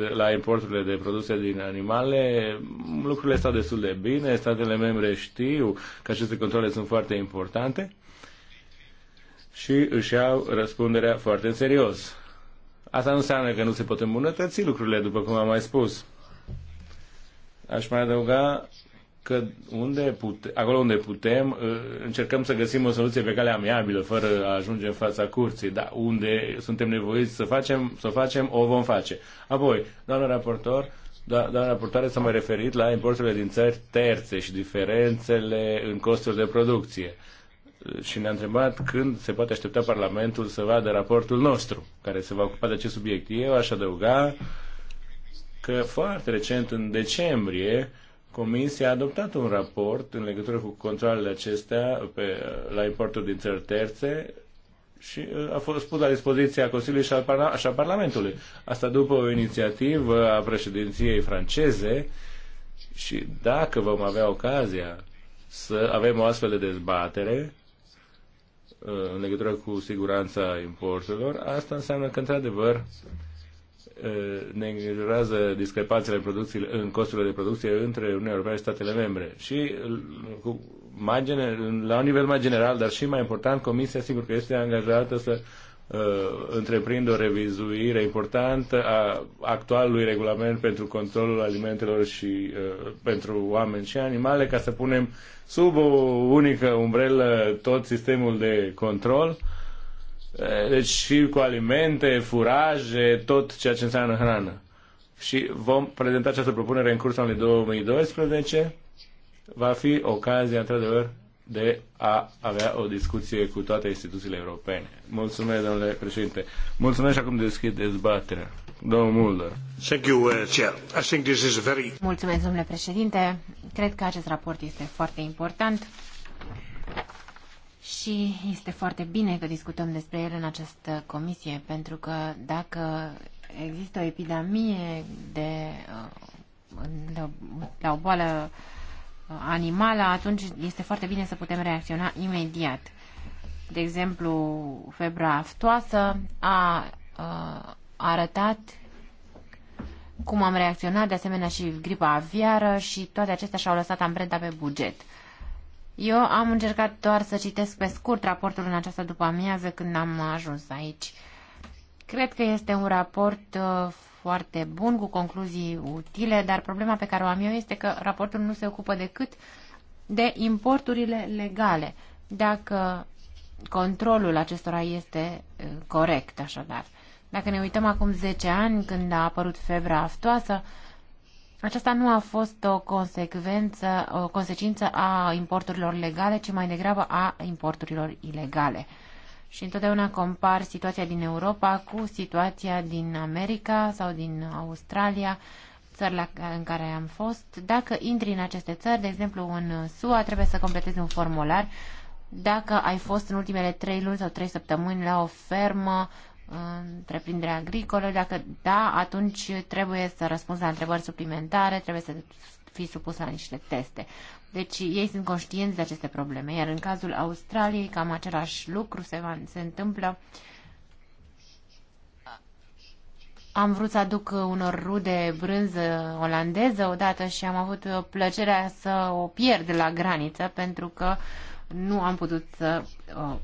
eh, la importurile de produse din animale, lucrurile stau destul de bine, statele membre știu că aceste controle sunt foarte importante și își iau răspunderea foarte în serios. Asta nu înseamnă că nu se pot îmbunătăți lucrurile, după cum am mai spus. Aș mai adăuga că unde pute, acolo unde putem, uh, încercăm să găsim o soluție pe calea amiabilă, fără a ajunge în fața curții, dar unde suntem nevoiți să facem, să facem, o vom face. Apoi, doamna raportor, da, doamna raportoare s-a mai referit la importurile din țări terțe și diferențele în costuri de producție. Și ne-a întrebat când se poate aștepta Parlamentul să vadă raportul nostru, care se va ocupa de acest subiect. Eu aș adăuga că foarte recent, în decembrie, Comisia a adoptat un raport în legătură cu controlele acestea pe, la importul din țări terțe și uh, a fost pus la dispoziția Consiliului și, al Parla- și a Parlamentului. Asta după o inițiativă a președinției franceze și dacă vom avea ocazia să avem o astfel de dezbatere uh, în legătură cu siguranța importurilor, asta înseamnă că, într-adevăr, îngrijorează discrepanțele în costurile de producție între Uniunea Europeană și statele membre. Și cu mai gener, la un nivel mai general, dar și mai important, Comisia sigur că este angajată să uh, întreprindă o revizuire importantă a actualului regulament pentru controlul alimentelor și uh, pentru oameni și animale ca să punem sub o unică umbrelă tot sistemul de control uh, deci și cu alimente, furaje, tot ceea ce înseamnă hrană. Și vom prezenta această propunere în cursul anului 2012. Va fi ocazia, într-adevăr, de a avea o discuție cu toate instituțiile europene. Mulțumesc, domnule președinte. Mulțumesc și acum deschid dezbaterea. Domnul Mulder. Thank you, uh, Chair. I think this is very... Mulțumesc, domnule președinte. Cred că acest raport este foarte important și este foarte bine că discutăm despre el în această comisie, pentru că dacă există o epidemie de, uh, de, la o boală uh, animală, atunci este foarte bine să putem reacționa imediat. De exemplu, febra aftoasă a, a uh, arătat cum am reacționat, de asemenea și gripa aviară și toate acestea și-au lăsat amprenta pe buget. Eu am încercat doar să citesc pe scurt raportul în această după-amiază când am ajuns aici. Cred că este un raport uh, foarte bun, cu concluzii utile, dar problema pe care o am eu este că raportul nu se ocupă decât de importurile legale. Dacă controlul acestora este uh, corect, așadar. Dacă ne uităm acum 10 ani, când a apărut febra aftoasă, aceasta nu a fost o consecvență, o consecință a importurilor legale, ci mai degrabă a importurilor ilegale. Și întotdeauna compar situația din Europa cu situația din America sau din Australia, țările în care am fost. Dacă intri în aceste țări, de exemplu în SUA, trebuie să completezi un formular dacă ai fost în ultimele trei luni sau trei săptămâni la o fermă întreprindere agricolă, Dacă da, atunci trebuie să răspunzi la întrebări suplimentare, trebuie să fii supus la niște teste. Deci ei sunt conștienți de aceste probleme, iar în cazul Australiei cam același lucru se, va, se întâmplă. Am vrut să aduc unor rude brânză olandeză odată și am avut plăcerea să o pierd la graniță pentru că uh, nu am putut să, uh,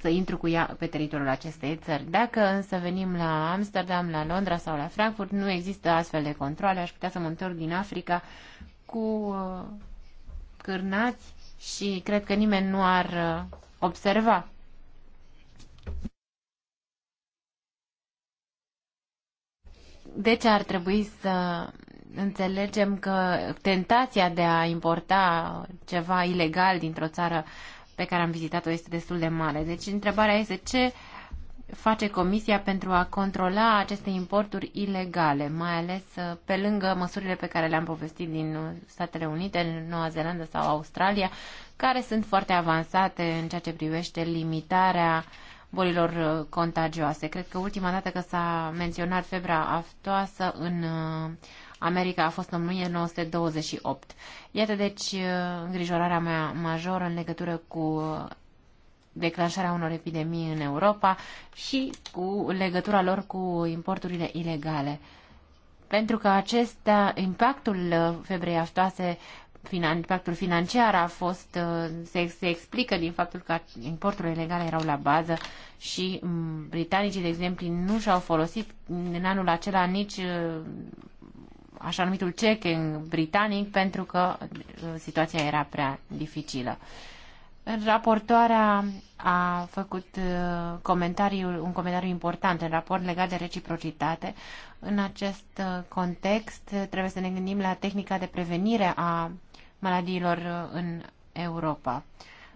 să intru cu ea pe teritoriul acestei țări. Dacă însă venim la Amsterdam, la Londra sau la Frankfurt, nu există astfel de controle. Aș putea să mă întorc din Africa cu uh, cârnați și cred că nimeni nu ar uh, observa. Deci ar trebui să înțelegem că tentația de a importa ceva ilegal dintr-o țară pe care am vizitat-o este destul de mare. Deci întrebarea este ce face Comisia pentru a controla aceste importuri ilegale, mai ales uh, pe lângă măsurile pe care le-am povestit din Statele Unite, Noua Zeelandă sau Australia, care sunt foarte avansate în ceea ce privește limitarea bolilor uh, contagioase. Cred că ultima dată că s-a menționat febra aftoasă în uh, America a fost în 1928. Iată deci uh, îngrijorarea mea majoră în legătură cu uh, declanșarea unor epidemii în Europa și cu legătura lor cu importurile ilegale. Pentru că acesta, impactul uh, febrei aftoase finan, impactul financiar a fost, se, se explică din faptul că importurile ilegale erau la bază și mm, britanicii, de exemplu, nu și-au folosit în anul acela nici așa numitul checking britanic pentru că uh, situația era prea dificilă. Raportoarea a făcut uh, comentariul, un comentariu important în raport legat de reciprocitate. În acest uh, context trebuie să ne gândim la tehnica de prevenire a maladiilor în Europa.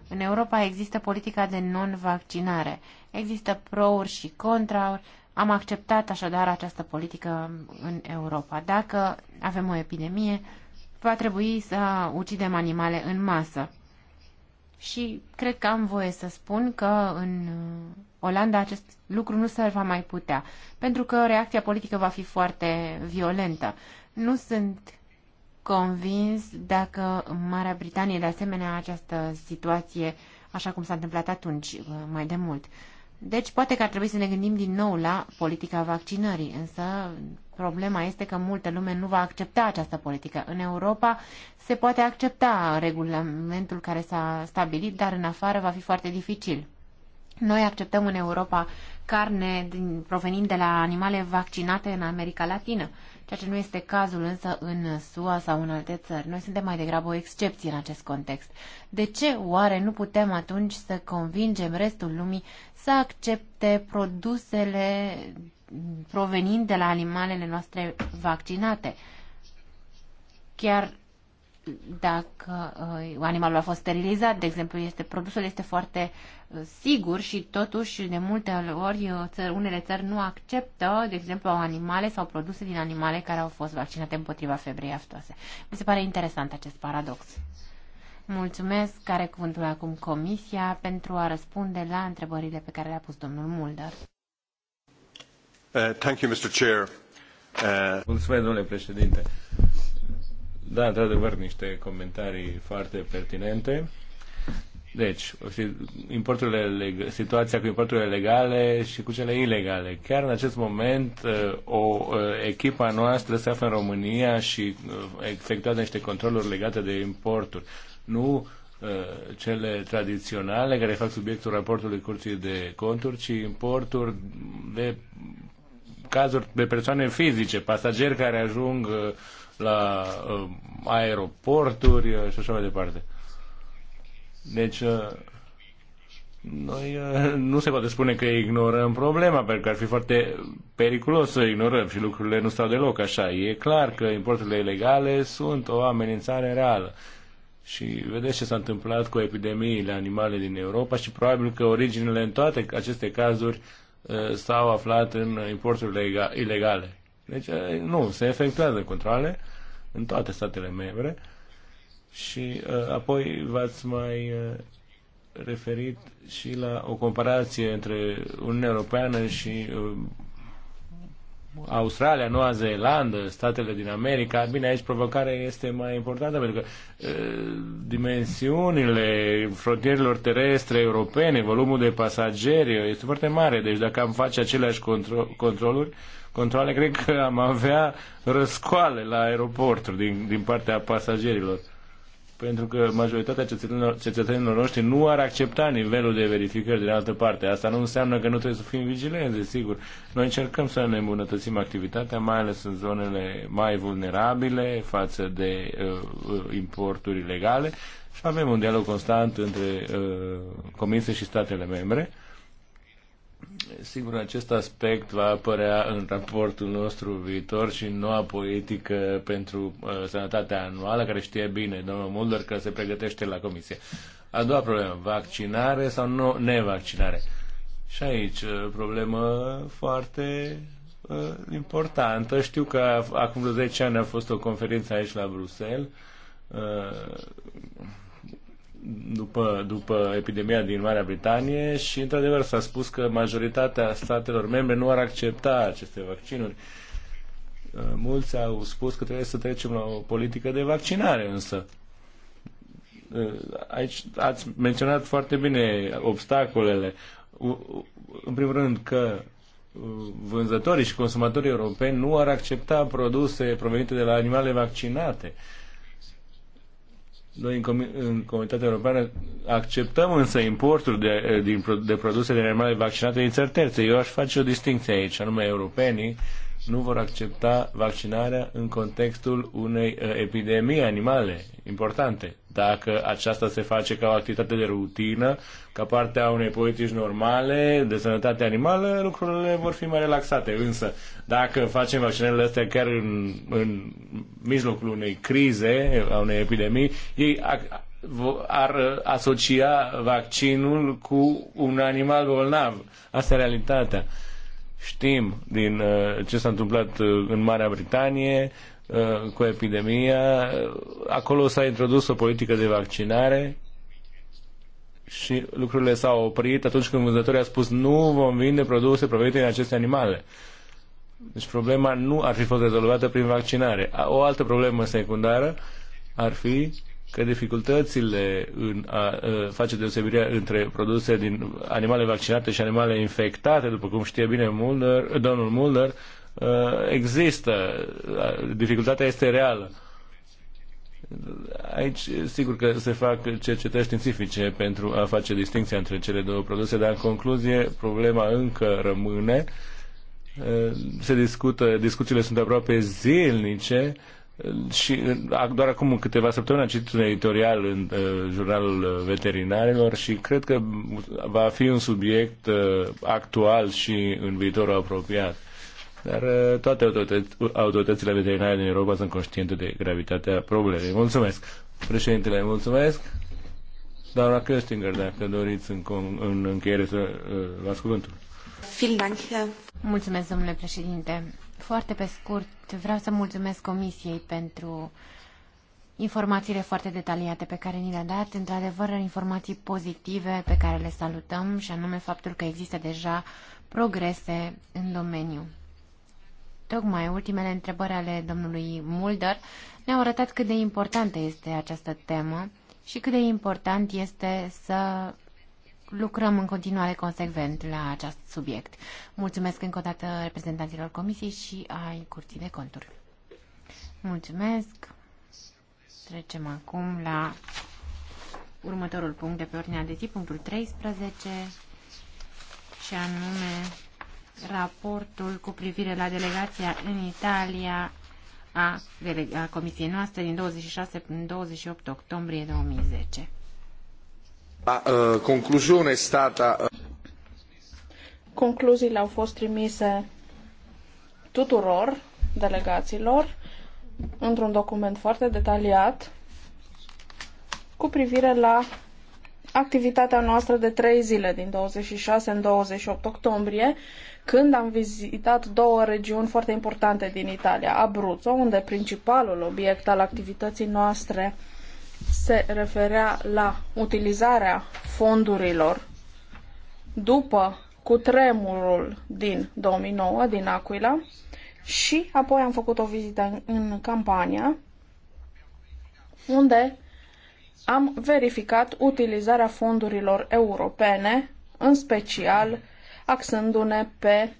În Europa există politica de non-vaccinare. Există prouri și contrauri am acceptat așadar această politică în Europa. Dacă avem o epidemie, va trebui să ucidem animale în masă. Și cred că am voie să spun că în Olanda acest lucru nu se va mai putea, pentru că reacția politică va fi foarte violentă. Nu sunt convins dacă în Marea Britanie, de asemenea, această situație, așa cum s-a întâmplat atunci, mai de mult. Deci poate că ar trebui să ne gândim din nou la politica vaccinării, însă problema este că multă lume nu va accepta această politică. În Europa se poate accepta regulamentul care s-a stabilit, dar în afară va fi foarte dificil. Noi acceptăm în Europa carne din, provenind de la animale vaccinate în America Latină ceea ce nu este cazul însă în SUA sau în alte țări. Noi suntem mai degrabă o excepție în acest context. De ce oare nu putem atunci să convingem restul lumii să accepte produsele provenind de la animalele noastre vaccinate? Chiar dacă uh, animalul a fost sterilizat, de exemplu, este, produsul este foarte uh, sigur și totuși de multe ori uh, țări, unele țări nu acceptă, de exemplu, animale sau produse din animale care au fost vaccinate împotriva febrei aftoase. Mi se pare interesant acest paradox. Mulțumesc, care cuvântul acum Comisia, pentru a răspunde la întrebările pe care le-a pus domnul Mulder. Uh, thank you, Mr. Chair. Uh... Mulțumesc, domnule președinte. Da, într-adevăr, niște comentarii foarte pertinente. Deci, importurile, situația cu importurile legale și cu cele ilegale. Chiar în acest moment, uh, o uh, echipa noastră se află în România și uh, efectuează niște controluri legate de importuri. Nu cele tradiționale care fac subiectul raportului Curții de Conturi, ci importuri de cazuri de persoane fizice, pasageri care ajung la uh, aeroporturi uh, și așa mai departe. Deci, uh, noi uh, nu se poate spune că ignorăm problema, pentru că ar fi foarte periculos să ignorăm și lucrurile nu stau deloc așa. E clar că importurile ilegale sunt o amenințare reală. Și vedeți ce s-a întâmplat cu epidemiile animale din Europa și probabil că originele în toate aceste cazuri uh, s-au aflat în importurile ilegale. Deci uh, nu, se efectuează controle în toate statele membre. Și uh, apoi v-ați mai uh, referit și la o comparație între Uniunea Europeană și uh, Australia, Noua Zeelandă, statele din America. Bine, aici provocarea este mai importantă pentru că uh, dimensiunile frontierilor terestre europene, volumul de pasageri este foarte mare. Deci dacă am face aceleași contro- controluri, uh, controle, cred că am avea răscoale la aeroporturi din, din partea pasagerilor. Pentru că majoritatea cetățenilor, cetățenilor noștri nu ar accepta nivelul de verificări din altă parte. Asta nu înseamnă că nu trebuie să fim vigilenți, desigur. Noi încercăm să ne îmbunătățim activitatea, mai ales în zonele mai vulnerabile față de uh, importuri ilegale și avem un dialog constant între uh, Comisie și statele membre Sigur, acest aspect va apărea în raportul nostru viitor și în noua politică pentru uh, sănătatea anuală, care știe bine domnul Mulder că se pregătește la comisie. A doua problemă, vaccinare sau nu, nevaccinare. Și aici, uh, problemă foarte uh, importantă. Știu că acum 10 ani a fost o conferință aici la Bruxelles uh, după, după epidemia din Marea Britanie și, într-adevăr, s-a spus că majoritatea statelor membre nu ar accepta aceste vaccinuri. Uh, mulți au spus că trebuie să trecem la o politică de vaccinare, însă. Uh, aici ați menționat foarte bine obstacolele. În primul rând că uh, vânzătorii și consumatorii europeni nu ar accepta produse provenite de la animale vaccinate. Uh, noi în, Com- în Comunitatea Europeană acceptăm însă importuri de, eh, din, de produse de animale vaccinate din țări terțe. Eu aș face o distinție aici, anume europenii nu vor accepta vaccinarea în contextul unei eh, epidemii animale importante, dacă aceasta se face ca o activitate de rutină ca parte unei politici normale de sănătate animală, lucrurile vor fi mai relaxate. Însă, dacă facem vaccinările astea chiar în, în mijlocul unei crize, a unei epidemii, ei ar asocia vaccinul cu un animal bolnav. Asta e realitatea. Știm din uh, ce s-a întâmplat uh, în Marea Britanie uh, cu epidemia. Acolo s-a introdus o politică de vaccinare și lucrurile s-au oprit atunci când vânzătorii a spus nu vom vinde produse provenite din aceste animale. Deci problema nu ar fi fost rezolvată prin vaccinare. O altă problemă secundară ar fi că dificultățile în a, a face deosebirea între produse din animale vaccinate și animale infectate, după cum știe bine Mulder, domnul Mulder, există. Dificultatea este reală. Aici, sigur că se fac cercetări științifice pentru a face distinția între cele două produse, dar în concluzie problema încă rămâne. Se discută, discuțiile sunt aproape zilnice și doar acum câteva săptămâni am citit un editorial în uh, jurnalul veterinarilor și cred că va fi un subiect uh, actual și în viitorul apropiat. Dar uh, toate autoritățile veterinare din Europa sunt conștiente de gravitatea problemei. Mulțumesc! Președintele, mulțumesc! Doamna Köstinger, dacă doriți în, în încheiere să uh, luați cuvântul. Mulțumesc, domnule președinte. Foarte pe scurt, vreau să mulțumesc Comisiei pentru informațiile foarte detaliate pe care ni le-a dat, într-adevăr informații pozitive pe care le salutăm și anume faptul că există deja progrese în domeniu tocmai ultimele întrebări ale domnului Mulder ne-au arătat cât de importantă este această temă și cât de important este să lucrăm în continuare consecvent la acest subiect. Mulțumesc încă o dată reprezentanților Comisiei și ai Curții de Conturi. Mulțumesc. Trecem acum la următorul punct de pe ordinea de zi, punctul 13, și anume raportul cu privire la delegația în Italia a, a comisiei noastre din 26 până 28 octombrie 2010. La uh, concluziune e stata... Uh, Concluziile au fost trimise tuturor delegaților într-un document foarte detaliat cu privire la activitatea noastră de trei zile, din 26 în 28 octombrie, când am vizitat două regiuni foarte importante din Italia, Abruzzo, unde principalul obiect al activității noastre se referea la utilizarea fondurilor după cutremurul din 2009 din Aquila și apoi am făcut o vizită în Campania unde am verificat utilizarea fondurilor europene, în special axându-ne pe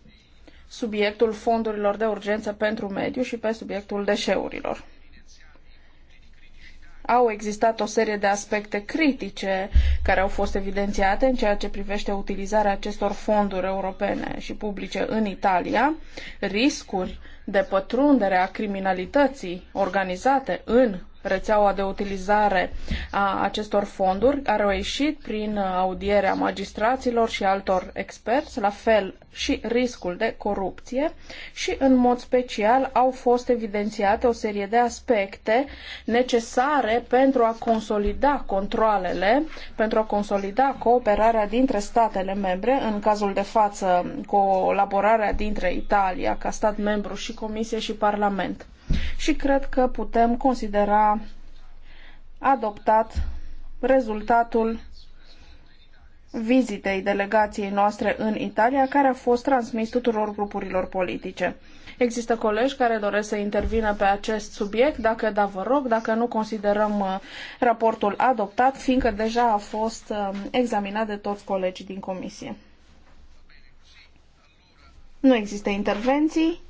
subiectul fondurilor de urgență pentru mediu și pe subiectul deșeurilor. Au existat o serie de aspecte critice care au fost evidențiate în ceea ce privește utilizarea acestor fonduri europene și publice în Italia, riscuri de pătrundere a criminalității organizate în rețeaua de utilizare a acestor fonduri, care au ieșit prin audierea magistraților și altor experți, la fel și riscul de corupție și, în mod special, au fost evidențiate o serie de aspecte necesare pentru a consolida controlele, pentru a consolida cooperarea dintre statele membre, în cazul de față colaborarea dintre Italia ca stat membru și Comisie și Parlament și cred că putem considera adoptat rezultatul vizitei delegației noastre în Italia, care a fost transmis tuturor grupurilor politice. Există colegi care doresc să intervină pe acest subiect, dacă da, vă rog, dacă nu considerăm uh, raportul adoptat, fiindcă deja a fost um, examinat de toți colegii din comisie. Nu există intervenții.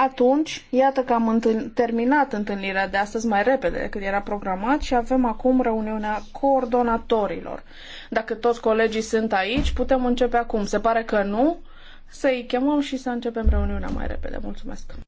Atunci, iată că am întâln- terminat întâlnirea de astăzi mai repede decât era programat și avem acum reuniunea coordonatorilor. Dacă toți colegii sunt aici, putem începe acum. Se pare că nu. Să-i chemăm și să începem reuniunea mai repede. Mulțumesc!